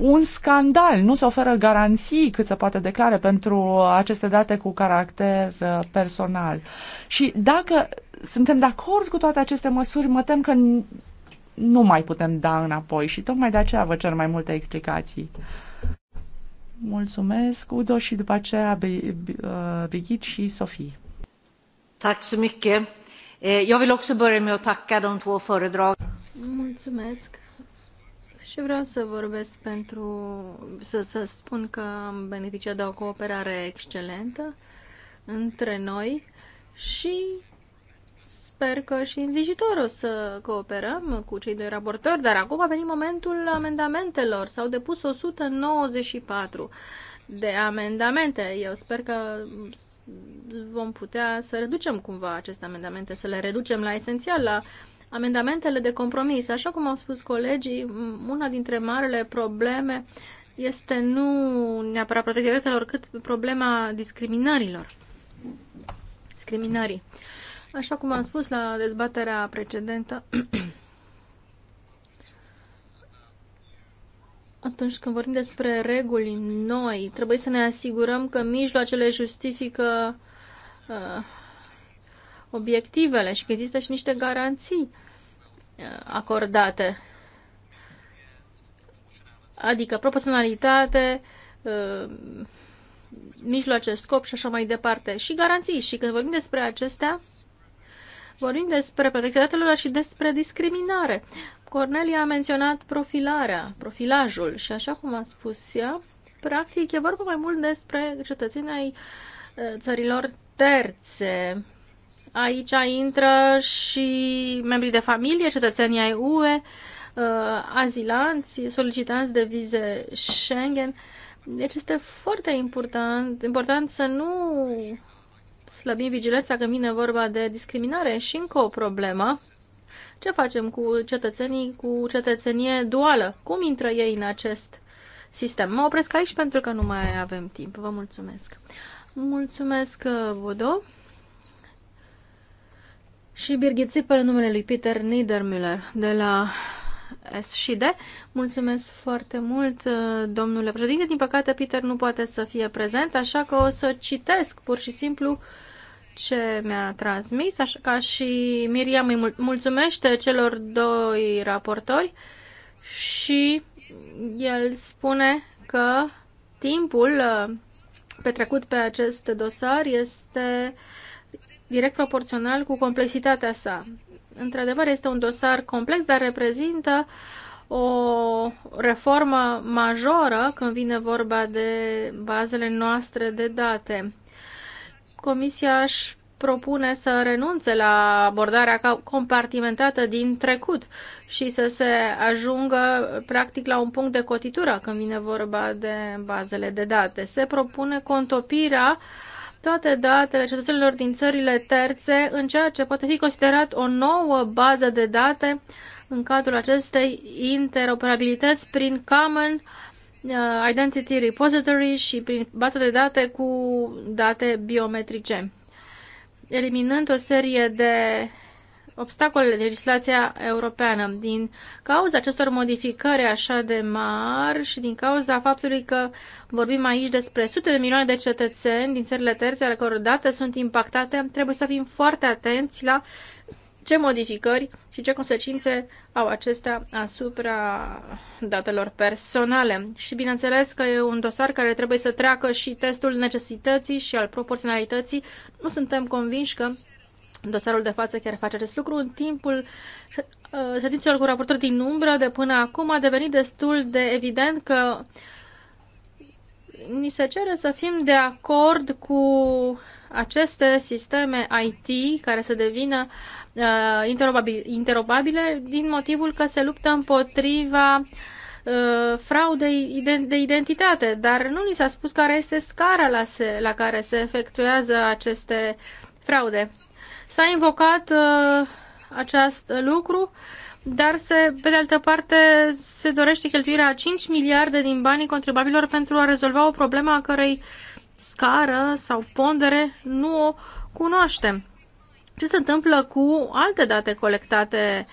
un scandal. Nu se oferă garanții cât se poate declare pentru aceste date cu caracter uh, personal. Și dacă suntem de acord cu toate aceste măsuri, mă tem că nu mai putem da înapoi și tocmai de aceea vă cer mai multe explicații. Mulțumesc, Udo, și după aceea uh, Brigit și Sofie. Tack så mycket. Eh, jag vill också börja med att tacka de två drag. Mulțumesc și vreau să vorbesc pentru să, să spun că am beneficiat de o cooperare excelentă între noi și sper că și în viitor o să cooperăm cu cei doi raportori, dar acum a venit momentul amendamentelor. S-au depus 194 de amendamente. Eu sper că vom putea să reducem cumva aceste amendamente, să le reducem la esențial, la amendamentele de compromis. Așa cum au spus colegii, una dintre marele probleme este nu neapărat protecția datelor, cât problema discriminărilor. Discriminării. Așa cum am spus la dezbaterea precedentă, atunci când vorbim despre reguli noi, trebuie să ne asigurăm că mijloacele justifică uh, obiectivele și că există și niște garanții uh, acordate. Adică proporționalitate, uh, mijloace, scop și așa mai departe. Și garanții. Și când vorbim despre acestea, vorbim despre protecția datelor și despre discriminare. Cornelia a menționat profilarea, profilajul și așa cum a spus ea, practic e vorba mai mult despre cetățenii ai uh, țărilor terțe Aici intră și membrii de familie, cetățenii ai UE, uh, azilanți, solicitanți de vize Schengen. Deci este foarte important, important să nu slăbim vigilența când vine vorba de discriminare și încă o problemă. Ce facem cu cetățenii cu cetățenie duală? Cum intră ei în acest sistem? Mă opresc aici pentru că nu mai avem timp. Vă mulțumesc. Mulțumesc, Vodo. Uh, și Birgit Zipel, numele lui Peter Niedermüller de la SCD. Mulțumesc foarte mult, uh, domnule președinte. Din păcate, Peter nu poate să fie prezent, așa că o să citesc pur și simplu ce mi-a transmis, așa ca și Miriam îi mulțumește celor doi raportori și el spune că timpul uh, petrecut pe acest dosar este uh, direct proporțional cu complexitatea sa. Într-adevăr, este un dosar complex, dar reprezintă o reformă majoră când vine vorba de bazele noastre de date. Comisia își propune să renunțe la abordarea compartimentată din trecut și să se ajungă practic la un punct de cotitură când vine vorba de bazele de date. Se propune contopirea uh, toate datele cetățenilor din țările terțe în ceea ce poate fi considerat o nouă bază de date în cadrul acestei interoperabilități prin Common uh, Identity Repository și prin bază de date cu date biometrice, eliminând o serie de obstacolele de legislația europeană. Din cauza acestor modificări așa de mari și din cauza faptului că vorbim aici despre sute de milioane de cetățeni din țările terțe ale căror date sunt impactate, trebuie să fim foarte atenți la ce modificări și ce consecințe au acestea asupra datelor personale. Și bineînțeles că e un dosar care trebuie să treacă și testul necesității și al proporționalității. Nu suntem convinși că Dosarul de față chiar face acest lucru în timpul uh, ședințelor cu raportori din umbră de până acum a devenit destul de evident că ni se cere să fim de acord cu aceste sisteme IT care să devină uh, interoperabile din motivul că se luptă împotriva uh, fraudei de identitate, dar nu ni s-a spus care este scara la, se, la care se efectuează aceste fraude. S-a invocat uh, acest lucru, dar se, pe de altă parte se dorește cheltuirea a 5 miliarde din banii contribuabililor pentru a rezolva o problemă a cărei scară sau pondere nu o cunoaștem. Ce se întâmplă cu alte date colectate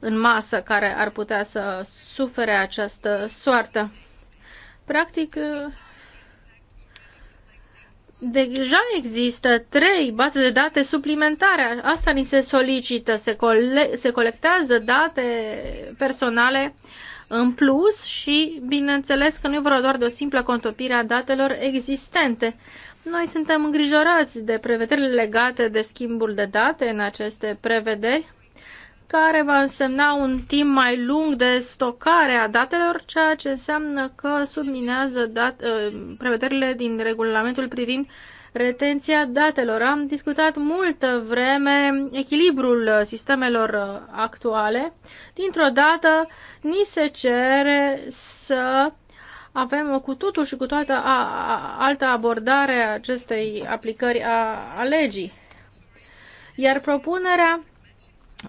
în masă care ar putea să sufere această soartă? Practic, Deja există trei baze de date suplimentare. Asta ni se solicită. Se, cole- se colectează date personale în plus și, bineînțeles, că nu e vorba doar de o simplă contopire a datelor existente. Noi suntem îngrijorați de prevederile legate de schimbul de date în aceste prevederi care va însemna un timp mai lung de stocare a datelor, ceea ce înseamnă că subminează dat, uh, prevederile din regulamentul privind retenția datelor. Am discutat multă vreme echilibrul sistemelor actuale. Dintr-o dată, ni se cere să avem o cu totul și cu toată a, a, altă abordare a acestei aplicări a, a legii. Iar propunerea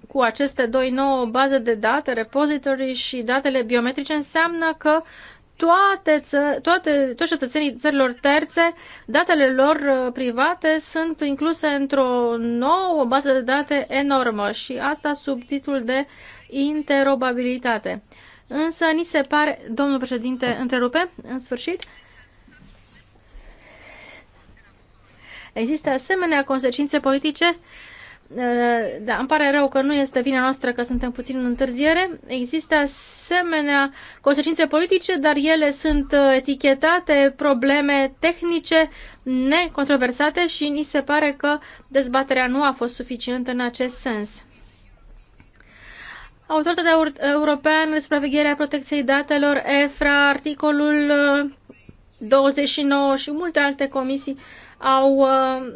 cu aceste doi nouă baze de date, repository și datele biometrice, înseamnă că toate, toate, toți cetățenii țărilor terțe, datele lor uh, private sunt incluse într-o nouă bază de date enormă și asta sub titlul de interoperabilitate. Însă ni se pare, domnul președinte, întrerupe, în sfârșit, există asemenea consecințe politice Eh, da, îmi pare rău că nu este vina noastră că suntem puțin în întârziere. Există asemenea consecințe politice, dar ele sunt eh, etichetate probleme tehnice necontroversate și ni se pare că dezbaterea nu a fost suficientă în acest sens. Autoritatea Europeană de Supraveghere a Protecției Datelor, EFRA, articolul 29 eh, și multe alte comisii au uh,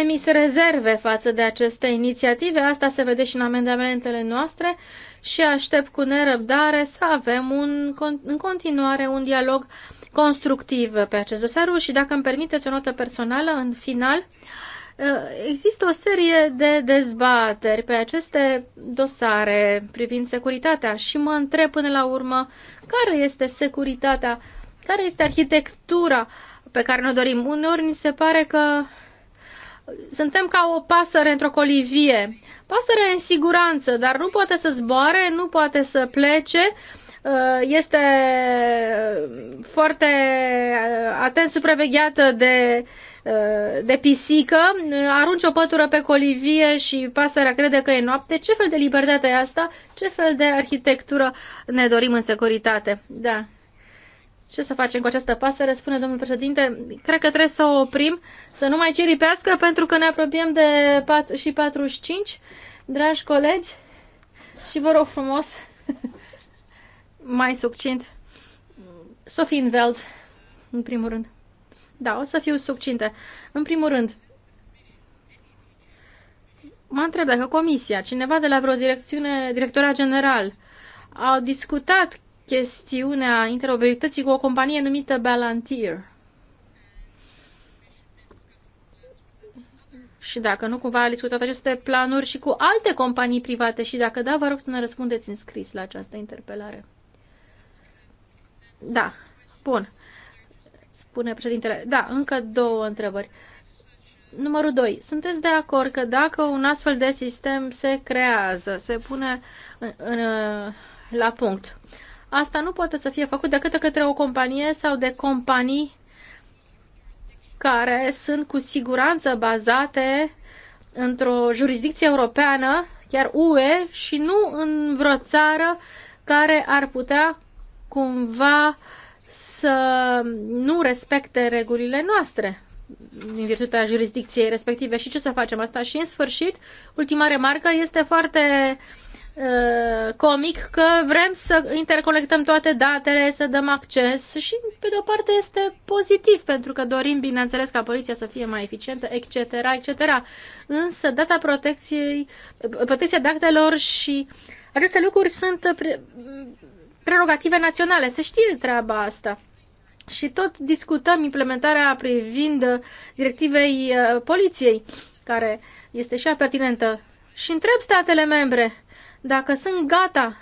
emis rezerve față de aceste inițiative. Asta se vede și în amendamentele noastre și aștept cu nerăbdare să avem un, în continuare un dialog constructiv pe acest dosar și dacă îmi permiteți o notă personală în final, uh, există o serie de dezbateri pe aceste dosare privind securitatea și mă întreb până la urmă care este securitatea, care este arhitectura uh, pe care ne dorim. Uneori mi se pare că suntem ca o pasăre într-o colivie. Pasăre în siguranță, dar nu poate să zboare, nu poate să plece, uh, este foarte uh, atent supravegheată de, uh, de pisică, arunci o pătură pe colivie și pasărea crede că e noapte. Ce fel de libertate e asta? Ce fel de arhitectură ne dorim în securitate? Da. Ce să facem cu această pasăre, spune domnul președinte. Cred că trebuie să o oprim, să nu mai ciripească, pentru că ne apropiem de 4 și 45, dragi colegi. Și vă rog frumos, mai succint, Sofie Inveld, în primul rând. Da, o să fiu succinte. În primul rând, mă întreb dacă comisia, cineva de la vreo direcțiune, directora general, au discutat chestiunea interoperabilității cu o companie numită Balantir. Și dacă nu, cumva a discutat aceste planuri și cu alte companii private și dacă da, vă rog să ne răspundeți în scris la această interpelare. Da, bun. Spune președintele. Da, încă două întrebări. Numărul 2. Sunteți de acord că dacă un astfel de sistem se creează, se pune în, în, la punct, asta nu poate să fie făcut decât de către o companie sau de companii care sunt cu siguranță bazate într-o jurisdicție europeană, chiar UE, și nu în vreo țară care ar putea cumva să nu respecte regulile noastre din virtutea jurisdicției respective și ce să facem asta. Și în sfârșit, ultima remarcă este foarte uh, Uh, comic că vrem să interconectăm toate datele, să dăm acces și, pe de o parte, este pozitiv pentru că dorim, bineînțeles, ca poliția să fie mai eficientă, etc., etc. Însă, data protecției, protecția datelor și aceste lucruri sunt pre, prerogative naționale. Se știe treaba asta. Și tot discutăm implementarea privind directivei uh, poliției, care este și ea pertinentă. Și întreb statele membre, dacă sunt gata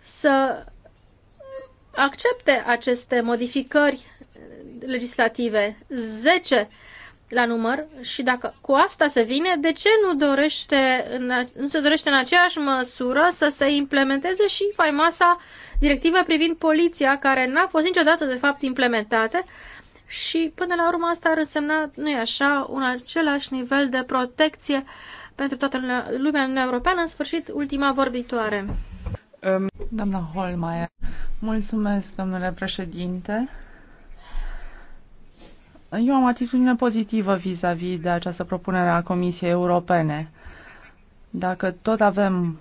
să accepte aceste modificări legislative, 10 la număr, și dacă cu asta se vine, de ce nu, dorește, nu se dorește în aceeași măsură să se implementeze și faimoasa directivă privind poliția, care n-a fost niciodată, de fapt, implementată, și până la urmă asta ar însemna, nu-i așa, un același nivel de protecție uh, pentru toată lumea în europeană. În sfârșit, ultima vorbitoare. Doamna Holmaier, mulțumesc, domnule președinte. Eu am atitudine pozitivă vis-a-vis -vis de această propunere a Comisiei Europene. Dacă tot avem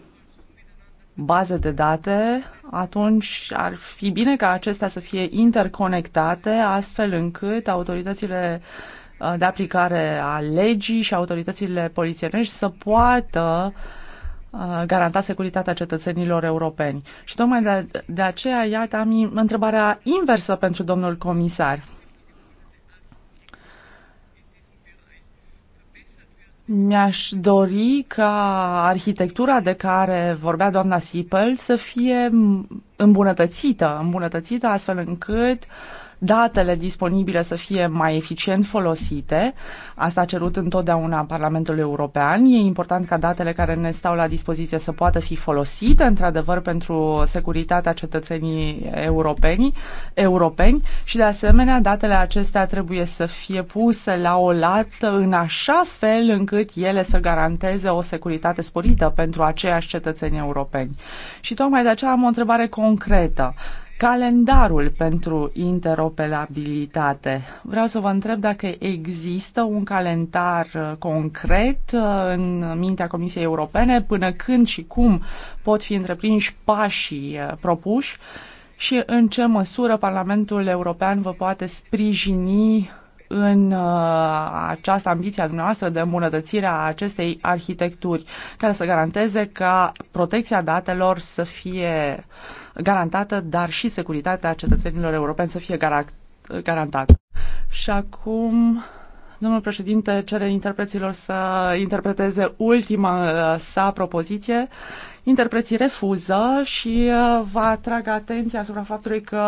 baze de date, atunci ar fi bine ca acestea să fie interconectate, astfel încât autoritățile uh, Uh, de aplicare a legii și autoritățile polițienești să poată uh, garanta securitatea cetățenilor europeni. Și tocmai de, de aceea, iată, am întrebarea inversă pentru domnul comisar. Mi-aș dori ca arhitectura de care vorbea doamna Sipel să fie îmbunătățită, îmbunătățită astfel încât uh, datele disponibile să fie mai eficient folosite. Asta a cerut întotdeauna Parlamentul European. E important ca datele care ne stau la dispoziție să poată fi folosite, într-adevăr, pentru securitatea cetățenii europeni, europeni și, de asemenea, datele acestea trebuie să fie puse la o lată în așa fel încât ele să garanteze o securitate sporită pentru aceiași cetățeni europeni. Și tocmai de aceea am o întrebare concretă calendarul pentru interoperabilitate. Vreau să vă întreb dacă există un calendar uh, concret uh, în mintea Comisiei Europene până când și cum pot fi întreprinși pașii uh, propuși și în ce măsură Parlamentul European vă poate sprijini în această ambiție a dumneavoastră de îmbunătățire a acestei arhitecturi care să garanteze ca protecția datelor să fie uh, garantată, dar și securitatea cetățenilor europeni să fie garantată. Și acum domnul președinte cere interpreților să interpreteze ultima uh, sa propoziție. Interpreții refuză și uh, va atrag atenția asupra faptului că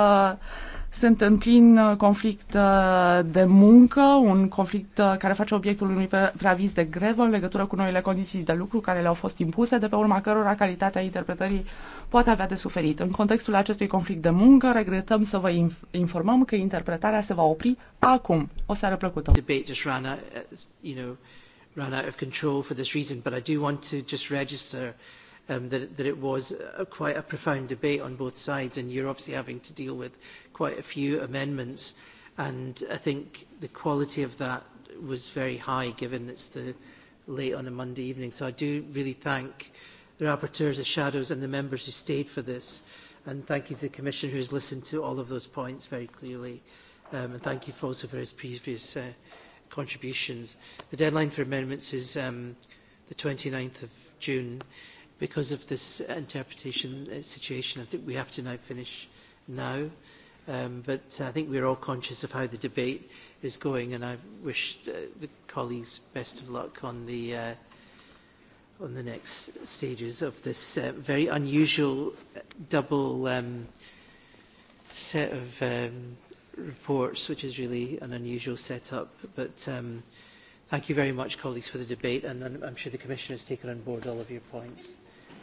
sunt în plin uh, conflict uh, de muncă, un conflict uh, care face obiectul unui preaviz de grevă în legătură cu noile condiții de lucru care le-au fost impuse, de pe urma cărora calitatea interpretării poate avea de suferit. În contextul acestui conflict de muncă, regretăm să vă informăm că interpretarea se va opri acum. O seară plăcută! ran of control for this reason, but I do want to just register um, that, that, it was a, uh, quite a profound debate on both sides, and you're obviously having to deal with quite a few amendments. And I think the quality of that was very high, given it's the late on a Monday evening. So I do really thank the rapporteurs, the shadows, and the members who stayed for this. And thank you to the Commissioner who has listened to all of those points very clearly. Um, and thank you also for his previous uh, contributions. The deadline for amendments is um, the 29th of June because of this interpretation uh, situation, I think we have to now finish now. Um, but I think we're all conscious of how the debate is going, and I wish uh, the colleagues best of luck on the uh, on the next stages of this uh, very unusual uh, double um, set of um, reports, which is really an unusual setup. But um, thank you very much, colleagues, for the debate, and I'm sure the Commissioner has taken on board all of your points.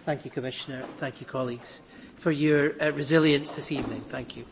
Thank you, Commissioner. Thank you, colleagues, for your uh, resilience this evening. Thank you.